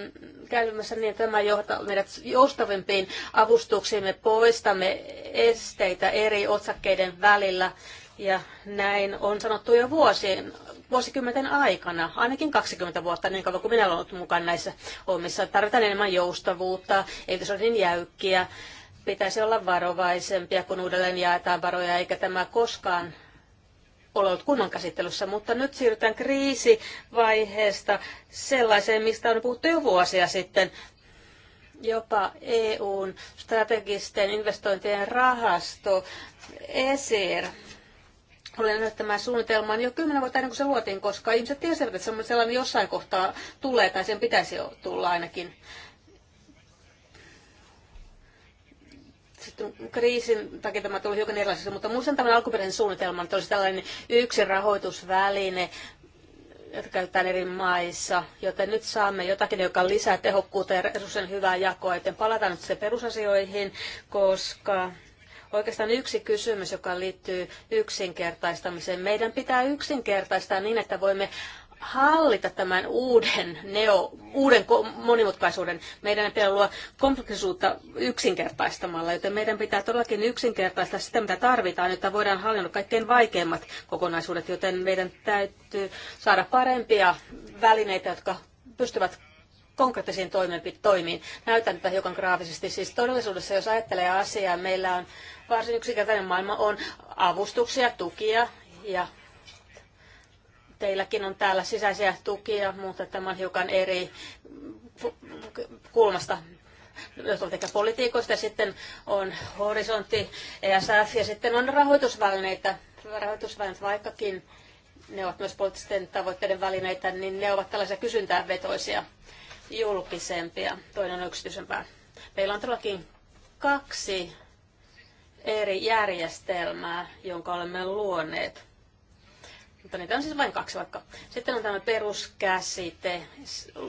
käymässä niin, että tämä johtaa meidät joustavimpiin avustuksiin. Me poistamme esteitä eri otsakkeiden välillä ja näin on sanottu jo vuosien, vuosikymmenten aikana, ainakin 20 vuotta, niin kauan kuin minä olen ollut mukana näissä omissa. Tarvitaan enemmän joustavuutta, ei pitäisi olla niin jäykkiä, pitäisi olla varovaisempia, kun uudelleen jaetaan varoja, eikä tämä koskaan ole ollut kunnon käsittelyssä, mutta nyt siirrytään kriisivaiheesta sellaiseen, mistä on puhuttu jo vuosia sitten, jopa EUn strategisten investointien rahasto ESIR olen nähnyt tämän suunnitelman jo kymmenen vuotta ennen kuin se luotiin, koska ihmiset tiesivät, että sellainen jossain kohtaa tulee tai sen pitäisi tulla ainakin. Sitten kriisin takia tämä tuli hiukan erilaisessa, mutta muistan tämän alkuperäisen suunnitelman, että olisi tällainen yksi rahoitusväline, jota käytetään eri maissa, joten nyt saamme jotakin, joka lisää tehokkuutta ja resurssien hyvää jakoa, joten palataan nyt se perusasioihin, koska Oikeastaan yksi kysymys, joka liittyy yksinkertaistamiseen. Meidän pitää yksinkertaistaa niin, että voimme hallita tämän uuden, neo, uuden monimutkaisuuden. Meidän pitää luoda kompleksisuutta yksinkertaistamalla, joten meidän pitää todellakin yksinkertaistaa sitä, mitä tarvitaan, jotta voidaan hallinnoida kaikkein vaikeimmat kokonaisuudet, joten meidän täytyy saada parempia välineitä, jotka pystyvät konkreettisiin toimiin. Näytän tätä hiukan graafisesti. Siis todellisuudessa, jos ajattelee asiaa, meillä on varsin yksinkertainen maailma, on avustuksia, tukia ja teilläkin on täällä sisäisiä tukia, mutta tämä on hiukan eri kulmasta jotka ehkä politiikoista, sitten on horisontti ESF ja sitten on rahoitusvälineitä, rahoitusvälineet vaikkakin ne ovat myös poliittisten tavoitteiden välineitä, niin ne ovat tällaisia kysyntään vetoisia julkisempia, toinen yksityisempää. Meillä on todellakin kaksi eri järjestelmää, jonka olemme luoneet. Mutta niitä on siis vain kaksi vaikka. Sitten on tämä peruskäsite.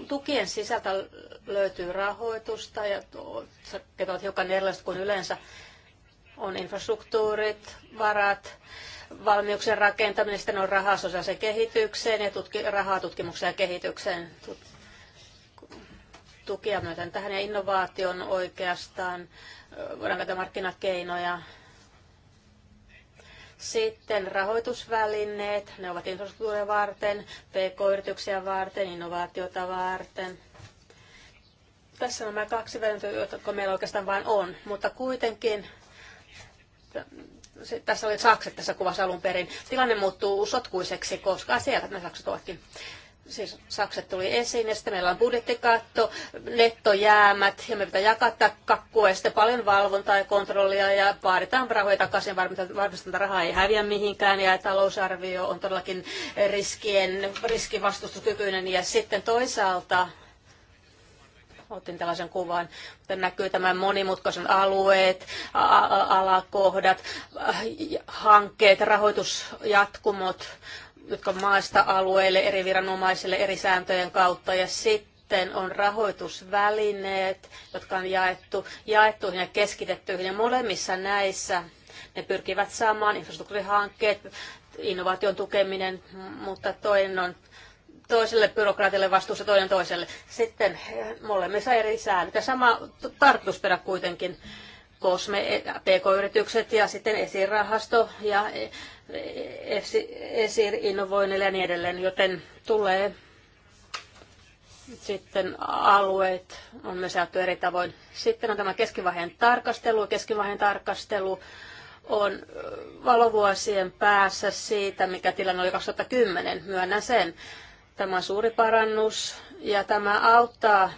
Tukien sisältä löytyy rahoitusta ja kertovat hiukan erilaista kuin yleensä. On infrastruktuurit, varat, valmiuksen rakentaminen, sitten on rahaa sosiaaliseen kehitykseen ja tutki, rahaa tutkimukseen ja kehitykseen tukia myöten tähän ja innovaation oikeastaan, voidaan käyttää markkinakeinoja. Sitten rahoitusvälineet, ne ovat infrastruktuuria varten, pk-yrityksiä varten, innovaatiota varten. Tässä on nämä kaksi välinettä, jotka meillä oikeastaan vain on, mutta kuitenkin tässä oli sakset tässä kuvassa alun perin. Tilanne muuttuu sotkuiseksi, koska siellä ne sakset ovatkin siis sakset tuli esiin, ja sitten meillä on budjettikatto, nettojäämät, ja me pitää jakaa tätä kakkua, ja sitten paljon valvontaa ja kontrollia, ja vaaditaan rahoja takaisin, varmistetaan, että raha ei häviä mihinkään, ja talousarvio on todellakin riskien, riskivastustuskykyinen, ja sitten toisaalta otin tällaisen kuvan, mutta näkyy tämän monimutkaisen alueet, alakohdat, hankkeet, rahoitusjatkumot, jotka maasta alueille, eri viranomaisille, eri sääntöjen kautta. Ja sitten on rahoitusvälineet, jotka on jaettu jaettuihin ja keskitettyihin. Ja molemmissa näissä ne pyrkivät saamaan infrastruktuurihankkeet, innovaation tukeminen, mutta toinen on toiselle byrokraatille vastuussa, toinen toiselle. Sitten molemmissa eri säännöt ja sama tarkoitusperä kuitenkin. Kosme, PK-yritykset ja sitten esirahasto ja esir innovoinnille ja niin edelleen, joten tulee sitten alueet on myös jaettu eri tavoin. Sitten on tämä keskivaiheen tarkastelu. Keskivaiheen tarkastelu on valovuosien päässä siitä, mikä tilanne oli 2010. Myönnän sen. Tämä on suuri parannus ja tämä auttaa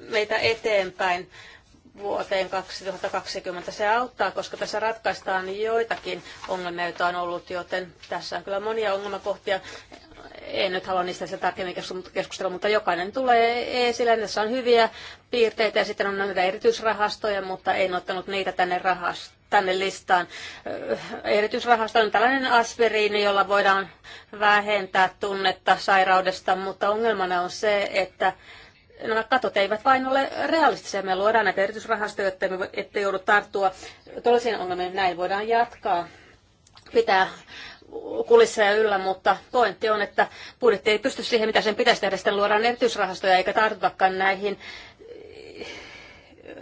meitä eteenpäin vuoteen 2020. Se auttaa, koska tässä ratkaistaan joitakin ongelmia, joita on ollut, joten tässä on kyllä monia ongelmakohtia. En nyt halua niistä se tarkemmin keskustella, mutta jokainen tulee esille. Tässä on hyviä piirteitä ja sitten on näitä erityisrahastoja, mutta en ottanut niitä tänne rahastoon tänne listaan. Erityisrahasto on tällainen aspiriini, jolla voidaan vähentää tunnetta sairaudesta, mutta ongelmana on se, että nämä katot eivät vain ole realistisia. Me luodaan näitä erityisrahastoja, että me ette joudu tarttua toisiin ongelmiin. Näin voidaan jatkaa, pitää kulisseja yllä, mutta pointti on, että budjetti ei pysty siihen, mitä sen pitäisi tehdä. Sitten luodaan erityisrahastoja eikä tartutakaan näihin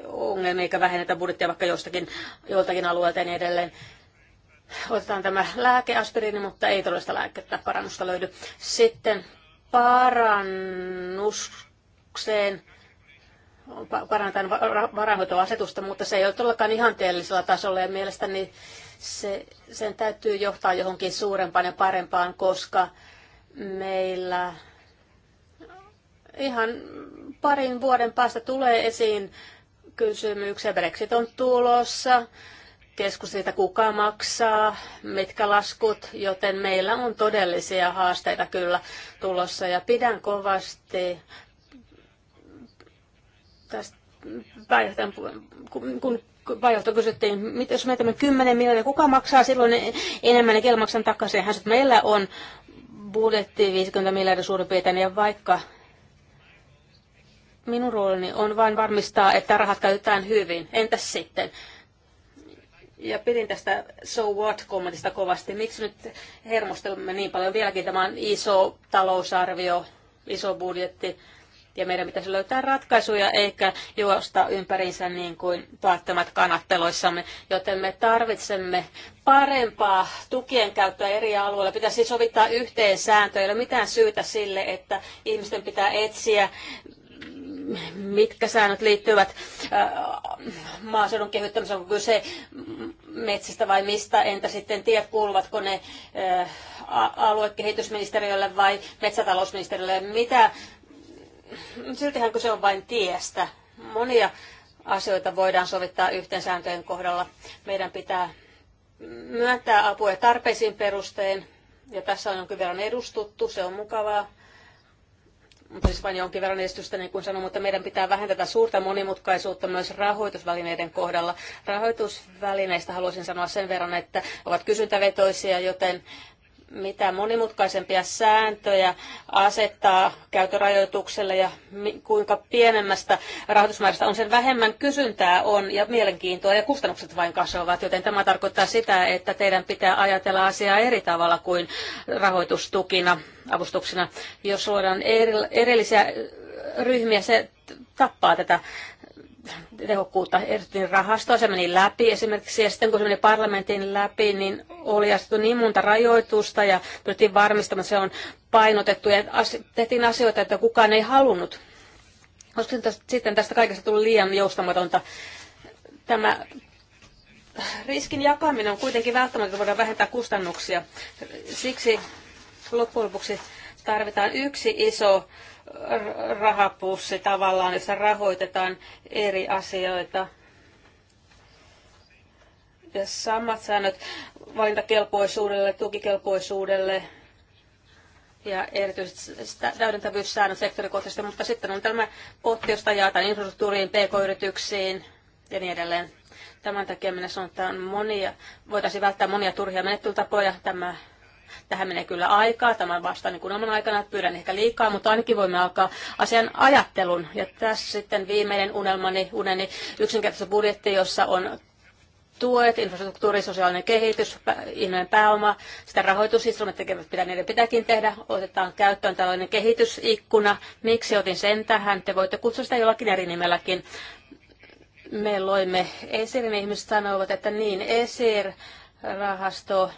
ongelmiin, eikä vähennetä budjettia vaikka jostakin, joltakin alueelta ja niin edelleen. Otetaan tämä lääkeaspiriini, mutta ei todellista lääkettä, parannusta löydy. Sitten parannus asetukseen, parantaen varainhoitoasetusta, mutta se ei ole todellakaan ihanteellisella tasolla ja mielestäni se, sen täytyy johtaa johonkin suurempaan ja parempaan, koska meillä ihan parin vuoden päästä tulee esiin kysymyksiä. Brexit on tulossa, keskustelita siitä kuka maksaa, mitkä laskut, joten meillä on todellisia haasteita kyllä tulossa ja pidän kovasti tästä pääjohtajan, kun pääjohtaja kysyttiin, mitä jos me teemme 10 miljoonaa, kuka maksaa silloin enemmän, niin maksan takaisin. Hän sanoi, meillä on budjetti 50 miljardia suurin piirtein, ja vaikka minun roolini on vain varmistaa, että rahat käytetään hyvin. Entäs sitten? Ja pidin tästä so what kommentista kovasti. Miksi nyt hermostelemme niin paljon? Vieläkin tämä on iso talousarvio, iso budjetti ja meidän pitäisi löytää ratkaisuja eikä juosta ympäriinsä niin kuin päättämät kannatteloissamme, joten me tarvitsemme parempaa tukien käyttöä eri alueilla. Pitäisi siis sovittaa yhteen sääntöjä, ei ole mitään syytä sille, että ihmisten pitää etsiä mitkä säännöt liittyvät äh, maaseudun kehittämiseen, onko kyse metsistä vai mistä, entä sitten tiet kuuluvatko ne äh, aluekehitysministeriölle vai metsätalousministeriölle, mitä No siltihän se on vain tiestä. Monia asioita voidaan sovittaa yhteen sääntöjen kohdalla. Meidän pitää myöntää apua tarpeisiin perusteen, ja tässä on jonkin verran edustuttu, se on mukavaa. Mutta siis vain jonkin verran edustusta, niin kuin sanoin, mutta meidän pitää vähentää suurta monimutkaisuutta myös rahoitusvälineiden kohdalla. Rahoitusvälineistä haluaisin sanoa sen verran, että ovat kysyntävetoisia, joten mitä monimutkaisempia sääntöjä asettaa käytörajoitukselle ja kuinka pienemmästä rahoitusmäärästä on, sen vähemmän kysyntää on ja mielenkiintoa ja kustannukset vain kasvavat, joten tämä tarkoittaa sitä, että teidän pitää ajatella asiaa eri tavalla kuin rahoitustukina, avustuksina. Jos luodaan erillisiä ryhmiä, se tappaa tätä tehokkuutta erityisesti rahastoa, se meni läpi esimerkiksi, ja sitten kun se meni parlamentin läpi, niin oli asetettu niin monta rajoitusta, ja pyrittiin varmistamaan, se on painotettu, ja tehtiin asioita, että kukaan ei halunnut. Koska sitten tästä kaikesta tuli liian joustamatonta. Tämä riskin jakaminen on kuitenkin välttämätöntä, voidaan vähentää kustannuksia. Siksi loppujen lopuksi tarvitaan yksi iso rahapussi tavallaan, jossa rahoitetaan eri asioita. Ja samat säännöt valintakelpoisuudelle, tukikelpoisuudelle ja erityisesti täydentävyyssäännöt sektorikohtaisesti, mutta sitten on tämä potti, josta jaetaan infrastruktuuriin, pk-yrityksiin ja niin edelleen. Tämän takia minä sanon, että on monia, voitaisiin välttää monia turhia menettelytapoja. Tämä Tähän menee kyllä aikaa, tämän vasta niin kuin oman aikana, pyydän ehkä liikaa, mutta ainakin voimme alkaa asian ajattelun. Ja tässä sitten viimeinen unelmani, uneni yksinkertaisesti budjetti, jossa on tuet, infrastruktuuri, sosiaalinen kehitys, ihminen pääoma, sitä rahoitusinstrumentit tekevät, mitä niiden pitääkin tehdä. Otetaan käyttöön tällainen kehitysikkuna. Miksi otin sen tähän? Te voitte kutsua sitä jollakin eri nimelläkin. Me loimme esirin, niin ihmiset sanoivat, että niin, esir, rahasto,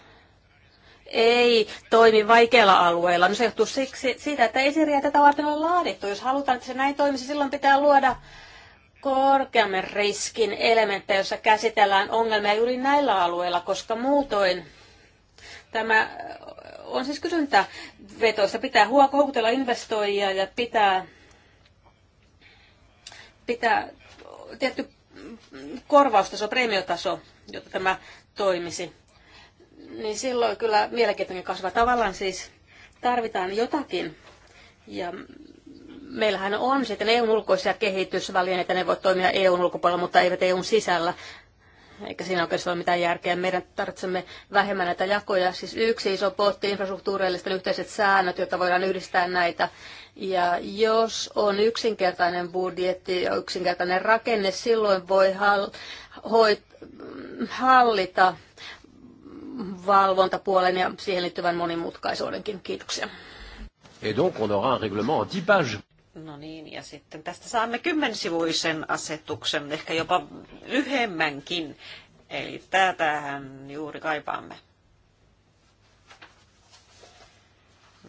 ei toimi vaikeilla alueilla. No se johtuu siksi, siitä, että ei esiriä tätä varten ole laadittu. Jos halutaan, että se näin toimisi, silloin pitää luoda korkeamman riskin elementtejä, jossa käsitellään ongelmia juuri näillä alueilla, koska muutoin tämä on siis vetoista. Pitää houkutella investoijia ja pitää, pitää tietty korvaustaso, premiotaso, jotta tämä toimisi niin silloin kyllä mielenkiintoinen kasvaa. Tavallaan siis tarvitaan jotakin. Ja meillähän on sitten EUn ulkoisia kehitysvälineitä, ne voivat toimia EUn ulkopuolella, mutta eivät EUn sisällä. Eikä siinä oikeastaan ole mitään järkeä. Meidän tarvitsemme vähemmän näitä jakoja. Siis yksi iso potti, infrastruktuurillisten yhteiset säännöt, joita voidaan yhdistää näitä. Ja jos on yksinkertainen budjetti ja yksinkertainen rakenne, silloin voi hal- hoit- hallita valvontapuolen ja siihen liittyvän monimutkaisuudenkin. Kiitoksia. Et donc on aura un règlement en 10 pages. No niin, ja sitten tästä saamme kymmensivuisen asetuksen, ehkä jopa lyhemmänkin. Eli tätähän juuri kaipaamme.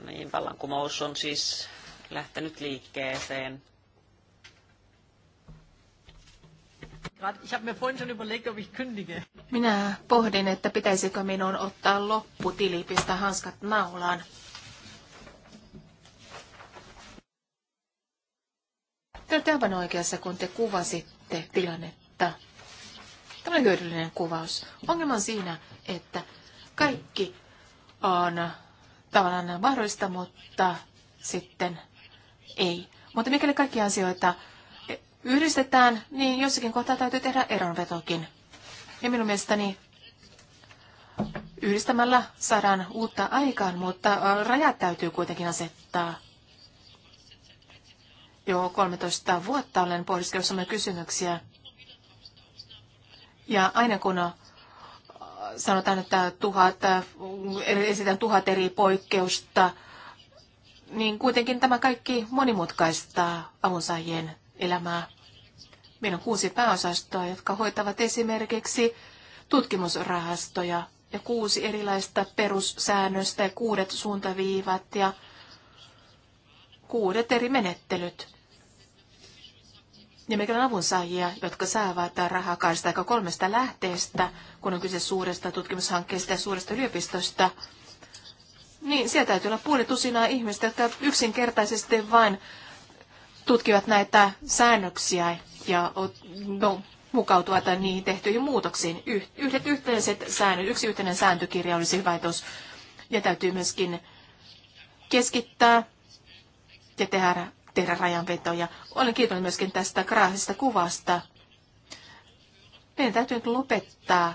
Niin, vallankumous on siis lähtenyt liikkeeseen. Minä pohdin, että pitäisikö minun ottaa lopputilipistä hanskat naulaan. Te olette aivan oikeassa, kun te kuvasitte tilannetta. Tämä on hyödyllinen kuvaus. Ongelma on siinä, että kaikki on tavallaan mahdollista, mutta sitten ei. Mutta mikäli kaikki asioita yhdistetään, niin jossakin kohtaa täytyy tehdä eronvetokin. Ja minun mielestäni yhdistämällä saadaan uutta aikaan, mutta rajat täytyy kuitenkin asettaa. Jo 13 vuotta olen pohdiskellut samoja kysymyksiä. Ja aina kun sanotaan, että tuhat, esitän tuhat eri poikkeusta, niin kuitenkin tämä kaikki monimutkaistaa avunsaajien elämää. Meillä on kuusi pääosastoa, jotka hoitavat esimerkiksi tutkimusrahastoja ja kuusi erilaista perussäännöstä ja kuudet suuntaviivat ja kuudet eri menettelyt. Ja meillä on avunsaajia, jotka saavat rahaa kahdesta aika kolmesta lähteestä, kun on kyse suuresta tutkimushankkeesta ja suuresta yliopistosta. Niin, sieltä täytyy olla puoli tusinaa ihmistä, jotka yksinkertaisesti vain tutkivat näitä säännöksiä ja no, mukautua tai niihin tehtyihin muutoksiin. Yhdet yhteiset säännöt, yksi yhteinen sääntökirja olisi hyvä että Ja täytyy myöskin keskittää ja tehdä, tehdä rajanvetoja. Olen kiitollinen myöskin tästä graafisesta kuvasta. Meidän täytyy nyt lopettaa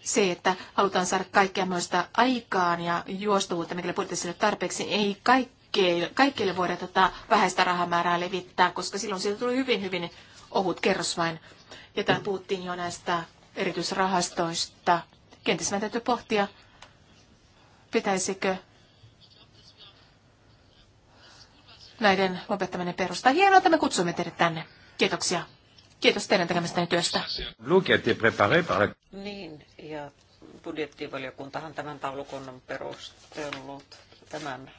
se, että halutaan saada kaikkea muista aikaan ja juostuvuutta, mikä budjetissa ei ole tarpeeksi. Ei kaikki kaikkeille, kaikkeille voida tätä vähäistä rahamäärää levittää, koska silloin siitä tuli hyvin, hyvin ohut kerros vain. Ja täällä puhuttiin jo näistä erityisrahastoista. Kenties meidän täytyy pohtia, pitäisikö näiden lopettaminen perustaa. Hienoa, että me kutsumme teidät tänne. Kiitoksia. Kiitos teidän tekemästäni työstä. Niin, ja budjettivaliokuntahan tämän taulukon on perustellut tämän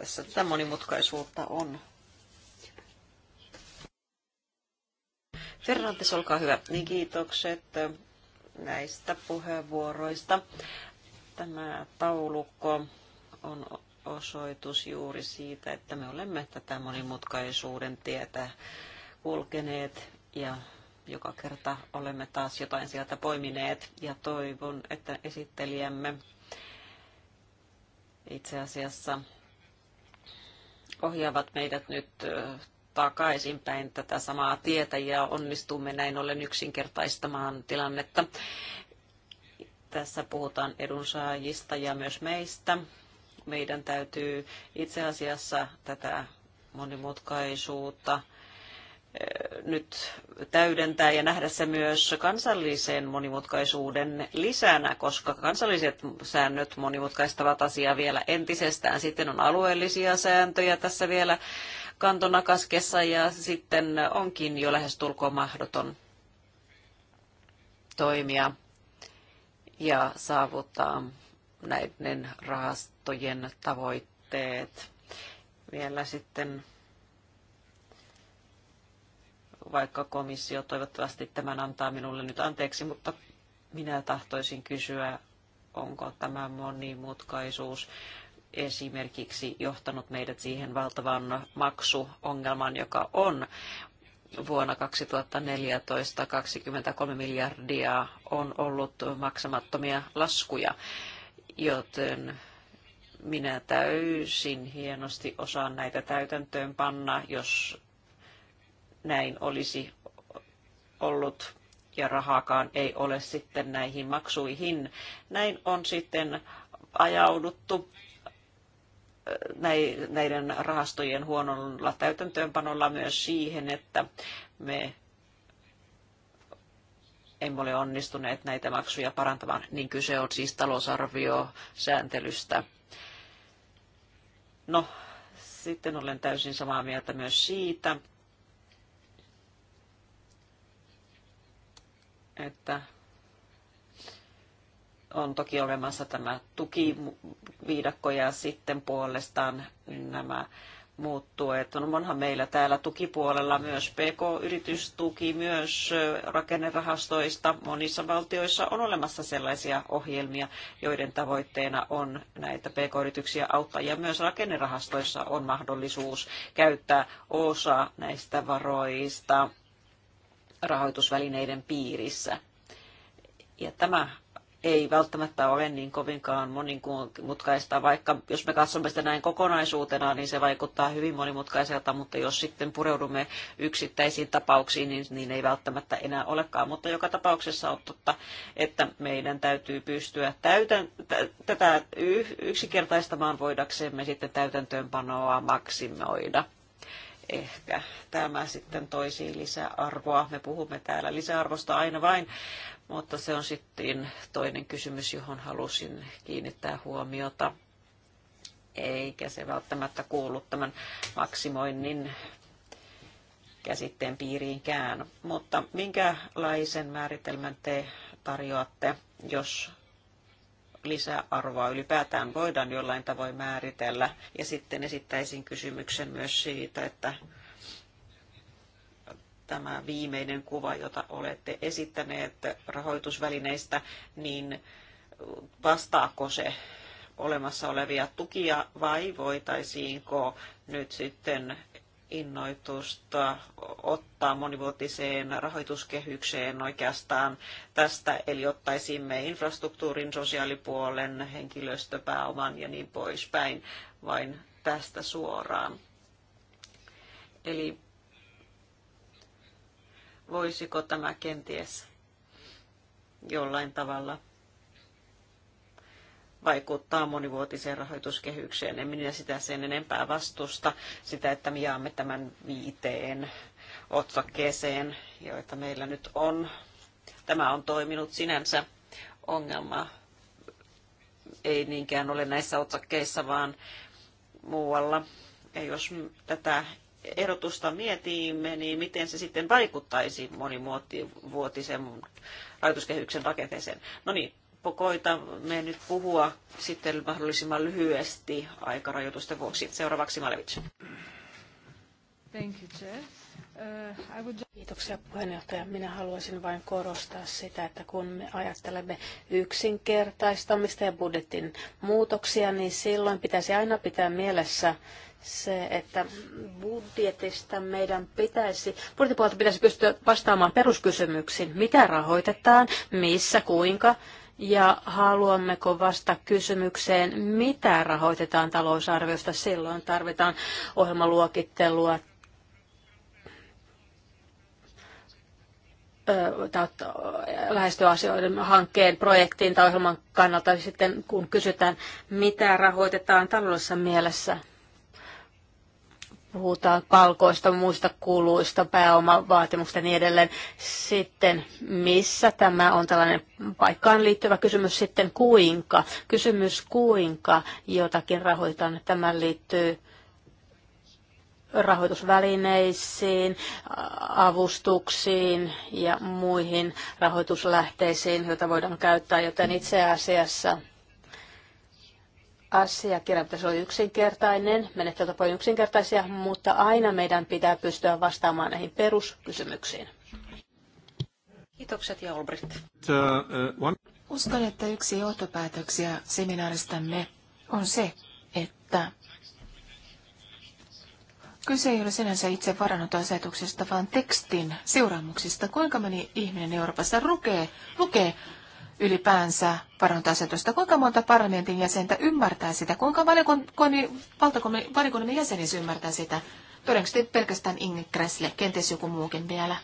tässä tätä monimutkaisuutta on. Ferrantes, olkaa hyvä. Niin kiitokset näistä puheenvuoroista. Tämä taulukko on osoitus juuri siitä, että me olemme tätä monimutkaisuuden tietä kulkeneet ja joka kerta olemme taas jotain sieltä poimineet ja toivon, että esittelijämme itse asiassa ohjaavat meidät nyt takaisinpäin tätä samaa tietä ja onnistumme näin ollen yksinkertaistamaan tilannetta. Tässä puhutaan edunsaajista ja myös meistä. Meidän täytyy itse asiassa tätä monimutkaisuutta nyt täydentää ja nähdä se myös kansallisen monimutkaisuuden lisänä, koska kansalliset säännöt monimutkaistavat asiaa vielä entisestään. Sitten on alueellisia sääntöjä tässä vielä kantona kaskessa ja sitten onkin jo lähestulkoon mahdoton toimia ja saavuttaa näiden rahastojen tavoitteet. Vielä sitten vaikka komissio toivottavasti tämän antaa minulle nyt anteeksi, mutta minä tahtoisin kysyä, onko tämä monimutkaisuus esimerkiksi johtanut meidät siihen valtavan maksuongelmaan, joka on vuonna 2014 23 miljardia on ollut maksamattomia laskuja, joten minä täysin hienosti osaan näitä täytäntöön panna, jos näin olisi ollut ja rahaakaan ei ole sitten näihin maksuihin. Näin on sitten ajauduttu äh, näiden rahastojen huonolla täytäntöönpanolla myös siihen, että me emme ole onnistuneet näitä maksuja parantamaan, niin kyse on siis talousarviosääntelystä. No, sitten olen täysin samaa mieltä myös siitä, että on toki olemassa tämä tukiviidakko ja sitten puolestaan nämä muut tuet. on no, monhan meillä täällä tukipuolella myös PK-yritystuki, myös rakennerahastoista. Monissa valtioissa on olemassa sellaisia ohjelmia, joiden tavoitteena on näitä PK-yrityksiä auttaa. Ja myös rakennerahastoissa on mahdollisuus käyttää osa näistä varoista rahoitusvälineiden piirissä. Ja tämä ei välttämättä ole niin kovinkaan monimutkaista, vaikka jos me katsomme sitä näin kokonaisuutena, niin se vaikuttaa hyvin monimutkaiselta, mutta jos sitten pureudumme yksittäisiin tapauksiin, niin, niin ei välttämättä enää olekaan. Mutta joka tapauksessa on totta, että meidän täytyy pystyä täytän, tätä yksinkertaistamaan voidaksemme sitten täytäntöönpanoa maksimoida ehkä tämä sitten toisi lisäarvoa. Me puhumme täällä lisäarvosta aina vain, mutta se on sitten toinen kysymys, johon halusin kiinnittää huomiota. Eikä se välttämättä kuulu tämän maksimoinnin käsitteen piiriinkään. Mutta minkälaisen määritelmän te tarjoatte, jos lisäarvoa ylipäätään voidaan jollain tavoin määritellä. Ja sitten esittäisin kysymyksen myös siitä, että tämä viimeinen kuva, jota olette esittäneet rahoitusvälineistä, niin vastaako se olemassa olevia tukia vai voitaisiinko nyt sitten innoitusta ottaa monivuotiseen rahoituskehykseen oikeastaan tästä, eli ottaisimme infrastruktuurin, sosiaalipuolen, henkilöstöpääoman ja niin poispäin vain tästä suoraan. Eli voisiko tämä kenties jollain tavalla vaikuttaa monivuotiseen rahoituskehykseen. En minä sitä sen enempää vastusta, sitä, että me jaamme tämän viiteen otsakkeeseen, joita meillä nyt on. Tämä on toiminut sinänsä ongelma. Ei niinkään ole näissä otsakkeissa, vaan muualla. Ja jos tätä erotusta mietimme, niin miten se sitten vaikuttaisi monivuotisen rahoituskehyksen rakenteeseen. No niin, me nyt puhua sitten mahdollisimman lyhyesti aikarajoitusten vuoksi. Seuraavaksi Malevich. Thank you, uh, Kiitoksia puheenjohtaja. Minä haluaisin vain korostaa sitä, että kun me ajattelemme yksinkertaistamista ja budjetin muutoksia, niin silloin pitäisi aina pitää mielessä se, että budjetista meidän pitäisi, budjetin pitäisi pystyä vastaamaan peruskysymyksiin, mitä rahoitetaan, missä, kuinka, ja haluammeko vasta kysymykseen, mitä rahoitetaan talousarviosta. Silloin tarvitaan ohjelmaluokittelua, lähestyä asioiden hankkeen, projektiin tai ohjelman kannalta sitten, kun kysytään, mitä rahoitetaan taloudellisessa mielessä puhutaan palkoista, muista kuluista, pääomavaatimuksista ja niin edelleen. Sitten missä tämä on tällainen paikkaan liittyvä kysymys, sitten kuinka, kysymys kuinka jotakin rahoitetaan, tämä liittyy rahoitusvälineisiin, avustuksiin ja muihin rahoituslähteisiin, joita voidaan käyttää, joten itse asiassa asiakirja pitäisi olla yksinkertainen, menettelytapa on yksinkertaisia, mutta aina meidän pitää pystyä vastaamaan näihin peruskysymyksiin. Kiitokset ja Olbricht. Eh, Uskon, että yksi johtopäätöksiä seminaaristamme on se, että kyse ei ole sinänsä itse varannut asetuksesta, vaan tekstin seuraamuksista. Kuinka moni ihminen Euroopassa lukee, lukee ylipäänsä parantasetusta? Kuinka monta parlamentin jäsentä ymmärtää sitä? Kuinka valiokunnan jäsenissä ymmärtää sitä? Todennäköisesti pelkästään Inge Kressle, kenties joku muukin vielä.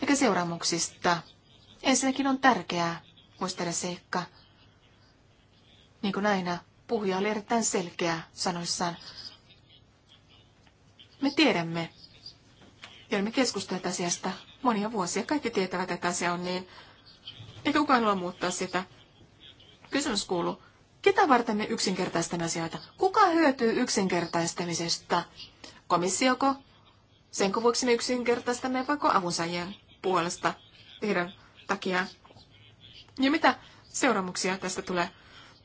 Mikä seuraamuksista. Ensinnäkin on tärkeää muistella seikka. Niin kuin aina, puhuja oli erittäin selkeä sanoissaan. Me tiedämme, ja me keskustelemme asiasta monia vuosia. Kaikki tietävät, että asia on niin. Eikä kukaan halua muuttaa sitä. Kysymys kuuluu, ketä varten me yksinkertaisten asioita? Kuka hyötyy yksinkertaistamisesta? Komissioko? Sen vuoksi me yksinkertaistamme vaikka avunsaajien puolesta heidän takia. Ja mitä seuraamuksia tästä tulee?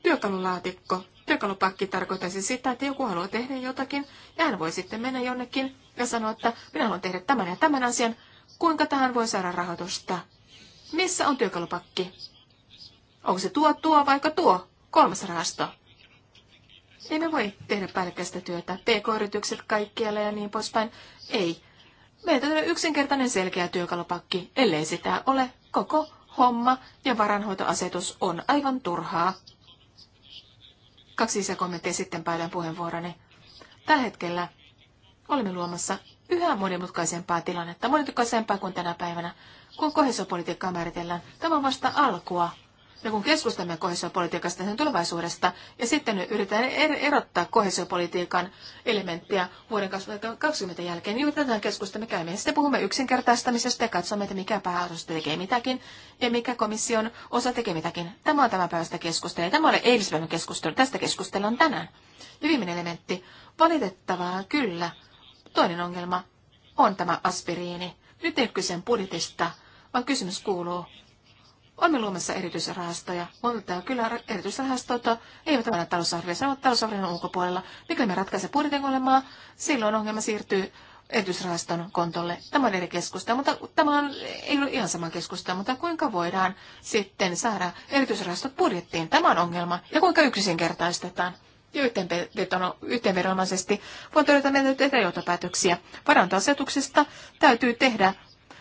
Työkalulaatikko. Työkalupakki tarkoittaisi sitä, että joku haluaa tehdä jotakin, ja hän voi sitten mennä jonnekin ja sanoa, että minä haluan tehdä tämän ja tämän asian, Kuinka tähän voi saada rahoitusta? Missä on työkalupakki? Onko se tuo, tuo vai tuo? Kolmas rahasto. Emme voi tehdä päällekkäistä työtä. PK-yritykset kaikkialla ja niin poispäin. Ei. Meiltä on yksinkertainen selkeä työkalupakki. Ellei sitä ole, koko homma ja varanhoitoasetus on aivan turhaa. Kaksi lisäkommenttia sitten päätän puheenvuoroni. Tällä hetkellä olemme luomassa yhä monimutkaisempaa tilannetta, monimutkaisempaa kuin tänä päivänä, kun kohesiopolitiikkaa määritellään. Tämä on vasta alkua. Ja kun keskustamme kohesiopolitiikasta sen tulevaisuudesta, ja sitten nyt yritetään er-, erottaa kohesiopolitiikan elementtiä vuoden 2020 jälkeen, niin tätä keskustamme käymme. Sitten puhumme yksinkertaistamisesta ja katsomme, että mikä pääosa tekee mitäkin, ja mikä komission osa tekee mitäkin. Tämä on tämän päivästä keskustelua, ja tämä oli eilispäivän keskustelu. Tästä keskustellaan tänään. Ja viimeinen elementti. Valitettavaa kyllä Toinen ongelma on tämä aspiriini. Nyt ei ole kyse budjetista, vaan kysymys kuuluu, olemme luomassa erityisrahastoja, mutta kyllä erityisrahastot eivät ole talousarviossa, ne ovat talousarvion ulkopuolella. Mikäli me ratkaise budjetin ongelmaa, silloin ongelma siirtyy erityisrahaston kontolle. Tämä on eri keskustelu, mutta tämä on, ei ole ihan sama keskustelu, mutta kuinka voidaan sitten saada erityisrahastot budjettiin? Tämä on ongelma. Ja kuinka yksinkertaistetaan? yhteenvedonomaisesti voin todeta näitä johtopäätöksiä. Varantoasetuksesta täytyy tehdä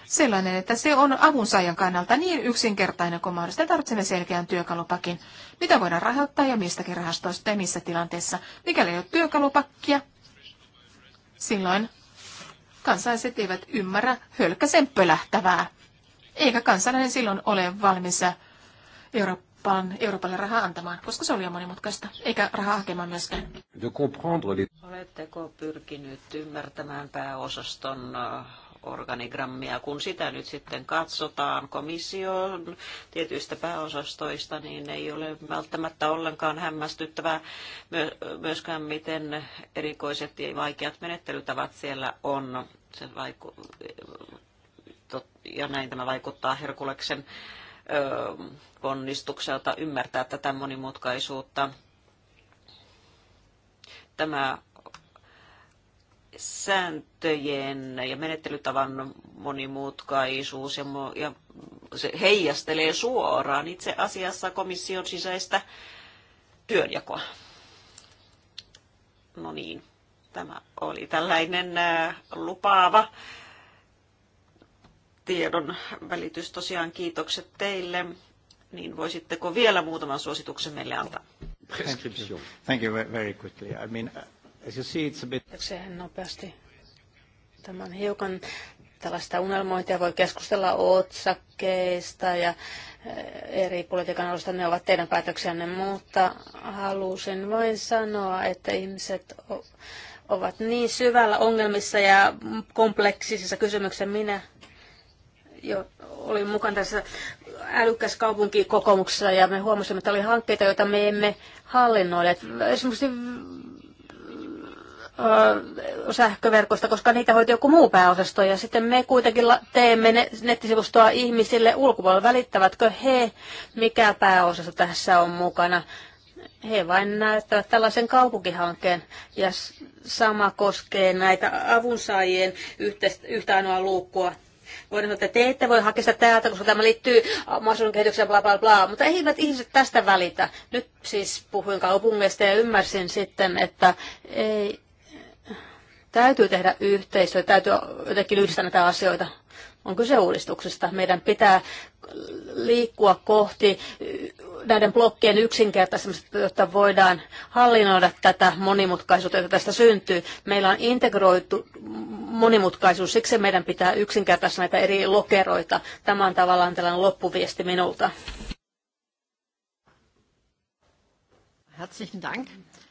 sellainen, että se on avunsaajan kannalta niin yksinkertainen kuin mahdollista. Tarvitsemme selkeän työkalupakin, mitä voidaan rahoittaa ja mistäkin rahastoista ja missä tilanteessa. Mikäli ei ole työkalupakkia, silloin kansalaiset eivät ymmärrä hölkkäsen pölähtävää. Eikä kansalainen silloin ole valmis Eurooppa vaan Euroopalle rahaa antamaan, koska se oli jo monimutkaista, eikä rahaa hakemaan myöskään. Oletteko pyrkinyt ymmärtämään pääosaston äh, organigrammia, kun sitä nyt sitten katsotaan komission tietyistä pääosastoista, niin ei ole välttämättä ollenkaan hämmästyttävää myöskään, miten erikoiset ja vaikeat menettelytavat siellä on. Se vaiku- ja näin tämä vaikuttaa Herkuleksen ponnistukselta ymmärtää tätä monimutkaisuutta. Tämä sääntöjen ja menettelytavan monimutkaisuus ja, ja se heijastelee suoraan itse asiassa komission sisäistä työnjakoa. No niin, tämä oli tällainen lupaava tiedon välitys. Tosiaan kiitokset teille. Niin voisitteko vielä muutaman suosituksen meille antaa? Thank you very quickly. I mean, as you see, it's a bit... nopeasti. Tämä on hiukan tällaista unelmointia. Voi keskustella otsakkeista ja eh, eri politiikan alusta. Ne ovat teidän päätöksenne, mutta halusin vain sanoa, että ihmiset ovat niin syvällä ongelmissa ja kompleksisissa kysymyksissä. Minä jo olin mukana tässä älykkäs kaupunkikokouksessa ja me huomasimme, että oli hankkeita, joita me emme hallinnoida. Esimerkiksi äh, sähköverkosta, koska niitä hoiti joku muu pääosasto. Ja sitten me kuitenkin teemme nettisivustoa ihmisille ulkopuolella. Välittävätkö he, mikä pääosasto tässä on mukana? He vain näyttävät tällaisen kaupunkihankkeen ja sama koskee näitä avunsaajien yhtä, yhtä ainoa luukkua voin sanoa, että te ette voi hakea sitä täältä, koska tämä liittyy maaseudun kehitykseen, bla bla bla, mutta eivät ihmiset tästä välitä. Nyt siis puhuin kaupungeista ja ymmärsin sitten, että ei, täytyy tehdä yhteistyötä, täytyy jotenkin yhdistää näitä asioita. On kyse uudistuksesta. Meidän pitää liikkua kohti näiden blokkien yksinkertaisemmista, jotta voidaan hallinnoida tätä monimutkaisuutta, jota tästä syntyy. Meillä on integroitu monimutkaisuus, siksi meidän pitää yksinkertaistaa näitä eri lokeroita. Tämä on tavallaan tällainen loppuviesti minulta. Herzlichen Dank.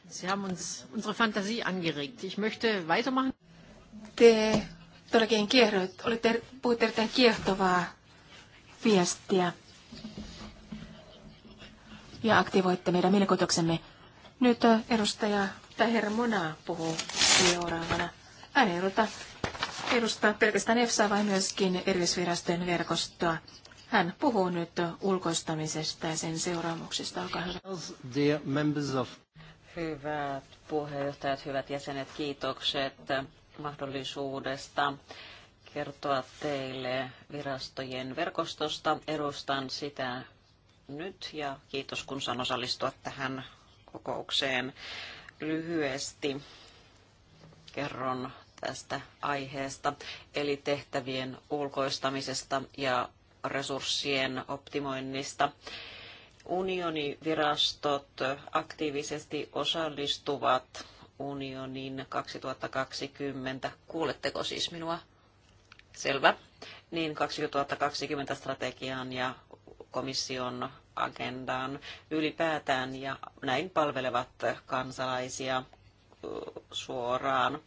Sie haben uns unsere Fantasie angeregt. Ich möchte weitermachen. Te todellakin kierroit, olette, er- puhuitte erittäin kiehtovaa viestiä ja aktivoitte meidän mielikuvituksemme. Nyt edustaja tai herra Mona puhuu seuraavana. Hän edulta edustaa pelkästään EFSA vai myöskin erillisvirastojen verkostoa. Hän puhuu nyt ulkoistamisesta ja sen seuraamuksista. Olkaa hyvä. Hyvät puheenjohtajat, hyvät jäsenet, kiitokset mahdollisuudesta kertoa teille virastojen verkostosta. Edustan sitä nyt ja kiitos kun saan osallistua tähän kokoukseen lyhyesti. Kerron tästä aiheesta, eli tehtävien ulkoistamisesta ja resurssien optimoinnista. Unionivirastot aktiivisesti osallistuvat unionin 2020. Kuuletteko siis minua? Selvä. Niin 2020 strategiaan ja komission agendaan ylipäätään ja näin palvelevat kansalaisia suoraan.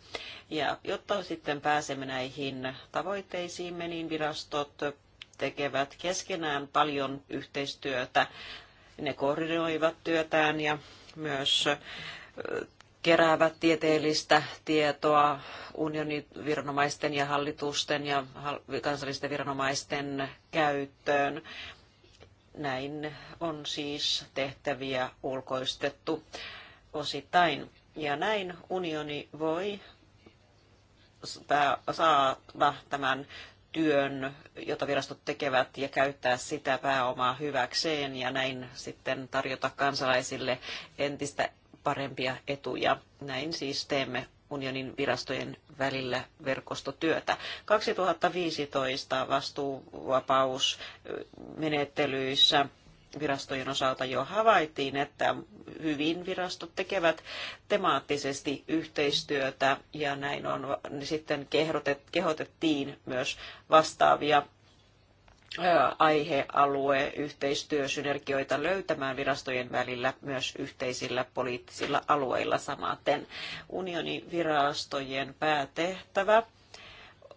Ja jotta sitten pääsemme näihin tavoitteisiimme, niin virastot tekevät keskenään paljon yhteistyötä. Ne koordinoivat työtään ja myös keräävät tieteellistä tietoa unionin viranomaisten ja hallitusten ja kansallisten viranomaisten käyttöön. Näin on siis tehtäviä ulkoistettu osittain. Ja näin unioni voi saada tämän työn, jota virastot tekevät, ja käyttää sitä pääomaa hyväkseen ja näin sitten tarjota kansalaisille entistä parempia etuja. Näin siis teemme unionin virastojen välillä verkostotyötä. 2015 vastuuvapausmenettelyissä virastojen osalta jo havaittiin, että hyvin virastot tekevät temaattisesti yhteistyötä ja näin on sitten kehotettiin myös vastaavia aihealue yhteistyösynergioita löytämään virastojen välillä myös yhteisillä poliittisilla alueilla samaten. Unionin virastojen päätehtävä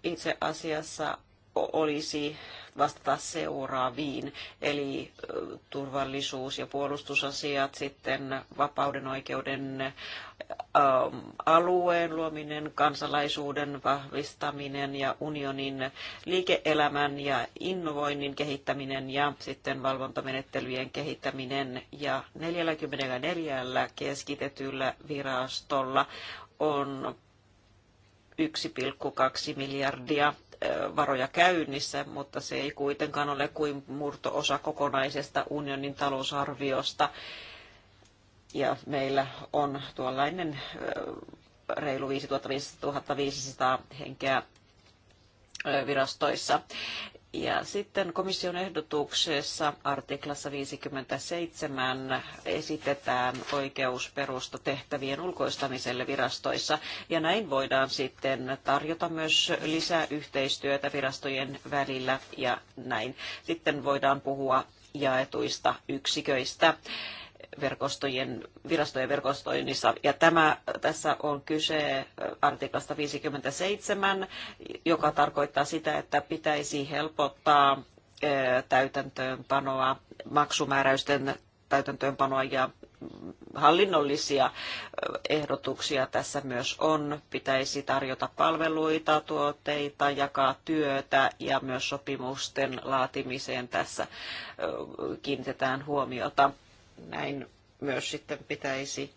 itse asiassa olisi vastata seuraaviin, eli turvallisuus- ja puolustusasiat, sitten vapauden oikeuden alueen luominen, kansalaisuuden vahvistaminen ja unionin liike-elämän ja innovoinnin kehittäminen ja sitten valvontamenettelyjen kehittäminen ja 44 keskitetyllä virastolla on 1,2 miljardia varoja käynnissä, mutta se ei kuitenkaan ole kuin murto-osa kokonaisesta unionin talousarviosta. Ja meillä on tuollainen reilu 5500 henkeä virastoissa. Ja sitten komission ehdotuksessa artiklassa 57 esitetään oikeusperusta tehtävien ulkoistamiselle virastoissa, ja näin voidaan sitten tarjota myös lisää yhteistyötä virastojen välillä, ja näin sitten voidaan puhua jaetuista yksiköistä verkostojen, virastojen verkostoinnissa. Ja tämä tässä on kyse äh, artiklasta 57, joka tarkoittaa sitä, että pitäisi helpottaa äh, täytäntöönpanoa, maksumääräysten täytäntöönpanoa ja hallinnollisia äh, ehdotuksia tässä myös on. Pitäisi tarjota palveluita, tuotteita, jakaa työtä ja myös sopimusten laatimiseen tässä kiinnitetään huomiota näin myös sitten pitäisi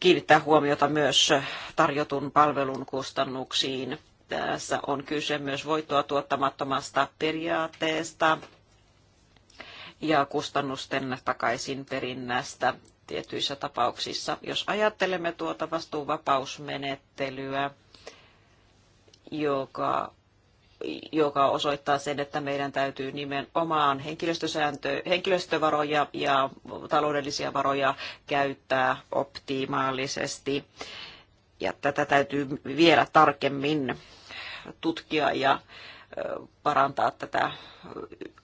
kiinnittää huomiota myös tarjotun palvelun kustannuksiin. Tässä on kyse myös voittoa tuottamattomasta periaatteesta ja kustannusten perinnästä tietyissä tapauksissa. Jos ajattelemme tuota vastuuvapausmenettelyä, joka joka osoittaa sen, että meidän täytyy nimenomaan henkilöstösääntö, henkilöstövaroja ja taloudellisia varoja käyttää optimaalisesti. Ja tätä täytyy vielä tarkemmin tutkia ja parantaa tätä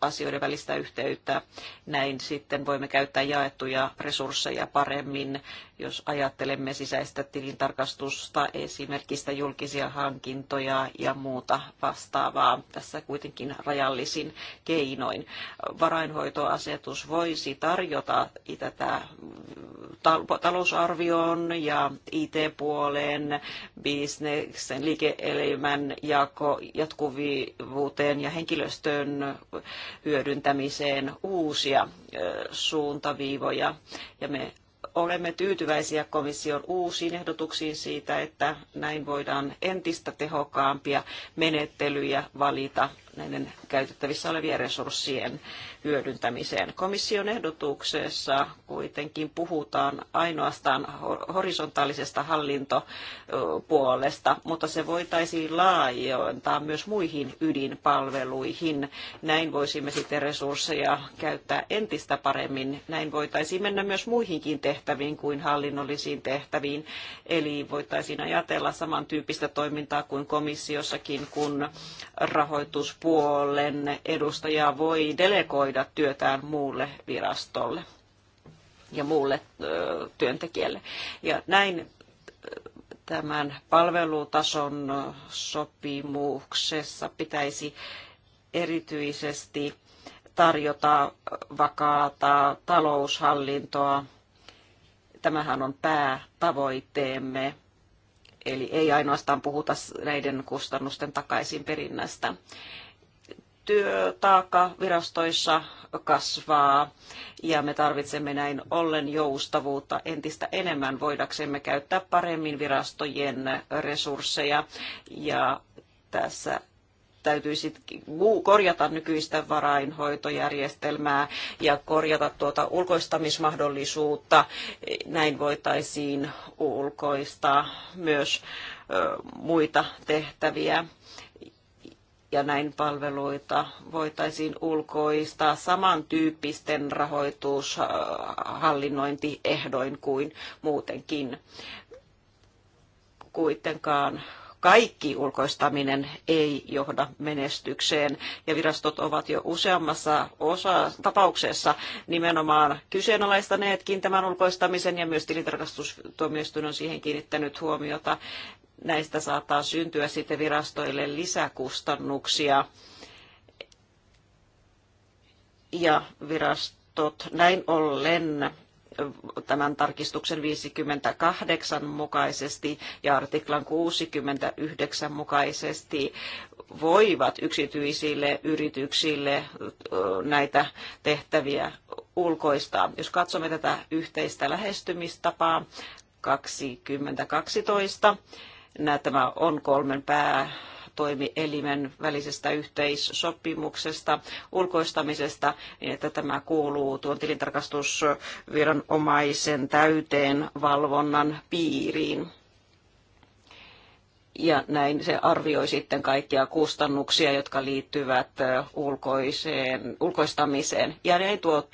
asioiden välistä yhteyttä. Näin sitten voimme käyttää jaettuja resursseja paremmin jos ajattelemme sisäistä tilintarkastusta, esimerkistä julkisia hankintoja ja muuta vastaavaa, tässä kuitenkin rajallisin keinoin. Varainhoitoasetus voisi tarjota tätä talousarvioon ja IT-puoleen, bisneksen, liike-elämän jatkuvuuteen ja henkilöstön hyödyntämiseen uusia suuntaviivoja. Ja me olemme tyytyväisiä komission uusiin ehdotuksiin siitä, että näin voidaan entistä tehokkaampia menettelyjä valita näiden käytettävissä olevien resurssien hyödyntämiseen. Komission ehdotuksessa kuitenkin puhutaan ainoastaan horisontaalisesta hallintopuolesta, mutta se voitaisiin laajentaa myös muihin ydinpalveluihin. Näin voisimme sitten resursseja käyttää entistä paremmin. Näin voitaisiin mennä myös muihinkin tehtäviin kuin hallinnollisiin tehtäviin. Eli voitaisiin ajatella samantyyppistä toimintaa kuin komissiossakin, kun rahoituspuolen edustaja voi delegoida delegoida työtään muulle virastolle ja muulle työntekijälle. Ja näin tämän palvelutason sopimuksessa pitäisi erityisesti tarjota vakaata taloushallintoa. Tämähän on päätavoitteemme. Eli ei ainoastaan puhuta näiden kustannusten takaisin perinnästä työtaakka virastoissa kasvaa ja me tarvitsemme näin ollen joustavuutta entistä enemmän voidaksemme käyttää paremmin virastojen resursseja ja tässä täytyisi korjata nykyistä varainhoitojärjestelmää ja korjata tuota ulkoistamismahdollisuutta. Näin voitaisiin ulkoistaa myös muita tehtäviä ja näin palveluita voitaisiin ulkoistaa samantyyppisten rahoitushallinnointiehdoin kuin muutenkin. Kuitenkaan kaikki ulkoistaminen ei johda menestykseen. Ja virastot ovat jo useammassa osa tapauksessa nimenomaan kyseenalaistaneetkin tämän ulkoistamisen ja myös tilintarkastustuomioistuin on siihen kiinnittänyt huomiota näistä saattaa syntyä sitten virastoille lisäkustannuksia. Ja virastot näin ollen tämän tarkistuksen 58 mukaisesti ja artiklan 69 mukaisesti voivat yksityisille yrityksille näitä tehtäviä ulkoistaa. Jos katsomme tätä yhteistä lähestymistapaa 2012, Tämä on kolmen pää toimielimen välisestä yhteissopimuksesta, ulkoistamisesta, niin että tämä kuuluu tuon tilintarkastusviranomaisen täyteen valvonnan piiriin. Ja näin se arvioi sitten kaikkia kustannuksia, jotka liittyvät ulkoiseen, ulkoistamiseen. Ja näin tuo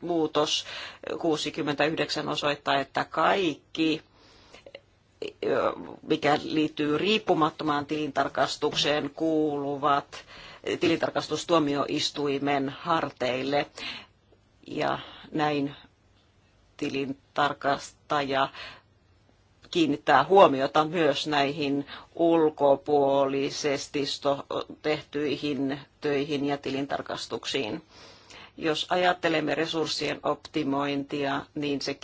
muutos 69 osoittaa, että kaikki mikä liittyy riippumattomaan tilintarkastukseen, kuuluvat tilintarkastustuomioistuimen harteille. Ja näin tilintarkastaja kiinnittää huomiota myös näihin ulkopuolisesti tehtyihin töihin ja tilintarkastuksiin. Jos ajattelemme resurssien optimointia, niin se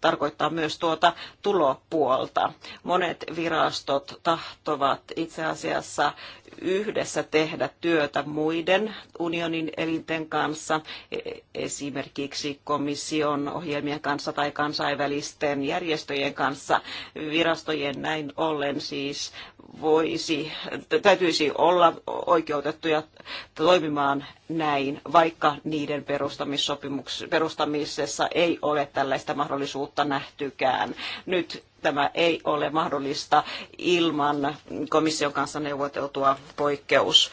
tarkoittaa myös tuota tulopuolta. Monet virastot tahtovat itse asiassa yhdessä tehdä työtä muiden unionin elinten kanssa, e-, esimerkiksi komission ohjelmien kanssa tai kansainvälisten järjestöjen kanssa. Virastojen näin ollen siis voisi, täytyisi olla oikeutettuja toimimaan näin, vaikka niiden perustamisessa ei ole tällaista mahdollisuutta uutta nähtykään. Nyt tämä ei ole mahdollista ilman komission kanssa neuvoteltua poikkeus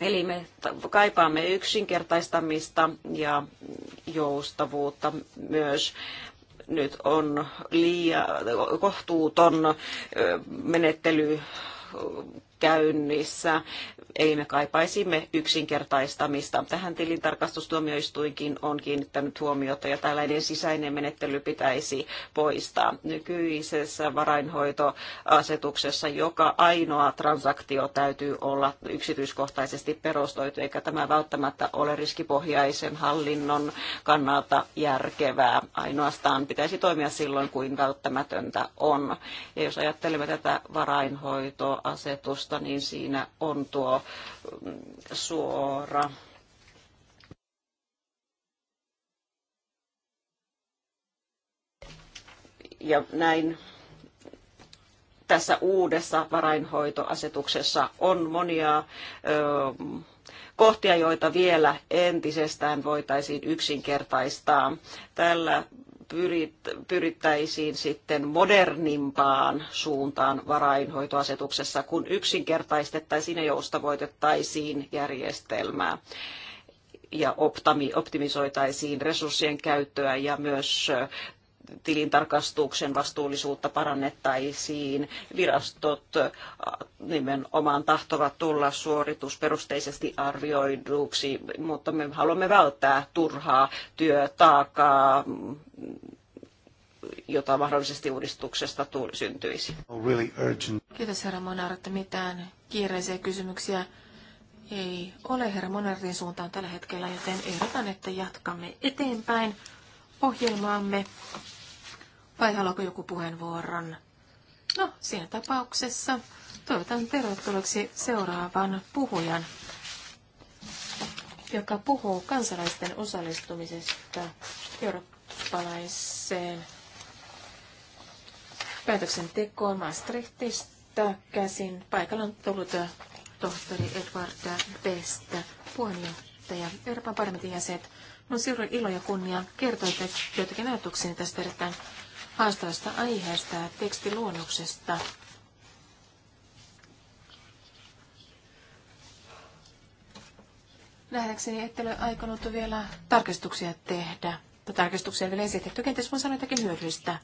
Eli me kaipaamme yksinkertaistamista ja joustavuutta myös nyt on liian kohtuuton menettely käynnissä. Eli me kaipaisimme yksinkertaistamista. Tähän tilintarkastustuomioistuinkin on kiinnittänyt huomiota ja tällainen sisäinen menettely pitäisi poistaa. Nykyisessä varainhoitoasetuksessa joka ainoa transaktio täytyy olla yksityiskohtaisesti perustoitu, eikä tämä välttämättä ole riskipohjaisen hallinnon kannalta järkevää. Ainoastaan pitäisi toimia silloin, kuin välttämätöntä on. Ja jos ajattelemme tätä varainhoitoasetusta, sopimusta, niin siinä on tuo mm, suora ja näin tässä uudessa varainhoitoasetuksessa on monia ö, kohtia, joita vielä entisestään voitaisiin yksinkertaistaa. Tällä pyrit, pyrittäisiin sitten modernimpaan suuntaan varainhoitoasetuksessa, kun yksinkertaistettaisiin ja joustavoitettaisiin järjestelmää ja optimisoitaisiin resurssien käyttöä ja myös tilintarkastuksen vastuullisuutta parannettaisiin. Virastot nimenomaan tahtovat tulla suoritusperusteisesti arvioiduksi, mutta me haluamme välttää turhaa työtaakaa jota mahdollisesti uudistuksesta tuul- syntyisi. Really Kiitos herra Monar, että mitään kiireisiä kysymyksiä ei ole herra Monardin suuntaan tällä hetkellä, joten ehdotan, että jatkamme eteenpäin ohjelmaamme. Vai haluaako joku puheenvuoron? No, siinä tapauksessa toivotan tervetulleeksi seuraavan puhujan, joka puhuu kansalaisten osallistumisesta eurooppalaiseen päätöksentekoon Maastrichtista käsin. Paikalla on tullut tohtori Edward Best, puheenjohtaja, Euroopan parlamentin jäsenet, No silloin ilo ja kunnia kertoa joitakin ajatuksia tästä erittäin haastavasta aiheesta ja tekstiluonnoksesta. Nähdäkseni ette ole aikonut vielä tarkistuksia tehdä. Tai tarkistuksia ei vielä esitetty. Kenties voin sanoa jotakin hyödyllistä.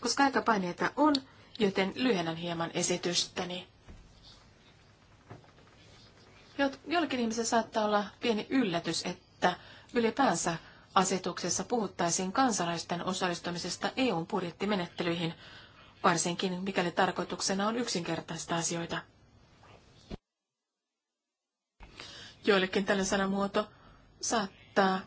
Koska aika paineita on, joten lyhennän hieman esitystäni. Jollakin ihmisellä saattaa olla pieni yllätys, että ylipäänsä asetuksessa puhuttaisiin kansalaisten osallistumisesta EUn budjettimenettelyihin, varsinkin mikäli tarkoituksena on yksinkertaistaa asioita. Joillekin tällainen sanamuoto saattaa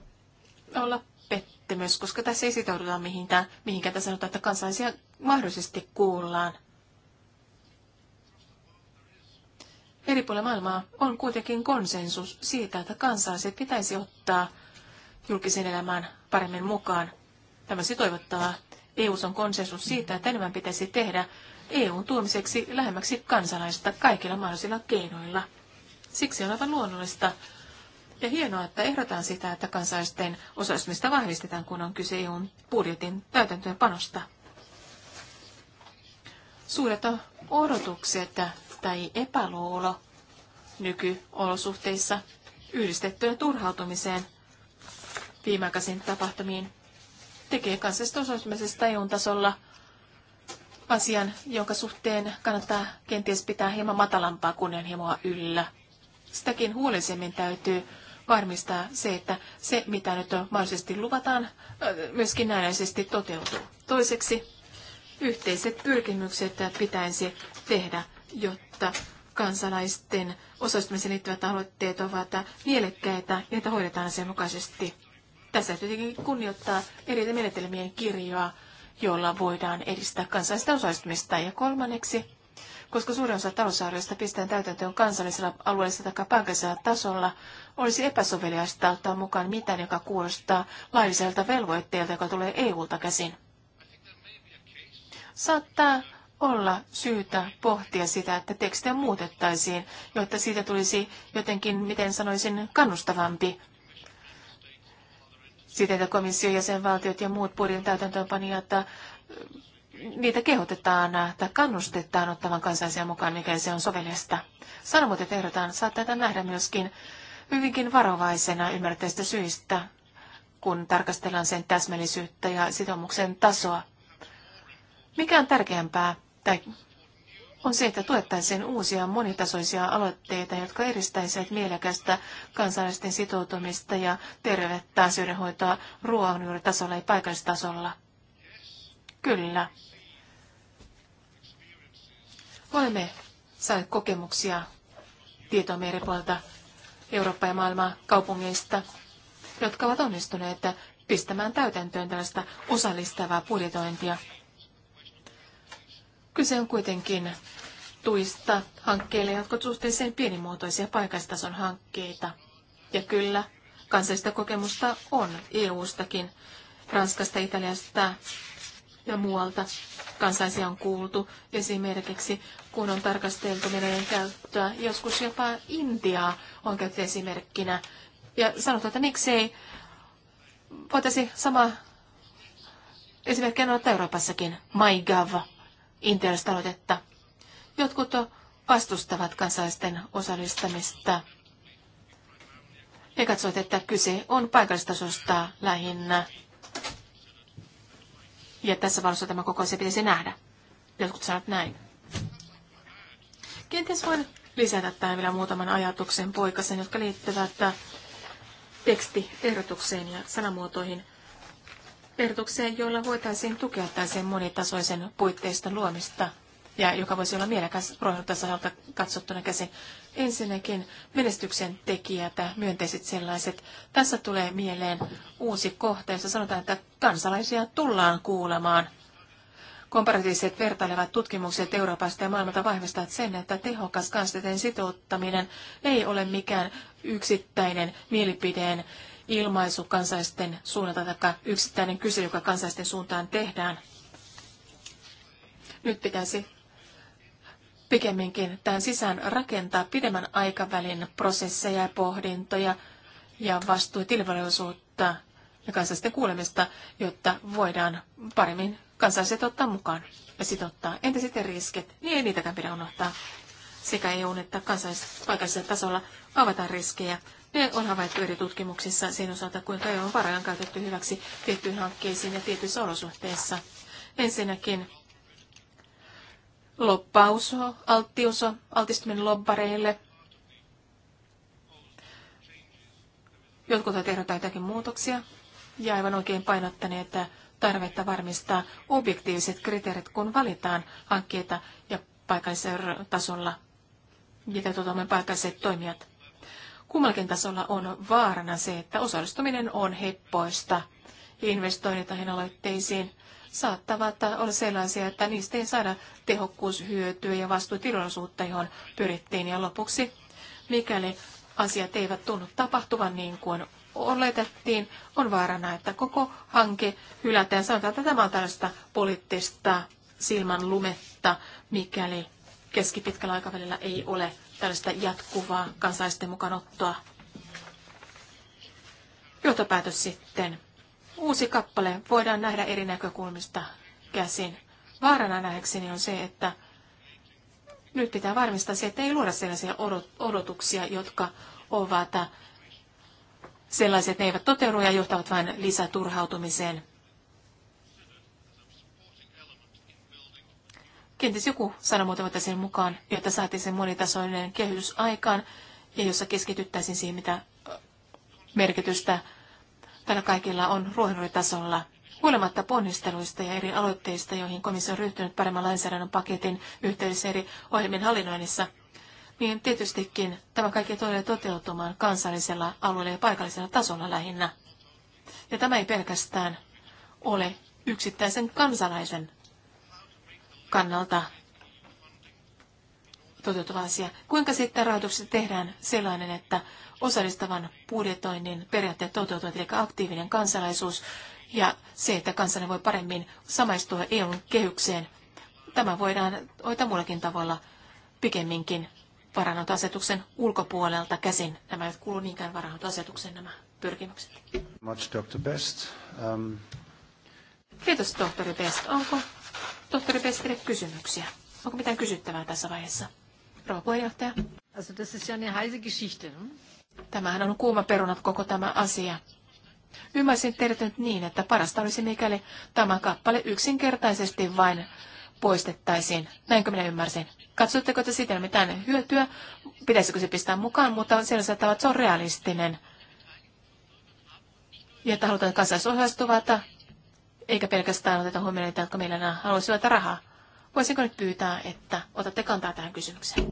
olla pettymys, koska tässä ei sitouduta mihinkään, mihinkään tässä sanotaan, että kansalaisia mahdollisesti kuullaan. Eri puolilla maailmaa on kuitenkin konsensus siitä, että kansalaiset pitäisi ottaa – julkiseen elämään paremmin mukaan. Tämä olisi toivottavaa. EU on konsensus siitä, että enemmän pitäisi tehdä EUn tuomiseksi lähemmäksi kansalaista kaikilla mahdollisilla keinoilla. Siksi on aivan luonnollista ja hienoa, että ehdotan sitä, että kansalaisten osallistumista vahvistetaan, kun on kyse EUn budjetin täytäntöönpanosta. Suuret odotukset tai epäluulo nykyolosuhteissa yhdistettynä turhautumiseen – viimeaikaisiin tapahtumiin, tekee kansallisesta osallistumisesta EU-tasolla asian, jonka suhteen kannattaa kenties pitää hieman matalampaa kunnianhimoa yllä. Sitäkin huolisemmin täytyy varmistaa se, että se, mitä nyt on mahdollisesti luvataan, myöskin näennäisesti toteutuu. Toiseksi yhteiset pyrkimykset pitäisi tehdä, jotta kansalaisten osallistumiseen liittyvät aloitteet ovat mielekkäitä ja niitä hoidetaan sen mukaisesti. Tässä tietenkin kunnioittaa eri menetelmien kirjoa, jolla voidaan edistää kansallista osallistumista. Ja kolmanneksi, koska suurin osa talousarviosta pistetään täytäntöön kansallisella, alueellisella tai paikallisella tasolla, olisi epäsoveliaista ottaa mukaan mitään, joka kuulostaa lailliselta velvoitteelta, joka tulee EU-ta käsin. Saattaa olla syytä pohtia sitä, että tekstejä muutettaisiin, jotta siitä tulisi jotenkin, miten sanoisin, kannustavampi siten, että komissio, jäsenvaltiot ja muut budjetin täytäntöönpanijat äh, niitä kehotetaan äh, tai kannustetaan ottavan kansalaisia mukaan, mikä se on sovellista. Sanomuutet ehdotaan saattaa tätä nähdä myöskin hyvinkin varovaisena ymmärrettävistä syistä, kun tarkastellaan sen täsmällisyyttä ja sitoumuksen tasoa. Mikä on tärkeämpää tai on se, että tuettaisiin uusia monitasoisia aloitteita, jotka edistäisivät mielekästä kansalaisten sitoutumista ja tervettä asioidenhoitoa ruohonjuuritasolla ja paikallistasolla. Kyllä. Olemme saaneet kokemuksia tietoa meripuolta Eurooppa ja maailmaa kaupungeista, jotka ovat onnistuneet pistämään täytäntöön tällaista osallistavaa budjetointia. Kyse on kuitenkin tuista hankkeille, jotka ovat suhteellisen pienimuotoisia paikastason hankkeita. Ja kyllä, kansallista kokemusta on EU-stakin, Ranskasta, Italiasta ja muualta. Kansaisia on kuultu esimerkiksi, kun on tarkasteltu meidän käyttöä. Joskus jopa Intiaa on käytetty esimerkkinä. Ja sanotaan, että miksei voitaisiin sama esimerkki on Euroopassakin, MyGov interstaloitetta. Jotkut vastustavat kansalaisten osallistamista He katsovat, että kyse on paikallistasosta lähinnä. Ja tässä valossa tämä koko se pitäisi nähdä. Jotkut sanovat näin. Kenties voin lisätä tähän vielä muutaman ajatuksen poikasen, jotka liittyvät tekstiehdotukseen ja sanamuotoihin – ehdotukseen, joilla voitaisiin tukea tällaisen monitasoisen puitteiston luomista ja joka voisi olla mielekäs projektilta katsottuna käsin. Ensinnäkin menestyksen tekijät, myönteiset sellaiset. Tässä tulee mieleen uusi kohta, jossa sanotaan, että kansalaisia tullaan kuulemaan. Komparatiiviset vertailevat tutkimukset Euroopasta ja maailmalta vahvistavat sen, että tehokas kansalaisten sitouttaminen ei ole mikään yksittäinen mielipideen ilmaisu kansaisten suunnalta tai yksittäinen kysely, joka kansaisten suuntaan tehdään. Nyt pitäisi pikemminkin tämän sisään rakentaa pidemmän aikavälin prosesseja ja pohdintoja ja vastuutilvallisuutta ja kansallisten kuulemista, jotta voidaan paremmin kansalaiset ottaa mukaan ja sitouttaa. Entä sitten riskit? Niin ei niitäkään pidä unohtaa. Sekä EUn että kansallisella tasolla avataan riskejä ne on havaittu eri tutkimuksissa sen osalta, kuinka EU on varoja on käytetty hyväksi tiettyihin hankkeisiin ja tietyissä olosuhteissa. Ensinnäkin loppaus, alttius, altistuminen lobbareille. Jotkut ovat tehneet jotakin muutoksia ja aivan oikein painottaneet että tarvetta varmistaa objektiiviset kriteerit, kun valitaan hankkeita ja paikallisella tasolla, mitä tuotamme paikalliset toimijat. Kummallakin tasolla on vaarana se, että osallistuminen on heppoista. Investoinnit näihin aloitteisiin saattavat olla sellaisia, että niistä ei saada tehokkuushyötyä ja vastuutilaisuutta, johon pyrittiin. Ja lopuksi, mikäli asiat eivät tunnu tapahtuvan niin kuin oletettiin, on vaarana, että koko hanke hylätään. Sanotaan, että tämä on tällaista poliittista silmän lumetta, mikäli keskipitkällä aikavälillä ei ole tällaista jatkuvaa kansalaisten mukanottoa. Johtopäätös sitten. Uusi kappale voidaan nähdä eri näkökulmista käsin. Vaarana nähdäkseni on se, että nyt pitää varmistaa se, että ei luoda sellaisia odotuksia, jotka ovat äh, sellaiset, ne eivät toteudu ja johtavat vain lisäturhautumiseen Kenties joku sanamuoto sen mukaan, jotta sen monitasoinen kehitys aikaan ja jossa keskityttäisiin siihen, mitä merkitystä tällä kaikilla on ruohonjuuritasolla. Huolimatta ponnisteluista ja eri aloitteista, joihin komissio on ryhtynyt paremman lainsäädännön paketin yhteydessä eri ohjelmien hallinnoinnissa, niin tietystikin tämä kaikki tulee toteutumaan kansallisella alueella ja paikallisella tasolla lähinnä. Ja tämä ei pelkästään ole yksittäisen kansalaisen kannalta toteutuva asia. Kuinka sitten rahoituksessa tehdään sellainen, että osallistavan budjetoinnin periaatteet toteutuvat, eli aktiivinen kansalaisuus ja se, että kansalainen voi paremmin samaistua EUn kehykseen. Tämä voidaan hoitaa muullakin tavalla pikemminkin varanhoitoasetuksen ulkopuolelta käsin. Nämä eivät kuulu niinkään varanhoitoasetuksen nämä pyrkimykset. Much, Dr. Best. Um... Kiitos, tohtori Best. Onko tohtori Pestri, kysymyksiä. Onko mitään kysyttävää tässä vaiheessa? Rouva puheenjohtaja. Also das ist ja eine Geschichte. Tämähän on kuuma perunat koko tämä asia. Ymmärsin teidät nyt niin, että parasta olisi mikäli tämä kappale yksinkertaisesti vain poistettaisiin. Näinkö minä ymmärsin? Katsotteko te siitä mitään hyötyä? Pitäisikö se pistää mukaan, mutta on sellaisella tavalla, että se on realistinen. Ja että halutaan kansalaisohjaistuvat eikä pelkästään oteta huomioon niitä, jotka haluaisi laittaa rahaa. Voisinko nyt pyytää, että otatte kantaa tähän kysymykseen?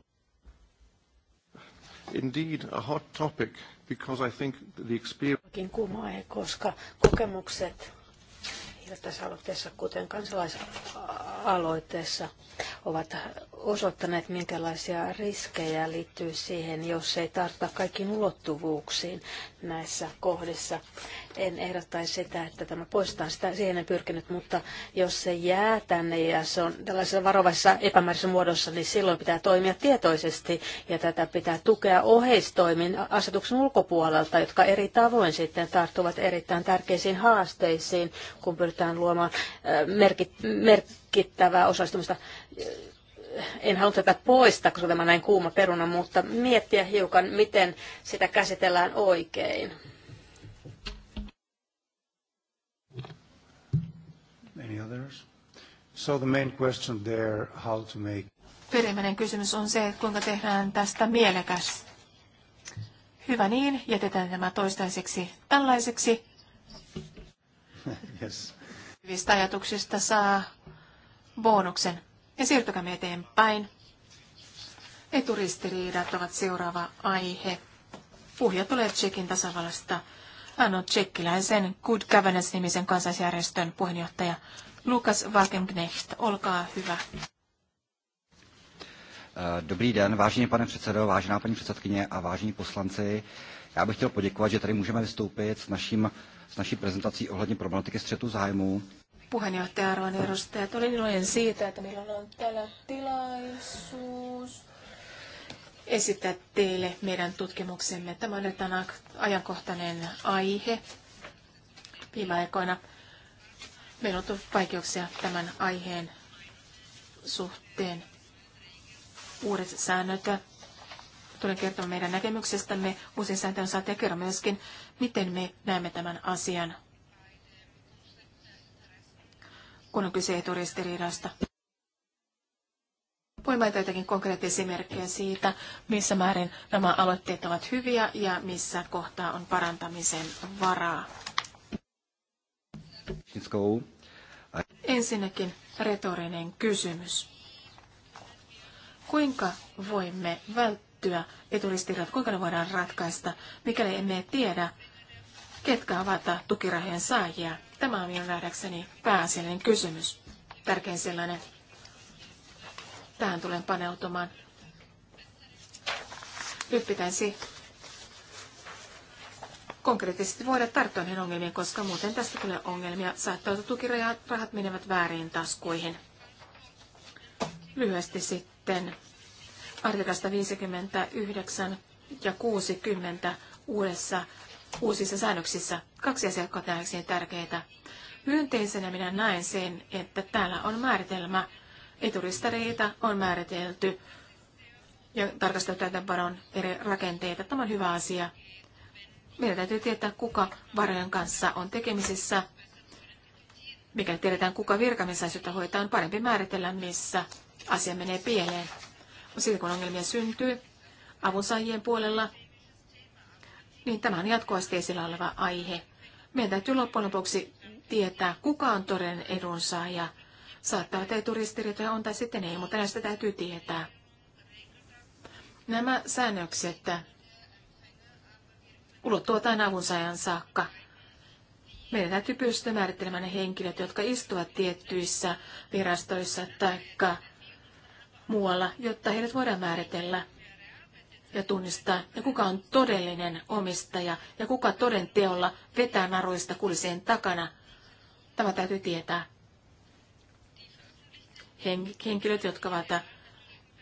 Indeed, a hot topic, because I think the experience... Kumoe, koska kokemukset tässä aloitteessa, kuten kansalaisaloitteessa, ovat osoittaneet, minkälaisia riskejä liittyy siihen, jos ei tartuta kaikkiin ulottuvuuksiin näissä kohdissa. En ehdottaisi sitä, että tämä poistetaan sitä, siihen en pyrkinyt, mutta jos se jää tänne ja se on tällaisessa varovaisessa epämääräisessä muodossa, niin silloin pitää toimia tietoisesti ja tätä pitää tukea oheistoimin asetuksen ulkopuolelta, jotka eri tavoin sitten tarttuvat erittäin tärkeisiin haasteisiin, kun pyritään luomaan merkittävää osallistumista en halua tätä poistaa, koska tämä on näin kuuma peruna, mutta miettiä hiukan, miten sitä käsitellään oikein. Any others? So the main question there, how to make... Perimmäinen kysymys on se, että kuinka tehdään tästä mielekäs. Hyvä niin, jätetään tämä toistaiseksi tällaiseksi. yes. Hyvistä ajatuksista saa bonuksen. Ja siirtykäämme eteenpäin. Eturistiriidat ovat seuraava aihe. Puhja tulee Tsekin tasavallasta. Hän on tsekkiläisen Good Governance-nimisen kansallisjärjestön puheenjohtaja Lukas Wagenknecht. Olkaa hyvä. Eh, dobrý den, vážený pane předsedo, vážená paní předsedkyně a vážení poslanci. Já bych chtěl poděkovat, že tady můžeme vystoupit s, naším, s naší prezentací ohledně problematiky střetu zájmu puheenjohtaja arvon edustajat. Olin iloinen siitä, että meillä on täällä tilaisuus esittää teille meidän tutkimuksemme. Tämä on nyt ajankohtainen aihe viime aikoina. Meillä on ollut vaikeuksia tämän aiheen suhteen. Uudet säännöt. Tulen kertomaan meidän näkemyksestämme. Uusin sääntöön saatte kerro myöskin, miten me näemme tämän asian kun on kyse eturistiriidasta. Voin mainita jotakin konkreettisia esimerkkejä siitä, missä määrin nämä aloitteet ovat hyviä ja missä kohtaa on parantamisen varaa. Ensinnäkin retorinen kysymys. Kuinka voimme välttyä eturistiriidat, kuinka ne voidaan ratkaista, mikäli emme tiedä, ketkä ovat tukirahojen saajia? Tämä on minun nähdäkseni pääasiallinen kysymys, tärkein sellainen. Tähän tulen paneutumaan. Nyt pitäisi konkreettisesti voida tarttua niihin ongelmiin, koska muuten tästä tulee ongelmia. Saattaa, että tukirahat menevät väärin taskuihin. Lyhyesti sitten artikasta 59 ja 60 uudessa uusissa säännöksissä. Kaksi asiaa, jotka nähdäkseni tärkeitä. Myönteisenä minä näen sen, että täällä on määritelmä. eturistareita on määritelty ja tarkasteltu täytäntöpanon eri rakenteita. Tämä on hyvä asia. Meidän täytyy tietää, kuka varojen kanssa on tekemisissä. Mikäli tiedetään, kuka virkamiesaisuutta hoitaa, on parempi määritellä, missä asia menee pieleen. Sitten kun ongelmia syntyy avunsaajien puolella, niin tämä on jatkuvasti esillä oleva aihe. Meidän täytyy loppujen lopuksi tietää, kuka on toden edunsaaja. Saattaa olla eturistiriitoja on tai sitten ei, mutta näistä täytyy tietää. Nämä säännökset ulottuvat aina avunsaajan saakka. Meidän täytyy pystyä määrittelemään ne henkilöt, jotka istuvat tiettyissä virastoissa tai muualla, jotta heidät voidaan määritellä ja tunnistaa, ja kuka on todellinen omistaja ja kuka toden teolla vetää naruista kuliseen takana. Tämä täytyy tietää. Henkilöt, jotka ovat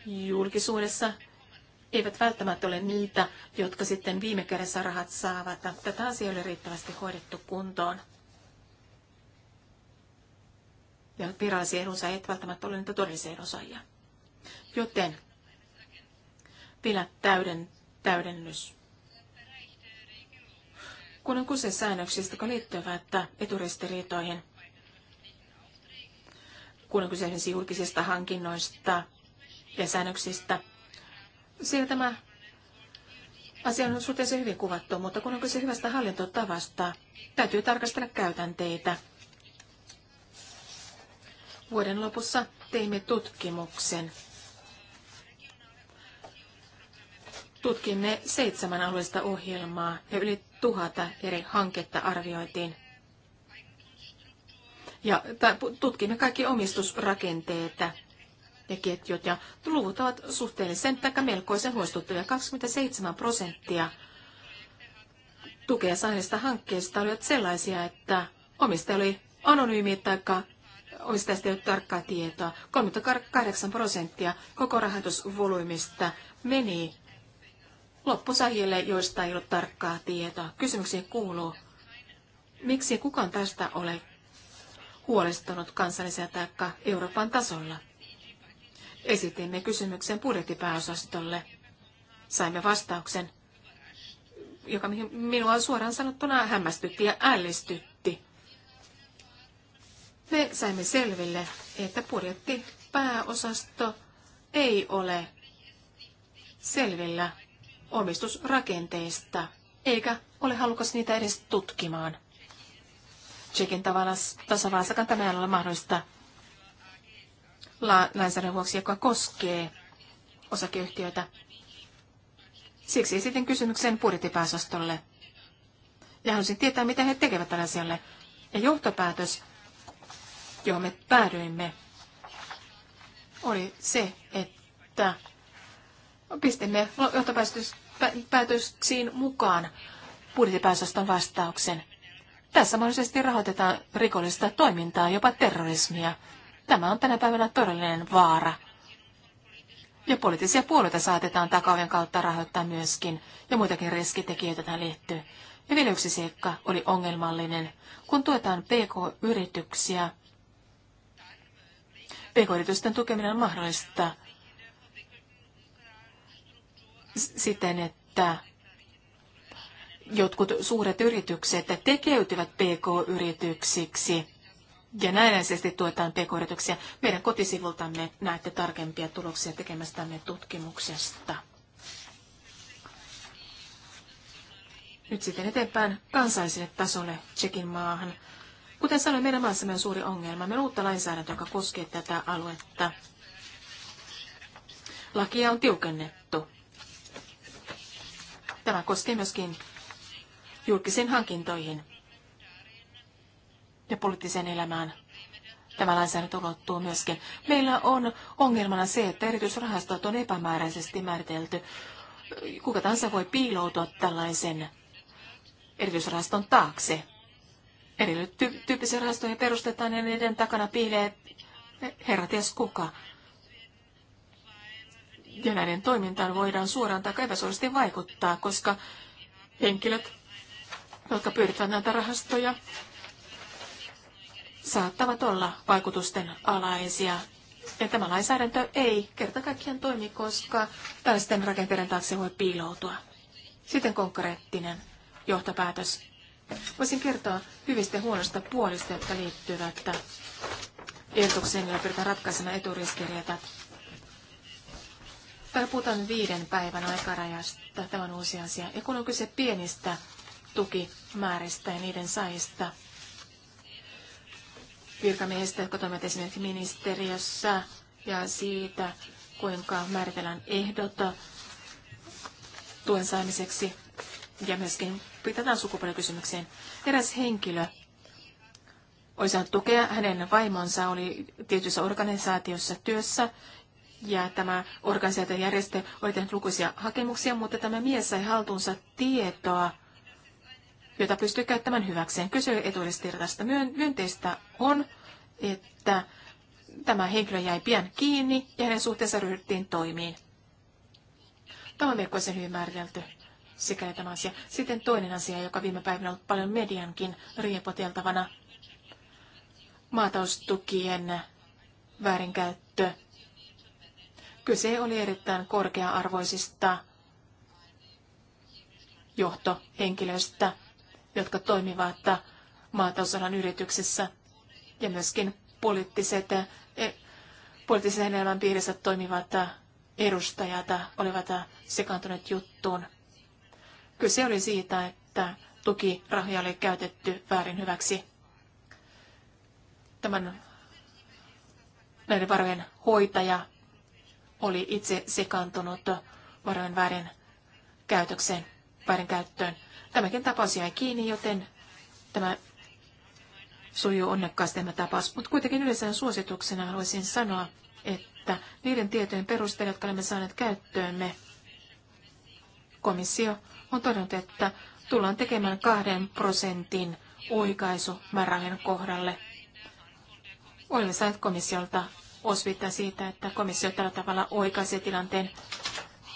julkisuudessa, eivät välttämättä ole niitä, jotka sitten viime kädessä rahat saavat. Tätä asiaa oli riittävästi hoidettu kuntoon. Ja virallisia edunsaajia eivät välttämättä ole niitä todellisia edunsaajia. Joten vielä täyden, täydennys. Kun on kyse säännöksistä, jotka liittyvät eturistiriitoihin, kun on kyse esimerkiksi julkisista hankinnoista ja säännöksistä, siellä tämä asia on suhteellisen hyvin kuvattu, mutta kun on kyse hyvästä hallintotavasta, täytyy tarkastella käytänteitä. Vuoden lopussa teimme tutkimuksen tutkimme seitsemän alueista ohjelmaa ja yli tuhatta eri hanketta arvioitiin. Ja tutkimme kaikki omistusrakenteet ja ketjut. Ja luvut ovat suhteellisen tai melkoisen huolestuttavia. 27 prosenttia tukea saaneista hankkeista olivat sellaisia, että omistaja oli anonyymi tai omistajasta ei ollut tarkkaa tietoa. 38 prosenttia koko rahoitusvolyymista meni loppusajille, joista ei ollut tarkkaa tietoa. Kysymyksiin kuuluu, miksi kukaan tästä ole huolestunut kansallisella tai Euroopan tasolla? Esitimme kysymyksen budjettipääosastolle. Saimme vastauksen, joka minua suoraan sanottuna hämmästytti ja ällistytti. Me saimme selville, että budjettipääosasto ei ole selvillä omistusrakenteista, eikä ole halukas niitä edes tutkimaan. Tsekin tasavallassakaan tämä ei ole mahdollista lainsäädännön vuoksi, joka koskee osakeyhtiöitä. Siksi esitin kysymyksen budjettipääsastolle. Ja halusin tietää, mitä he tekevät tällä asialle. Ja johtopäätös, johon me päädyimme, oli se, että pistimme johtopäätös päätöksiin mukaan budjettipäästöstön vastauksen. Tässä mahdollisesti rahoitetaan rikollista toimintaa, jopa terrorismia. Tämä on tänä päivänä todellinen vaara. Ja poliittisia puolueita saatetaan takaujen kautta rahoittaa myöskin, ja muitakin riskitekijöitä tähän liittyy. Ja vielä yksi seikka oli ongelmallinen. Kun tuetaan PK-yrityksiä, PK-yritysten tukeminen on mahdollista, siten, että jotkut suuret yritykset tekeytyvät PK-yrityksiksi ja näennäisesti tuetaan PK-yrityksiä. Meidän kotisivultamme näette tarkempia tuloksia tekemästämme tutkimuksesta. Nyt sitten eteenpäin kansalliselle tasolle Tsekin maahan. Kuten sanoin, meidän maassamme on suuri ongelma. Meillä on uutta lainsäädäntöä, joka koskee tätä aluetta. Lakia on tiukennettu. Tämä koskee myöskin julkisiin hankintoihin ja poliittiseen elämään. Tämä lainsäädäntö ulottuu myöskin. Meillä on ongelmana se, että erityisrahastot on epämääräisesti määritelty. Kuka tahansa voi piiloutua tällaisen erityisrahaston taakse. Erityyppisiä rahastoja perustetaan ja niiden takana piilee herra ties kuka ja näiden toimintaan voidaan suoraan tai epäsuorasti vaikuttaa, koska henkilöt, jotka pyörittävät näitä rahastoja, saattavat olla vaikutusten alaisia. Ja tämä lainsäädäntö ei kerta kaikkiaan toimi, koska tällaisten rakenteiden taakse voi piiloutua. Sitten konkreettinen johtopäätös. Voisin kertoa hyvistä ja huonosta puolista, jotka liittyvät ehdotukseen, joilla pyritään ratkaisemaan eturistiriitat Täällä puhutaan viiden päivän aikarajasta. Tämä on uusi asia. Ja kun on kyse pienistä tukimääristä ja niiden saista virkamiehistä, jotka toimivat esimerkiksi ministeriössä, ja siitä, kuinka määritellään ehdot tuen saamiseksi, ja myöskin pitää sukupuolikysymykseen. Eräs henkilö oli saanut tukea. Hänen vaimonsa oli tietyssä organisaatiossa työssä ja tämä organisaatio järjestö oli tehnyt lukuisia hakemuksia, mutta tämä mies sai haltuunsa tietoa, jota pystyy käyttämään hyväkseen. Kysyi etuudestirtaista. Myönteistä on, että tämä henkilö jäi pian kiinni ja hänen suhteensa ryhdyttiin toimiin. Tämä on melkoisen hyvin määritelty sikäli tämä asia. Sitten toinen asia, joka viime päivinä on ollut paljon mediankin riepoteltavana, maataustukien väärinkäyttö Kyse oli erittäin korkea-arvoisista johtohenkilöistä, jotka toimivat maatalousalan yrityksissä ja myöskin poliittiset, e, poliittisen elämän piirissä toimivat edustajat olivat sekaantuneet juttuun. Kyse oli siitä, että tukirahoja oli käytetty väärin hyväksi. Tämän näiden varojen hoitaja oli itse sekaantunut varojen väärin käytökseen, väärin käyttöön. Tämäkin tapaus jäi kiinni, joten tämä sujuu onnekkaasti tämä tapaus. Mutta kuitenkin yleisenä suosituksena haluaisin sanoa, että niiden tietojen perusteella, jotka olemme saaneet käyttöömme, komissio on todennut, että tullaan tekemään kahden prosentin oikaisu määrärahojen kohdalle. Olemme saaneet komissiolta osviittaa siitä, että komissio tällä tavalla oikaisee tilanteen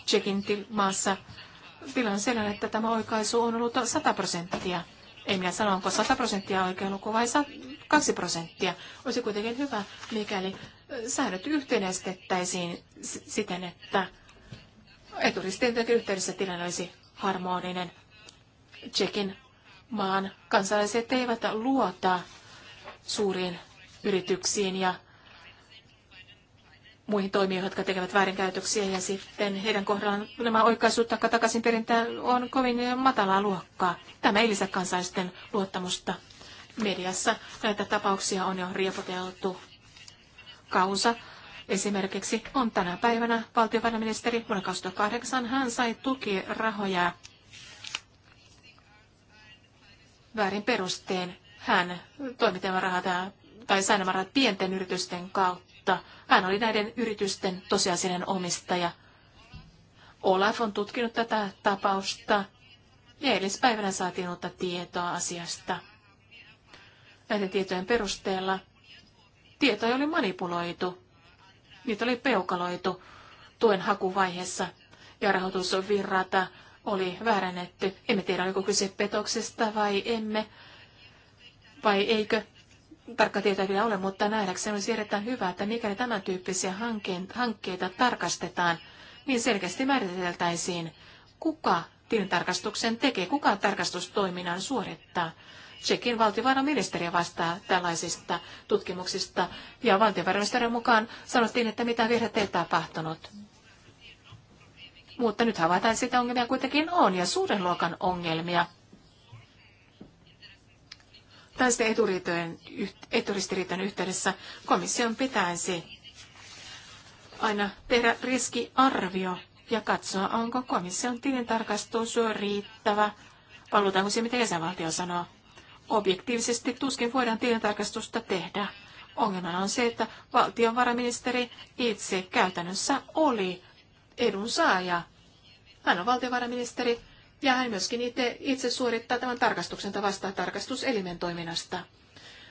Tsekin maassa. Tilanne sellainen, että tämä oikaisu on ollut 100 prosenttia. Ei minä sano, onko 100 prosenttia oikea luku vai 2 prosenttia. Olisi kuitenkin hyvä, mikäli säännöt yhtenäistettäisiin siten, että eturistinten yhteydessä tilanne olisi harmoninen. Tsekin maan kansalaiset eivät luota suuriin yrityksiin ja muihin toimijoihin, jotka tekevät väärinkäytöksiä, ja sitten heidän kohdallaan nämä oikaisut takaisin perintään on kovin matalaa luokkaa. Tämä ei lisää kansalaisten luottamusta mediassa. Näitä tapauksia on jo riepoteltu. Kausa esimerkiksi on tänä päivänä valtiovarainministeri vuonna 2008. Hän sai tukirahoja väärin perusteen. Hän toimitti rahat tai sai nämä rahat pienten yritysten kautta mutta hän oli näiden yritysten tosiasiallinen omistaja. Olaf on tutkinut tätä tapausta ja eilispäivänä saatiin uutta tietoa asiasta. Näiden tietojen perusteella tietoja oli manipuloitu, niitä oli peukaloitu tuen hakuvaiheessa ja rahoitusvirrata oli väärännetty. Emme tiedä, oliko kyse petoksesta vai emme, vai eikö tarkka tietoa vielä ole, mutta nähdäkseni olisi erittäin hyvä, että mikäli tämän tyyppisiä hankkeita tarkastetaan, niin selkeästi määriteltäisiin, kuka tilintarkastuksen tekee, kuka tarkastustoiminnan suorittaa. Tsekin valtiovarainministeriö vastaa tällaisista tutkimuksista, ja valtiovarainministeriön mukaan sanottiin, että mitä virhe ei tapahtunut. Mutta nyt havaitaan, että sitä ongelmia kuitenkin on, ja suuren luokan ongelmia – tällaisten eturiitojen, eturistiriitojen yhteydessä komission pitäisi aina tehdä riskiarvio ja katsoa, onko komission tilintarkastus riittävä, palutaanko se, mitä jäsenvaltio sanoo. Objektiivisesti tuskin voidaan tilintarkastusta tehdä. Ongelmana on se, että valtionvarainministeri itse käytännössä oli edunsaaja. Hän on valtiovarainministeri ja hän myöskin itse, itse suorittaa tämän tarkastuksen tai vastaa tarkastuselimen toiminnasta.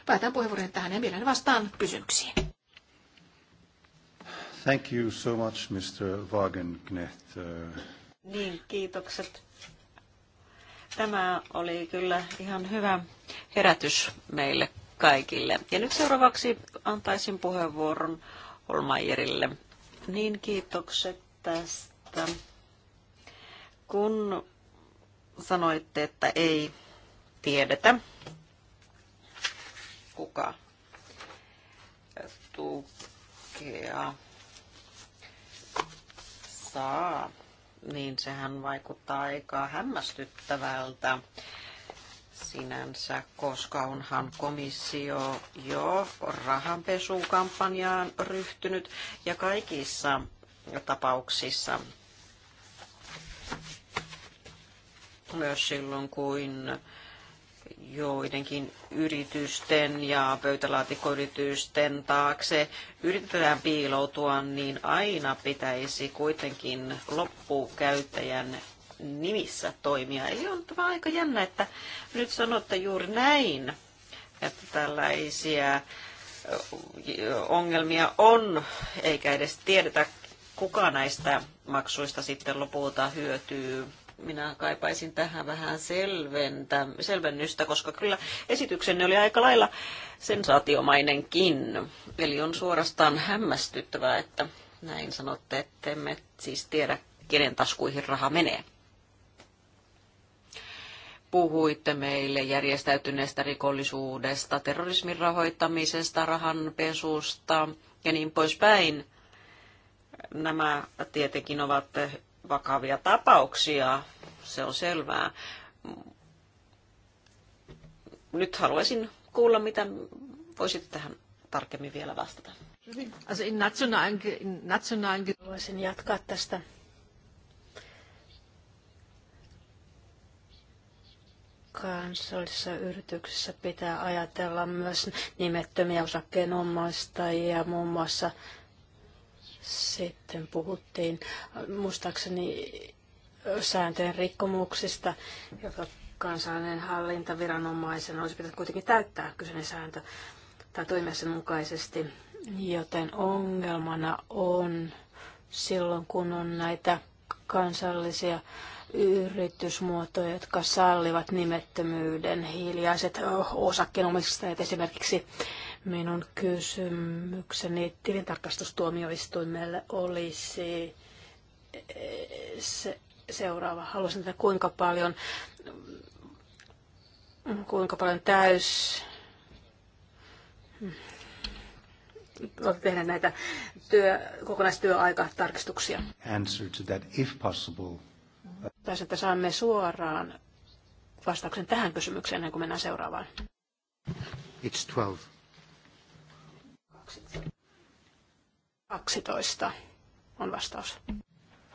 Päätän puheenvuoron tähän ja mielen vastaan kysymyksiin. Thank you so much, Mr. Wagenknecht. Niin, kiitokset. Tämä oli kyllä ihan hyvä herätys meille kaikille. Ja nyt seuraavaksi antaisin puheenvuoron Holmaierille. Niin, kiitokset tästä. Kun sanoitte, että ei tiedetä, kuka tukea saa, niin sehän vaikuttaa aika hämmästyttävältä sinänsä, koska onhan komissio jo rahanpesukampanjaan ryhtynyt ja kaikissa tapauksissa myös silloin, kun joidenkin yritysten ja pöytälaatikoyritysten taakse yritetään piiloutua, niin aina pitäisi kuitenkin loppukäyttäjän nimissä toimia. Eli on tämä aika jännä, että nyt sanotte juuri näin, että tällaisia ongelmia on, eikä edes tiedetä, kuka näistä maksuista sitten lopulta hyötyy minä kaipaisin tähän vähän selventä, selvennystä, koska kyllä esityksenne oli aika lailla sensaatiomainenkin. Eli on suorastaan hämmästyttävää, että näin sanotte, että emme siis tiedä, kenen taskuihin raha menee. Puhuitte meille järjestäytyneestä rikollisuudesta, terrorismin rahoittamisesta, rahanpesusta ja niin poispäin nämä tietenkin ovat vakavia tapauksia, se on selvää. Nyt haluaisin kuulla, mitä voisit tähän tarkemmin vielä vastata. Also in nationalen, in nationalen... Voisin jatkaa tästä kansallisissa yrityksissä pitää ajatella myös nimettömiä osakkeenomistajia, muun muassa sitten puhuttiin muistaakseni sääntöjen rikkomuksista, jotka kansallinen hallintaviranomaisen olisi pitänyt kuitenkin täyttää kyseinen sääntö tai toimia sen mukaisesti. Joten ongelmana on silloin, kun on näitä kansallisia yritysmuotoja, jotka sallivat nimettömyyden hiljaiset osakkeenomistajat esimerkiksi Minun kysymykseni tilintarkastustuomioistuimelle olisi eh, se, seuraava. Haluaisin tietää, kuinka paljon, kuinka paljon täys tehdä näitä työ, kokonaistyöaikatarkistuksia. Answer to that if possible. Tässä, että saamme suoraan vastauksen tähän kysymykseen, ennen kuin mennään seuraavaan. It's 12. 12 on vastaus.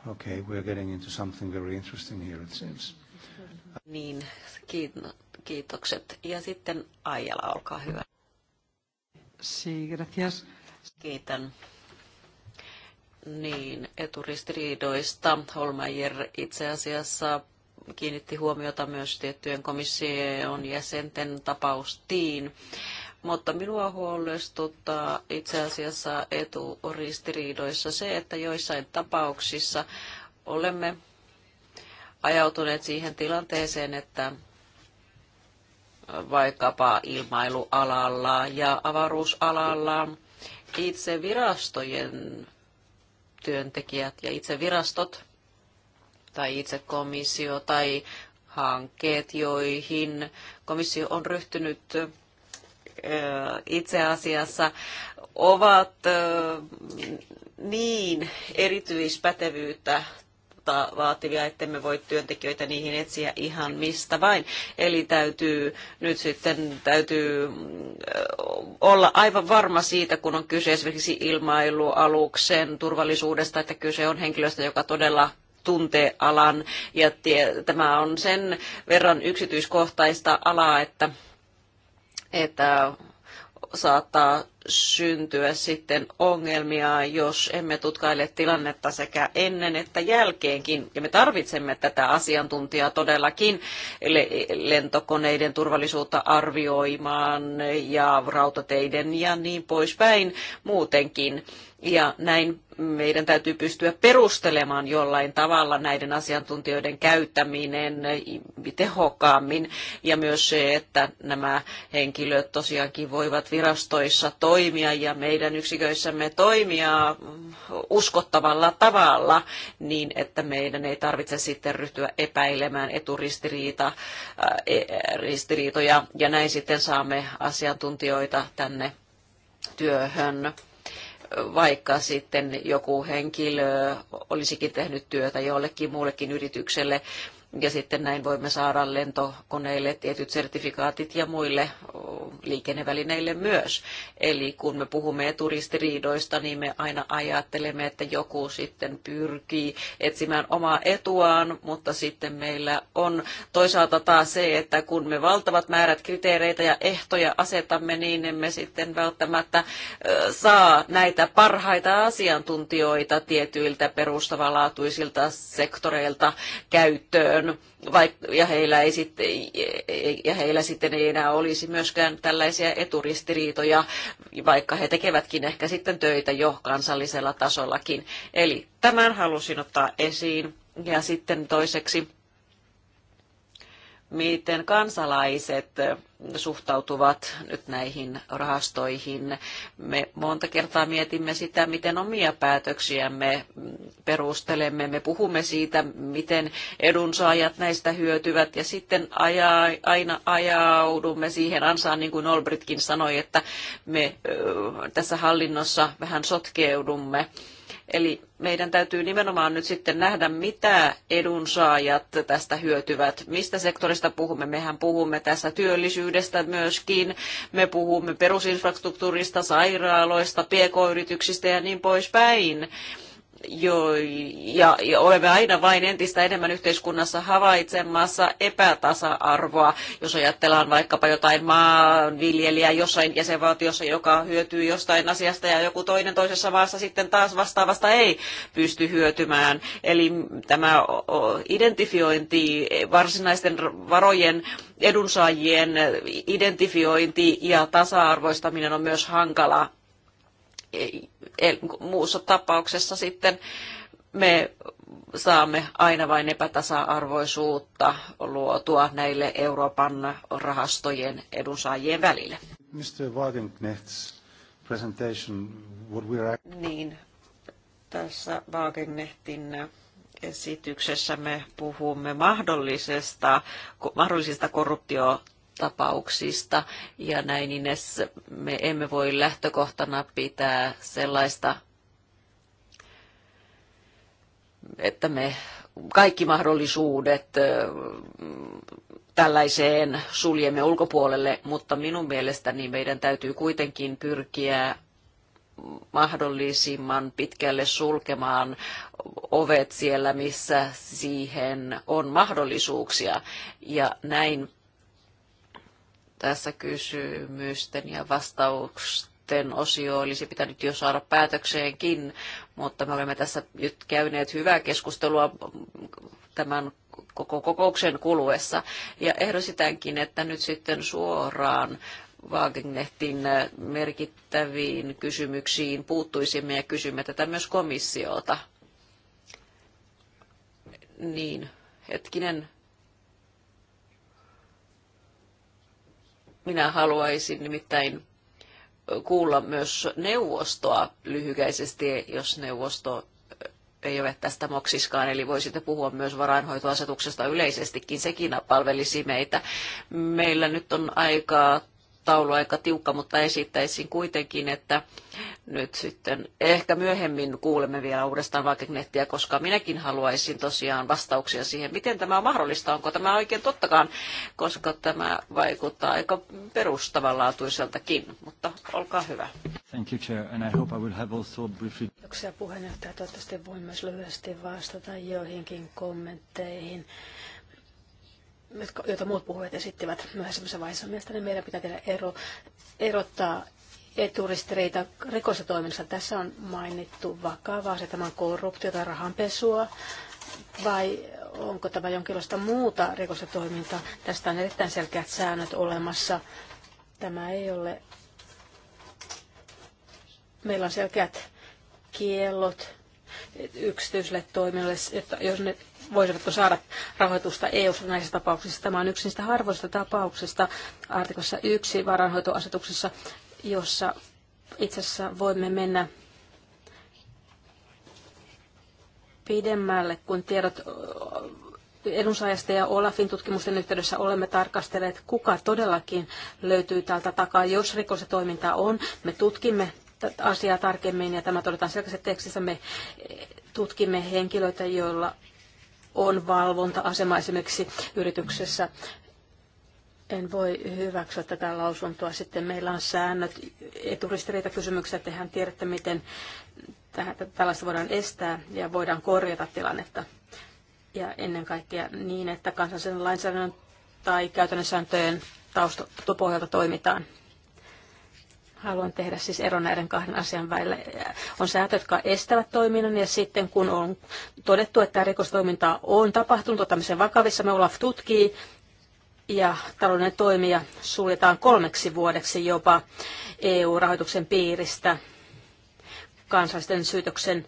Okay, we're getting into something very interesting here it seems. Niin, kiitokset. Ja sitten Aijala, olkaa hyvä. Sí, gracias. Kiitän. Niin, eturistiriidoista Holmeier itse asiassa kiinnitti huomiota myös tiettyjen komission jäsenten tapaustiin. Mutta minua huolestuttaa itse asiassa eturistiriidoissa se, että joissain tapauksissa olemme ajautuneet siihen tilanteeseen, että vaikkapa ilmailualalla ja avaruusalalla itse virastojen työntekijät ja itse virastot tai itse komissio tai hankkeet, joihin komissio on ryhtynyt itse asiassa ovat niin erityispätevyyttä vaativia, vaativia, ettemme voi työntekijöitä niihin etsiä ihan mistä vain. Eli täytyy nyt sitten täytyy olla aivan varma siitä, kun on kyse esimerkiksi ilmailualuksen turvallisuudesta, että kyse on henkilöstä, joka todella tuntee alan ja tie, tämä on sen verran yksityiskohtaista alaa, että että saattaa syntyä sitten ongelmia, jos emme tutkaile tilannetta sekä ennen että jälkeenkin. Ja me tarvitsemme tätä asiantuntijaa todellakin lentokoneiden turvallisuutta arvioimaan ja rautateiden ja niin poispäin muutenkin ja näin meidän täytyy pystyä perustelemaan jollain tavalla näiden asiantuntijoiden käyttäminen tehokkaammin ja myös se, että nämä henkilöt tosiaankin voivat virastoissa toimia ja meidän yksiköissämme toimia uskottavalla tavalla niin, että meidän ei tarvitse sitten ryhtyä epäilemään eturistiriitoja e, ja näin sitten saamme asiantuntijoita tänne työhön vaikka sitten joku henkilö olisikin tehnyt työtä jollekin muullekin yritykselle ja sitten näin voimme saada lentokoneille tietyt sertifikaatit ja muille liikennevälineille myös. Eli kun me puhumme turistiriidoista, niin me aina ajattelemme, että joku sitten pyrkii etsimään omaa etuaan, mutta sitten meillä on toisaalta taas se, että kun me valtavat määrät kriteereitä ja ehtoja asetamme, niin emme sitten välttämättä saa näitä parhaita asiantuntijoita tietyiltä perustavanlaatuisilta sektoreilta käyttöön paljon, ja, heillä ei sitten, ja heillä sitten ei enää olisi myöskään tällaisia eturistiriitoja, vaikka he tekevätkin ehkä sitten töitä jo kansallisella tasollakin. Eli tämän halusin ottaa esiin. Ja sitten toiseksi miten kansalaiset suhtautuvat nyt näihin rahastoihin. Me monta kertaa mietimme sitä, miten omia päätöksiämme perustelemme. Me puhumme siitä, miten edunsaajat näistä hyötyvät ja sitten aja, aina ajaudumme siihen ansaan, niin kuin Olbritkin sanoi, että me tässä hallinnossa vähän sotkeudumme Eli meidän täytyy nimenomaan nyt sitten nähdä, mitä edunsaajat tästä hyötyvät, mistä sektorista puhumme. Mehän puhumme tässä työllisyydestä myöskin, me puhumme perusinfrastruktuurista, sairaaloista, pk-yrityksistä ja niin poispäin. Joo, ja, ja olemme aina vain entistä enemmän yhteiskunnassa havaitsemassa epätasa-arvoa, jos ajatellaan vaikkapa jotain maanviljelijää jossain jäsenvaltiossa, joka hyötyy jostain asiasta ja joku toinen toisessa maassa sitten taas vastaavasta ei pysty hyötymään. Eli tämä identifiointi, varsinaisten varojen edunsaajien identifiointi ja tasa-arvoistaminen on myös hankalaa muussa tapauksessa sitten me saamme aina vain epätasa-arvoisuutta luotua näille Euroopan rahastojen edunsaajien välille. Mr. Wagenknecht's presentation, what we're... Niin, tässä Wagenknechtin esityksessä me puhumme mahdollisesta, mahdollisista korruptio tapauksista ja näin, niin me emme voi lähtökohtana pitää sellaista, että me kaikki mahdollisuudet tällaiseen suljemme ulkopuolelle, mutta minun mielestäni meidän täytyy kuitenkin pyrkiä mahdollisimman pitkälle sulkemaan ovet siellä, missä siihen on mahdollisuuksia. Ja näin tässä kysymysten ja vastausten osio olisi pitänyt jo saada päätökseenkin, mutta me olemme tässä nyt käyneet hyvää keskustelua tämän koko kokouksen kuluessa. Ja ehdositänkin, että nyt sitten suoraan Wagenehtin merkittäviin kysymyksiin puuttuisimme ja kysymme tätä myös komissiota. Niin, hetkinen, Minä haluaisin nimittäin kuulla myös neuvostoa lyhykäisesti, jos neuvosto ei ole tästä moksiskaan, eli voisitte puhua myös varainhoitoasetuksesta yleisestikin, sekin palvelisi meitä. Meillä nyt on aikaa taulu aika tiukka, mutta esittäisin kuitenkin, että nyt sitten ehkä myöhemmin kuulemme vielä uudestaan Wagegnettiä, koska minäkin haluaisin tosiaan vastauksia siihen, miten tämä on mahdollista, onko tämä oikein tottakaan, koska tämä vaikuttaa aika perustavanlaatuiseltakin, mutta olkaa hyvä. Thank you, Chair, and I hope I will have also briefly... Kiitoksia puheenjohtaja. Toivottavasti voin myös lyhyesti vastata joihinkin kommentteihin joita muut puhujat esittivät myöhemmässä vaiheessa. Mielestäni meidän pitää tehdä ero, erottaa eturistireitä rikosta toiminnassa. Tässä on mainittu vakavaa, se tämä on korruptiota, rahanpesua, vai onko tämä jonkinlaista muuta rikosta toimintaa? Tästä on erittäin selkeät säännöt olemassa. Tämä ei ole... Meillä on selkeät kiellot yksityisille toiminnalle, että jos ne voisivatko saada rahoitusta EU-ssa näissä tapauksissa. Tämä on yksi niistä harvoista tapauksista artikossa 1 varanhoitoasetuksessa, jossa itse asiassa voimme mennä pidemmälle, kun tiedot edunsaajasta ja Olafin tutkimusten yhteydessä olemme tarkastelleet, kuka todellakin löytyy täältä takaa. Jos rikos ja toiminta on, me tutkimme asiaa tarkemmin ja tämä todetaan selkeästi tekstissä. Me tutkimme henkilöitä, joilla on valvonta-asema esimerkiksi yrityksessä. En voi hyväksyä tätä lausuntoa. Sitten meillä on säännöt että Tehän tiedätte, miten tällaista voidaan estää ja voidaan korjata tilannetta. Ja ennen kaikkea niin, että kansallisen lainsäädännön tai käytännön sääntöjen taustapohjalta toimitaan. Haluan tehdä siis eron näiden kahden asian välillä. On säätöt, jotka estävät toiminnan ja sitten kun on todettu, että rikostoiminta on tapahtunut, otamme sen vakavissa, me Olaf tutkii ja talouden toimija suljetaan kolmeksi vuodeksi jopa EU-rahoituksen piiristä kansallisten syytöksen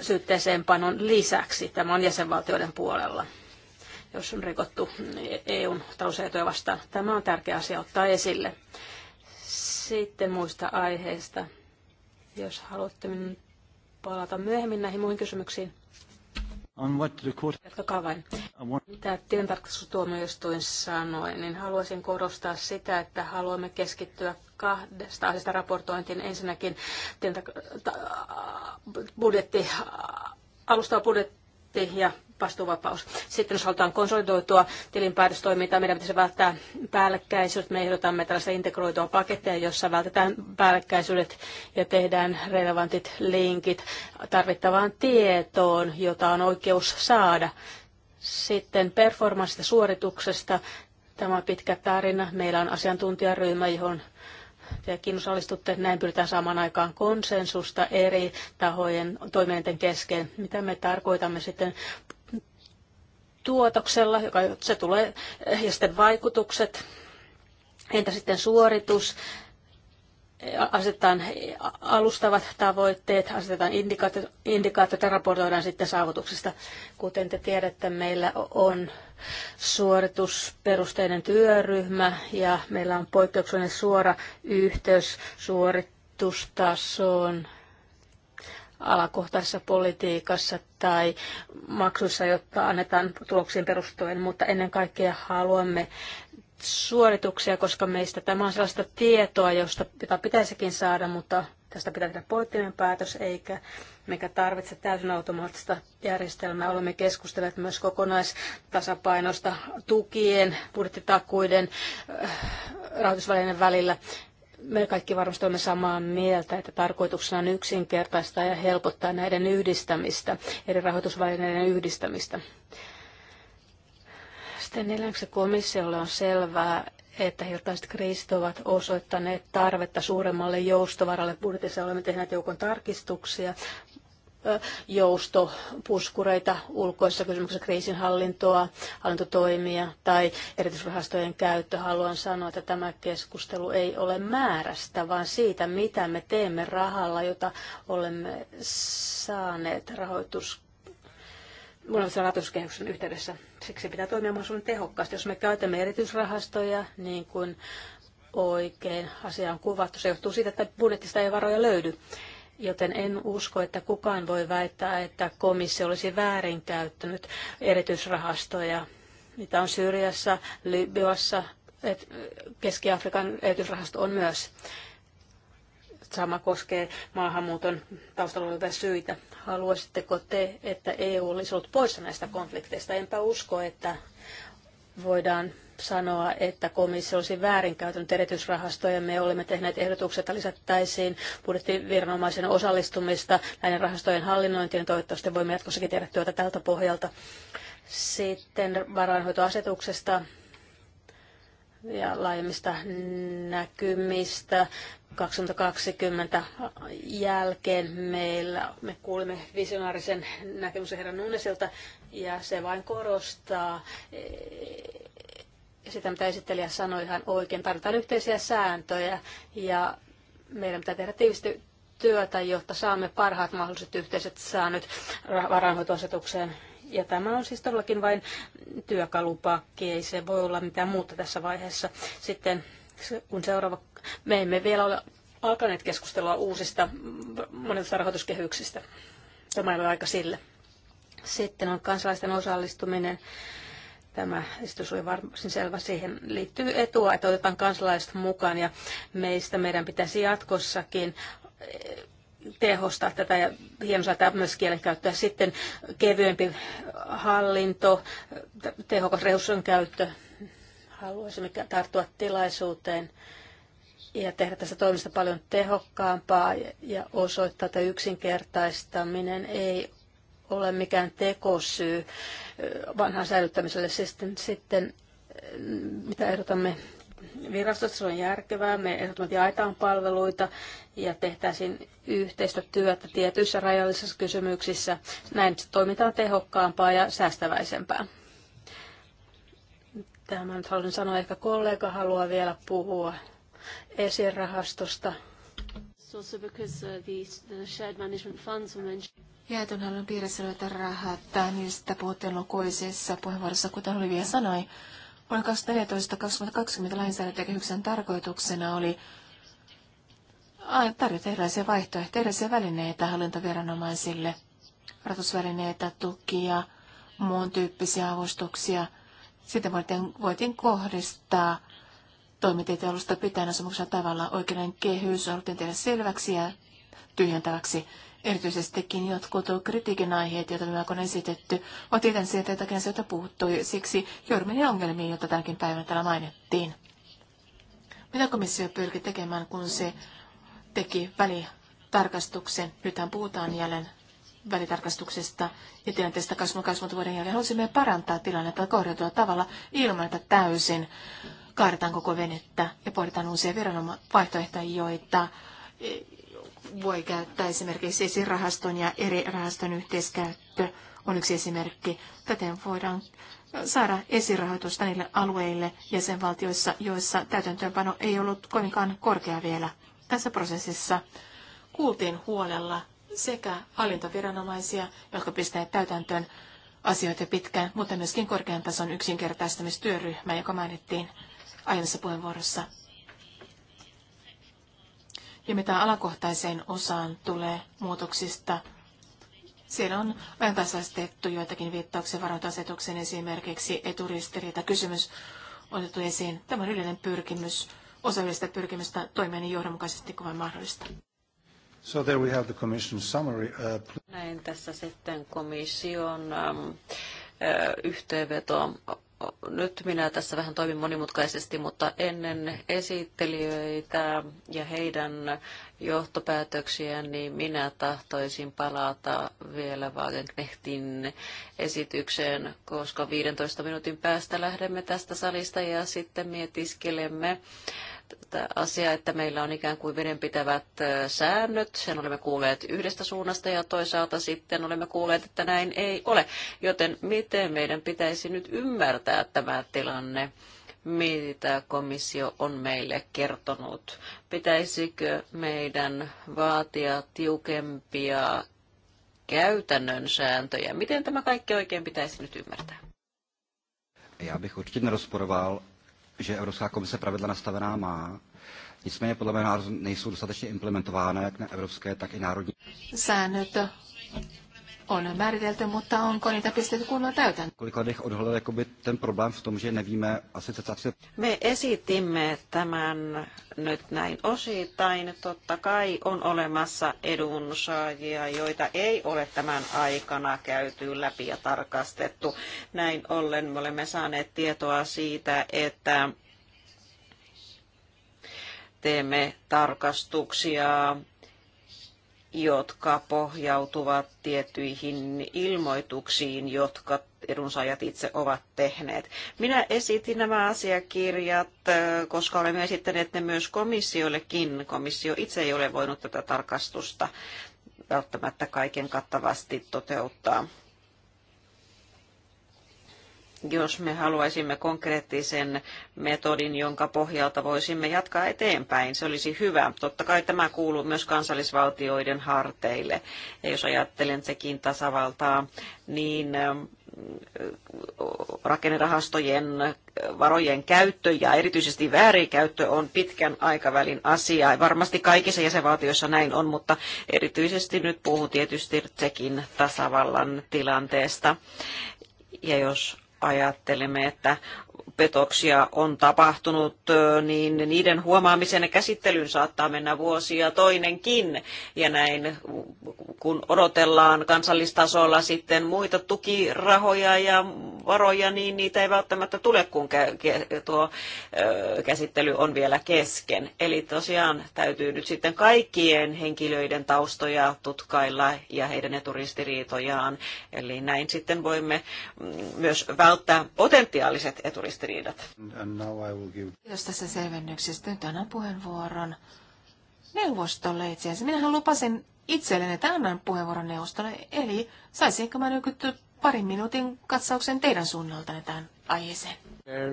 syytteeseenpanon lisäksi. Tämä on jäsenvaltioiden puolella, jos on rikottu EUn talousehtoja vastaan. Tämä on tärkeä asia ottaa esille. Sitten muista aiheista, jos haluatte minun palata myöhemmin näihin muihin kysymyksiin. On what the court... Jatkakaa vain. Mitä tilintarkastustuomioistuin sanoi, niin haluaisin korostaa sitä, että haluamme keskittyä kahdesta asiasta raportointiin. Ensinnäkin tilintark- budjetti, alustava budjetti ja vastuuvapaus. Sitten jos halutaan konsolidoitua tilinpäätöstoimintaa, meidän pitäisi välttää päällekkäisyydet. Me ehdotamme tällaista integroitua paketteja, jossa vältetään päällekkäisyydet ja tehdään relevantit linkit tarvittavaan tietoon, jota on oikeus saada. Sitten performanssista suorituksesta. Tämä on pitkä tarina. Meillä on asiantuntijaryhmä, johon tekin osallistutte, näin pyritään saamaan aikaan konsensusta eri tahojen toimijoiden kesken. Mitä me tarkoitamme sitten tuotoksella, joka se tulee, eh, ja sitten vaikutukset, entä sitten suoritus, eh, asetetaan eh, alustavat tavoitteet, asetetaan indikaattorit ja raportoidaan sitten saavutuksista. Kuten te tiedätte, meillä on suoritusperusteinen työryhmä ja meillä on poikkeuksellinen suora yhteys suoritustasoon alakohtaisessa politiikassa tai maksussa, jotta annetaan tuloksiin perustuen, mutta ennen kaikkea haluamme suorituksia, koska meistä tämä on sellaista tietoa, josta, jota pitäisikin saada, mutta tästä pitää tehdä poliittinen päätös, eikä mikä tarvitse täysin automaattista järjestelmää. Olemme keskustelleet myös kokonaistasapainosta tukien, budjettitakuiden, äh, rahoitusvälineen välillä me kaikki varmasti olemme samaa mieltä, että tarkoituksena on yksinkertaistaa ja helpottaa näiden yhdistämistä, eri rahoitusvälineiden yhdistämistä. Sitten neljänneksi komissiolle on selvää, että hiltaiset kriisit ovat osoittaneet tarvetta suuremmalle joustovaralle. Budjetissa olemme tehneet joukon tarkistuksia, joustopuskureita ulkoisissa kysymyksissä, kriisinhallintoa, hallintotoimia tai erityisrahastojen käyttö. Haluan sanoa, että tämä keskustelu ei ole määrästä, vaan siitä, mitä me teemme rahalla, jota olemme saaneet rahoitus rahoituskehyksen yhteydessä. Siksi pitää toimia mahdollisimman tehokkaasti. Jos me käytämme erityisrahastoja, niin kuin oikein asia on kuvattu, se johtuu siitä, että budjetista ei varoja löydy joten en usko, että kukaan voi väittää, että komissio olisi väärinkäyttänyt erityisrahastoja, mitä on Syyriassa, Libyassa, Keski-Afrikan erityisrahasto on myös. Sama koskee maahanmuuton taustalla olevia syitä. Haluaisitteko te, että EU olisi ollut poissa näistä konflikteista? Enpä usko, että voidaan sanoa, että komissio olisi väärinkäytänyt erityisrahastoja. Me olemme tehneet ehdotukset, että lisättäisiin budjettiviranomaisen osallistumista näiden rahastojen hallinnointiin. Ja toivottavasti voimme jatkossakin tehdä työtä tältä pohjalta. Sitten varainhoitoasetuksesta ja laajemmista näkymistä. 2020 jälkeen meillä, me kuulimme visionaarisen näkemyksen herran Nunesilta, ja se vain korostaa sitä, mitä esittelijä sanoi ihan oikein. Tarvitaan yhteisiä sääntöjä ja meidän pitää tehdä tiivisti työtä, jotta saamme parhaat mahdolliset yhteiset säännöt varainhoitoasetukseen. Ja tämä on siis todellakin vain työkalupakki, ei se voi olla mitään muuta tässä vaiheessa. Sitten kun seuraava, me emme vielä ole alkaneet keskustella uusista monilta rahoituskehyksistä. Tämä ei ole aika sille. Sitten on kansalaisten osallistuminen Tämä esitys oli varsin selvä. Siihen liittyy etua, että otetaan kansalaiset mukaan ja meistä meidän pitäisi jatkossakin eh, tehostaa tätä ja hienosäätää myös kielenkäyttöä. Sitten kevyempi hallinto, tehokas resurssin käyttö. Haluaisimme tarttua tilaisuuteen ja tehdä tästä toimista paljon tehokkaampaa ja osoittaa, että yksinkertaistaminen ei ole mikään tekosyy vanhan säilyttämiselle. Siis sitten, sitten mitä ehdotamme virastossa, se on järkevää. Me ehdotamme, että jaetaan palveluita ja tehtäisiin yhteistä työtä tietyissä rajallisissa kysymyksissä. Näin toiminta on tehokkaampaa ja säästäväisempää. Tämä nyt haluan sanoa, ehkä kollega haluaa vielä puhua esirahastosta jäätönhallinnon piirissä löytää rahat, niistä puhuttiin lukuisissa puheenvuorossa, kuten Olivia sanoi. Vuonna 2014-2020 lainsäädäntökehyksen tarkoituksena oli tarjota erilaisia vaihtoehtoja, erilaisia välineitä hallintoviranomaisille, ratusvälineitä, tukia, muun tyyppisiä avustuksia. Sitten voitiin, voitiin kohdistaa toimintieteen alusta pitäen asemuksella tavalla oikeuden kehys, oltiin tehdä selväksi ja tyhjentäväksi. Erityisestikin jotkut kritiikin aiheet, joita me on esitetty, on tietenkin että jotakin asioita puuttui. Siksi joudumme ongelmiin, joita tänäkin päivänä täällä mainittiin. Mitä komissio pyrki tekemään, kun se teki välitarkastuksen? Nythän puhutaan jälleen välitarkastuksesta ja tilanteesta kasvun kasvun vuoden jälkeen. Haluaisimme parantaa tilannetta korjatulla tavalla ilman, että täysin kaadetaan koko venettä ja pohditaan uusia viranoma- vaihtoehtoja, joita voi käyttää esimerkiksi esirahaston ja eri rahaston yhteiskäyttö on yksi esimerkki. Täten voidaan saada esirahoitusta niille alueille jäsenvaltioissa, joissa täytäntöönpano ei ollut kovinkaan korkea vielä. Tässä prosessissa kuultiin huolella sekä hallintoviranomaisia, jotka pistävät täytäntöön asioita pitkään, mutta myöskin korkean tason yksinkertaistamistyöryhmä, joka mainittiin aiemmassa puheenvuorossa. Ja mitä alakohtaiseen osaan tulee muutoksista, siellä on ajantasaistettu joitakin viittauksia varoitusasetuksen esimerkiksi eturistiriita kysymys otettu esiin. Tämä on yleinen pyrkimys, osallista pyrkimystä toimia niin johdonmukaisesti kuin vain mahdollista. So there we have the commission summary. Uh, Näin tässä sitten komission um, yhteenveto nyt minä tässä vähän toimin monimutkaisesti, mutta ennen esittelijöitä ja heidän johtopäätöksiään, niin minä tahtoisin palata vielä Wagenknechtin esitykseen, koska 15 minuutin päästä lähdemme tästä salista ja sitten mietiskelemme Asia, että meillä on ikään kuin vedenpitävät säännöt. Sen olemme kuulleet yhdestä suunnasta ja toisaalta sitten olemme kuulleet, että näin ei ole. Joten miten meidän pitäisi nyt ymmärtää tämä tilanne? mitä komissio on meille kertonut. Pitäisikö meidän vaatia tiukempia käytännön sääntöjä? Miten tämä kaikki oikein pitäisi nyt ymmärtää? Já bych určitě nerozporoval že Evropská komise pravidla nastavená má, nicméně podle mého názoru nejsou dostatečně implementována jak na evropské, tak i národní. Säännöt on määritelty, mutta onko niitä pistetty kunnolla täytäntöön? Me esitimme tämän nyt näin osittain. Totta kai on olemassa edunsaajia, joita ei ole tämän aikana käyty läpi ja tarkastettu. Näin ollen me olemme saaneet tietoa siitä, että teemme tarkastuksia jotka pohjautuvat tiettyihin ilmoituksiin, jotka edunsaajat itse ovat tehneet. Minä esitin nämä asiakirjat, äh, koska olemme esittäneet ne myös komissiollekin. Komissio itse ei ole voinut tätä tarkastusta välttämättä kaiken kattavasti toteuttaa jos me haluaisimme konkreettisen metodin, jonka pohjalta voisimme jatkaa eteenpäin. Se olisi hyvä. Totta kai tämä kuuluu myös kansallisvaltioiden harteille. Ja jos ajattelen sekin tasavaltaa, niin ähm, rakennerahastojen varojen käyttö ja erityisesti väärinkäyttö on pitkän aikavälin asia. Varmasti kaikissa jäsenvaltioissa näin on, mutta erityisesti nyt puhun tietysti Tsekin tasavallan tilanteesta. Ja jos ajattelimme, että petoksia on tapahtunut, niin niiden huomaamisen ja käsittelyn saattaa mennä vuosia toinenkin. Ja näin, kun odotellaan kansallistasolla sitten muita tukirahoja ja varoja, niin niitä ei välttämättä tule, kun tuo käsittely on vielä kesken. Eli tosiaan täytyy nyt sitten kaikkien henkilöiden taustoja tutkailla ja heidän eturistiriitojaan. Eli näin sitten voimme mm, myös välttää potentiaaliset eturistiriitoja ristiriidat. Give... Kiitos tässä selvennyksestä. Nyt annan puheenvuoron neuvostolle itse asiassa. Minähän lupasin itselleni, että annan puheenvuoron neuvostolle. Eli saisinko mä nyt parin minuutin katsauksen teidän suunnaltanne tähän aiheeseen?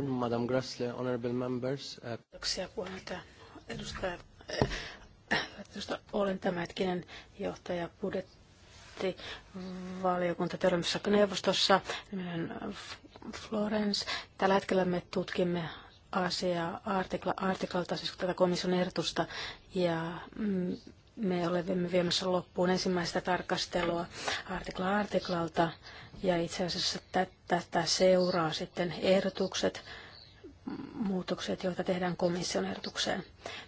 Madam Grassley, honorable members. Uh, Kiitoksia puheenjohtaja. Edustaja, eh, edustaja, olen tämänhetkinen johtaja budjetti valiokunta törmässä neuvostossa. Minä Florence. Tällä hetkellä me tutkimme asiaa artikla, artiklalta, siis tätä komission ehdotusta, ja mm, me olemme viemässä loppuun ensimmäistä tarkastelua artikla artiklalta, ja itse asiassa tätä seuraa sitten ehdotukset, muutokset, joita tehdään komission ehdotukseen.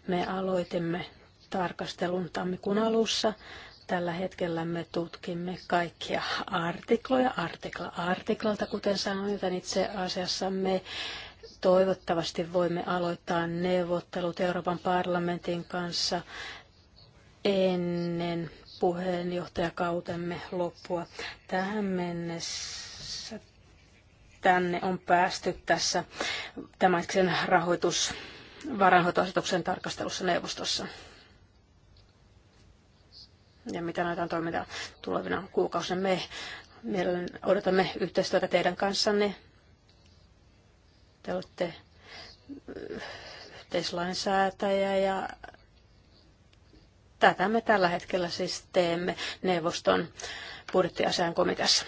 Me aloitimme tarkastelun tammikuun alussa. Tällä hetkellä me tutkimme kaikkia artikloja artikla artiklalta, kuten sanoin, joten itse asiassa me toivottavasti voimme aloittaa neuvottelut Euroopan parlamentin kanssa ennen puheenjohtajakautemme loppua. Tähän mennessä tänne on päästy tässä tämän rahoitus varainhoitoasetuksen tarkastelussa neuvostossa ja mitä näitä toimintaa tulevina kuukausina. Me mielellään odotamme yhteistyötä teidän kanssanne. Te olette äh, yhteislainsäätäjä ja tätä me tällä hetkellä siis teemme neuvoston budjettiasian komiteassa.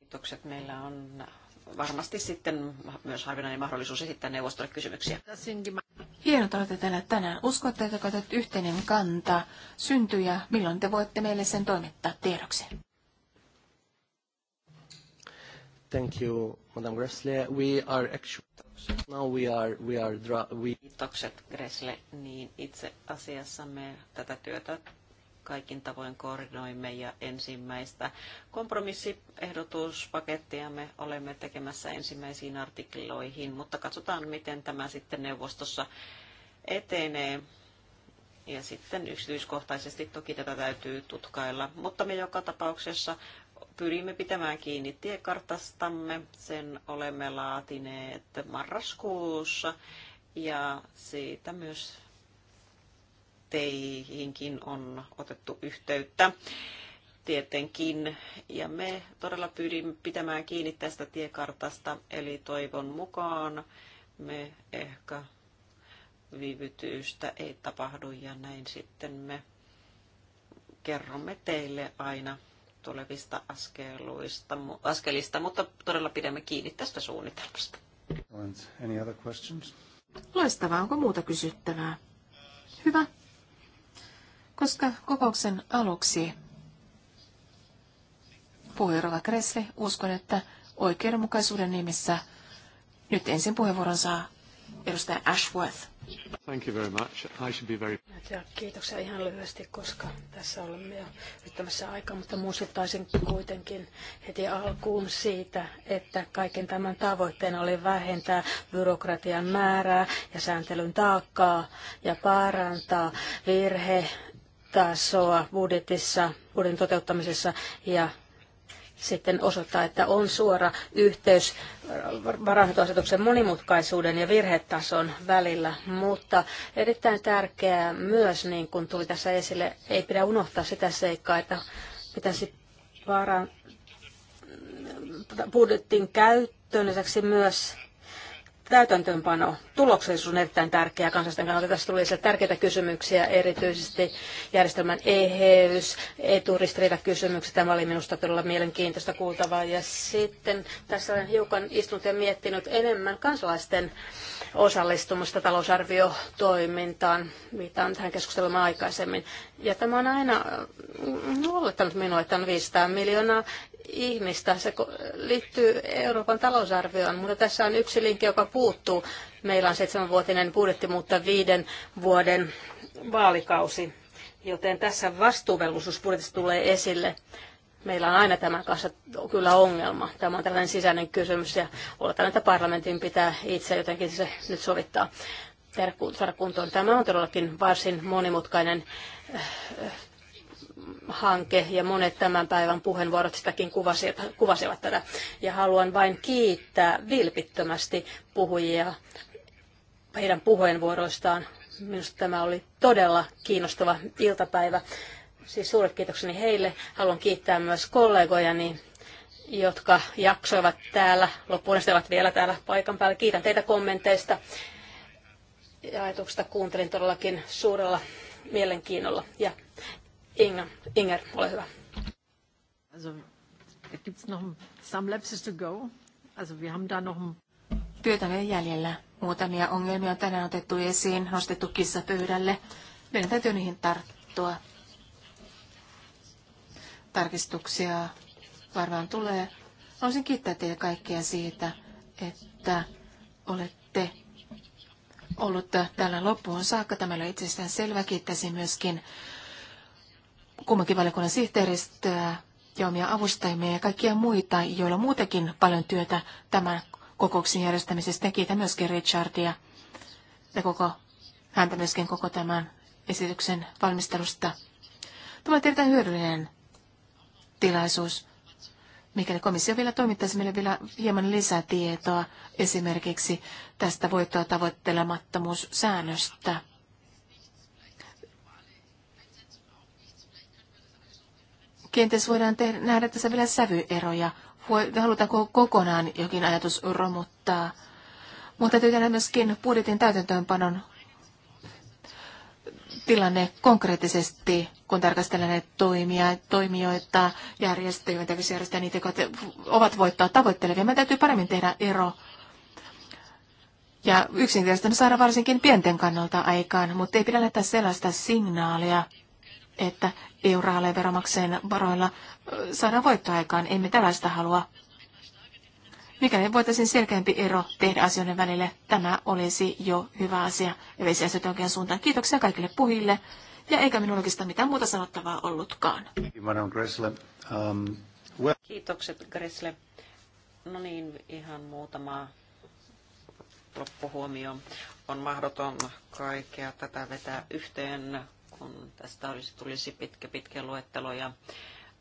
Kiitokset. Meillä on varmasti sitten myös harvinainen mahdollisuus esittää neuvostolle kysymyksiä. Hienoa, että olette täällä tänään. Uskotte, että otat yhteinen kanta syntyy ja milloin te voitte meille sen toimittaa tiedoksi? Thank you, Madame Gressle. We are actually now we are we are dra- we... Kiitokset Gressle. Niin itse asiassa me tätä työtä kaikin tavoin koordinoimme ja ensimmäistä kompromissiehdotuspakettia me olemme tekemässä ensimmäisiin artikloihin, mutta katsotaan miten tämä sitten neuvostossa etenee. Ja sitten yksityiskohtaisesti toki tätä täytyy tutkailla, mutta me joka tapauksessa pyrimme pitämään kiinni tiekartastamme. Sen olemme laatineet marraskuussa ja siitä myös teihinkin on otettu yhteyttä tietenkin. Ja me todella pyrimme pitämään kiinni tästä tiekartasta, eli toivon mukaan me ehkä viivytystä ei tapahdu ja näin sitten me kerromme teille aina tulevista askeluista, askelista, mutta todella pidämme kiinni tästä suunnitelmasta. Any other questions? Loistavaa, onko muuta kysyttävää? Hyvä koska kokouksen aluksi puheenjohtaja Rova Kressle. Uskon, että oikeudenmukaisuuden nimissä nyt ensin puheenvuoron saa edustaja Ashworth. Thank you very much. I should be very... Kiitoksia ihan lyhyesti, koska tässä olemme jo yrittämässä aikaa, mutta muistuttaisin kuitenkin heti alkuun siitä, että kaiken tämän tavoitteena oli vähentää byrokratian määrää ja sääntelyn taakkaa ja parantaa virhe tasoa budjetissa, budjetin toteuttamisessa ja sitten osoittaa, että on suora yhteys varainhoitoasetuksen monimutkaisuuden ja virhetason välillä, mutta erittäin tärkeää myös, niin kuin tuli tässä esille, ei pidä unohtaa sitä seikkaa, että pitäisi varan budjetin käyttöön lisäksi myös täytäntöönpano, tuloksellisuus on erittäin tärkeää kansallisten kannalta. Tässä tuli esille tärkeitä kysymyksiä, erityisesti järjestelmän eheys, eturistiriitakysymykset. Tämä oli minusta todella mielenkiintoista kuultavaa. Ja sitten tässä olen hiukan istunut ja miettinyt enemmän kansalaisten osallistumista talousarviotoimintaan. on tähän keskusteluun aikaisemmin. Ja tämä on aina luolettanut mm, mm, mm, minua, että on 500 miljoonaa ihmistä. Se liittyy Euroopan talousarvioon, mutta tässä on yksi linkki, joka puuttuu. Meillä on seitsemänvuotinen budjetti, mutta viiden vuoden vaalikausi. Joten tässä vastuuvelvollisuusbudjetissa tulee esille. Meillä on aina tämän kanssa kyllä ongelma. Tämä on tällainen sisäinen kysymys ja oletan, että parlamentin pitää itse jotenkin se nyt sovittaa Tämä on todellakin varsin monimutkainen hanke ja monet tämän päivän puheenvuorot sitäkin kuvasivat tätä. Ja haluan vain kiittää vilpittömästi puhujia heidän puheenvuoroistaan. Minusta tämä oli todella kiinnostava iltapäivä. Siis suuret kiitokseni heille. Haluan kiittää myös kollegojani, jotka jaksoivat täällä. Loppuun ovat vielä täällä paikan päällä. Kiitän teitä kommenteista ja ajatuksista. Kuuntelin todellakin suurella mielenkiinnolla. Ja Inga, Inger, ole hyvä. Also, noch some lapses to go. Also, wir haben da noch Työtä vielä jäljellä. Muutamia ongelmia on tänään otettu esiin, nostettu kissa pöydälle. Meidän täytyy niihin tarttua. Tarkistuksia varmaan tulee. Haluaisin kiittää teitä kaikkia siitä, että olette ollut täällä loppuun saakka. Tämä oli itsestään selvä. Kiittäisin myöskin kummankin valiokunnan sihteeristöä ja omia avustajia ja kaikkia muita, joilla on muutenkin paljon työtä tämän kokouksen järjestämisestä. Kiitän myöskin Richardia ja koko, häntä myöskin koko tämän esityksen valmistelusta. Tämä on erittäin hyödyllinen tilaisuus, mikäli komissio vielä toimittaisi meille vielä hieman lisätietoa esimerkiksi tästä voittoa tavoittelemattomuussäännöstä. Kenties voidaan tehdä, nähdä tässä vielä sävyeroja. Halutaanko kokonaan jokin ajatus romuttaa? Mutta täytyy tehdä myöskin budjetin täytäntöönpanon tilanne konkreettisesti, kun tarkastellaan näitä toimia, toimijoita, järjestöjä, järjestöjä, niitä, jotka ovat voittaa tavoittelevia. Meidän täytyy paremmin tehdä ero ja yksinkertaisesti saada varsinkin pienten kannalta aikaan, mutta ei pidä lähettää sellaista signaalia, että euroalueen veromakseen varoilla saadaan voittoaikaan. Emme tällaista halua. Mikäli voitaisiin selkeämpi ero tehdä asioiden välille, tämä olisi jo hyvä asia ja veisi asiat oikean suuntaan. Kiitoksia kaikille puhille ja eikä minun oikeastaan mitään muuta sanottavaa ollutkaan. Um, Kiitokset Gressle. No niin, ihan muutama loppuhuomio. On mahdoton kaikkea tätä vetää yhteen kun tästä olisi, tulisi pitkä, pitkä luettelo ja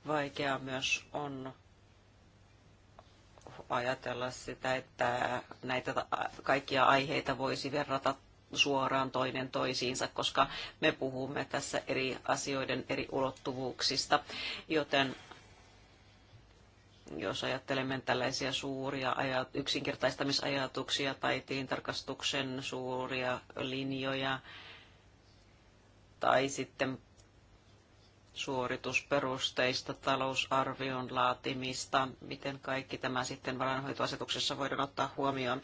vaikea myös on ajatella sitä, että näitä kaikkia aiheita voisi verrata suoraan toinen toisiinsa, koska me puhumme tässä eri asioiden eri ulottuvuuksista, joten jos ajattelemme tällaisia suuria yksinkertaistamisajatuksia tai tiintarkastuksen suuria linjoja, tai sitten suoritusperusteista talousarvion laatimista, miten kaikki tämä sitten varainhoitoasetuksessa voidaan ottaa huomioon.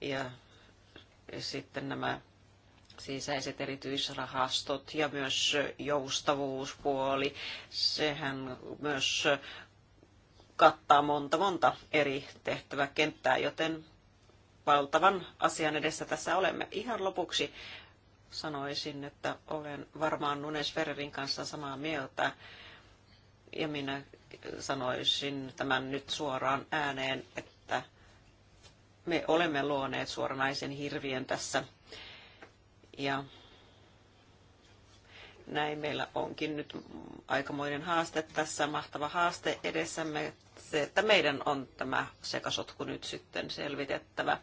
Ja sitten nämä sisäiset erityisrahastot ja myös joustavuuspuoli, sehän myös kattaa monta monta eri tehtäväkenttää, joten valtavan asian edessä tässä olemme. Ihan lopuksi sanoisin, että olen varmaan Nunes Ferrerin kanssa samaa mieltä. Ja minä sanoisin tämän nyt suoraan ääneen, että me olemme luoneet suoranaisen hirviön tässä. Ja näin meillä onkin nyt aikamoinen haaste tässä, mahtava haaste edessämme, se, että meidän on tämä sekasotku nyt sitten selvitettävä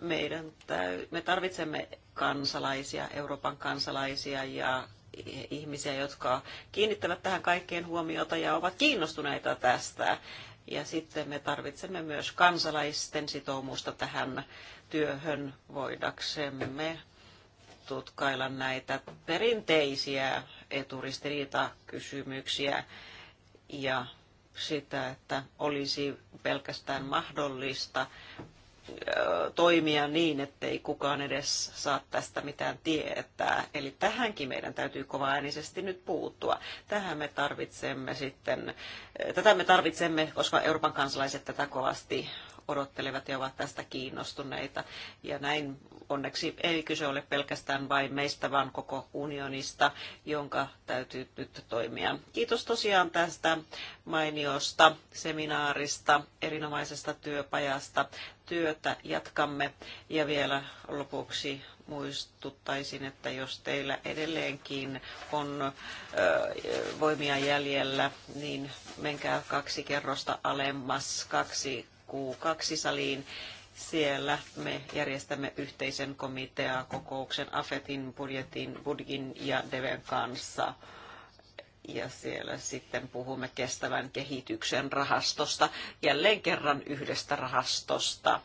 meidän täy- me tarvitsemme kansalaisia, Euroopan kansalaisia ja ihmisiä, jotka kiinnittävät tähän kaikkeen huomiota ja ovat kiinnostuneita tästä. Ja sitten me tarvitsemme myös kansalaisten sitoumusta tähän työhön voidaksemme tutkailla näitä perinteisiä eturistiriitakysymyksiä ja sitä, että olisi pelkästään mahdollista toimia niin, ettei kukaan edes saa tästä mitään tietää. Eli tähänkin meidän täytyy kovaäänisesti nyt puuttua. Tähän me tarvitsemme sitten, tätä me tarvitsemme, koska Euroopan kansalaiset tätä kovasti odottelevat ja ovat tästä kiinnostuneita. Ja näin onneksi ei kyse ole pelkästään vain meistä, vaan koko unionista, jonka täytyy nyt toimia. Kiitos tosiaan tästä mainiosta seminaarista, erinomaisesta työpajasta työtä jatkamme. Ja vielä lopuksi muistuttaisin, että jos teillä edelleenkin on voimia jäljellä, niin menkää kaksi kerrosta alemmas, kaksi Q2 saliin. Siellä me järjestämme yhteisen komiteakokouksen AFETin, budjetin, budgin ja DEVEN kanssa ja siellä sitten puhumme kestävän kehityksen rahastosta, jälleen kerran yhdestä rahastosta,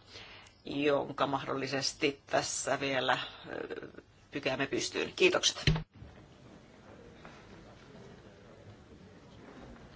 jonka mahdollisesti tässä vielä pykäämme pystyyn. Kiitokset.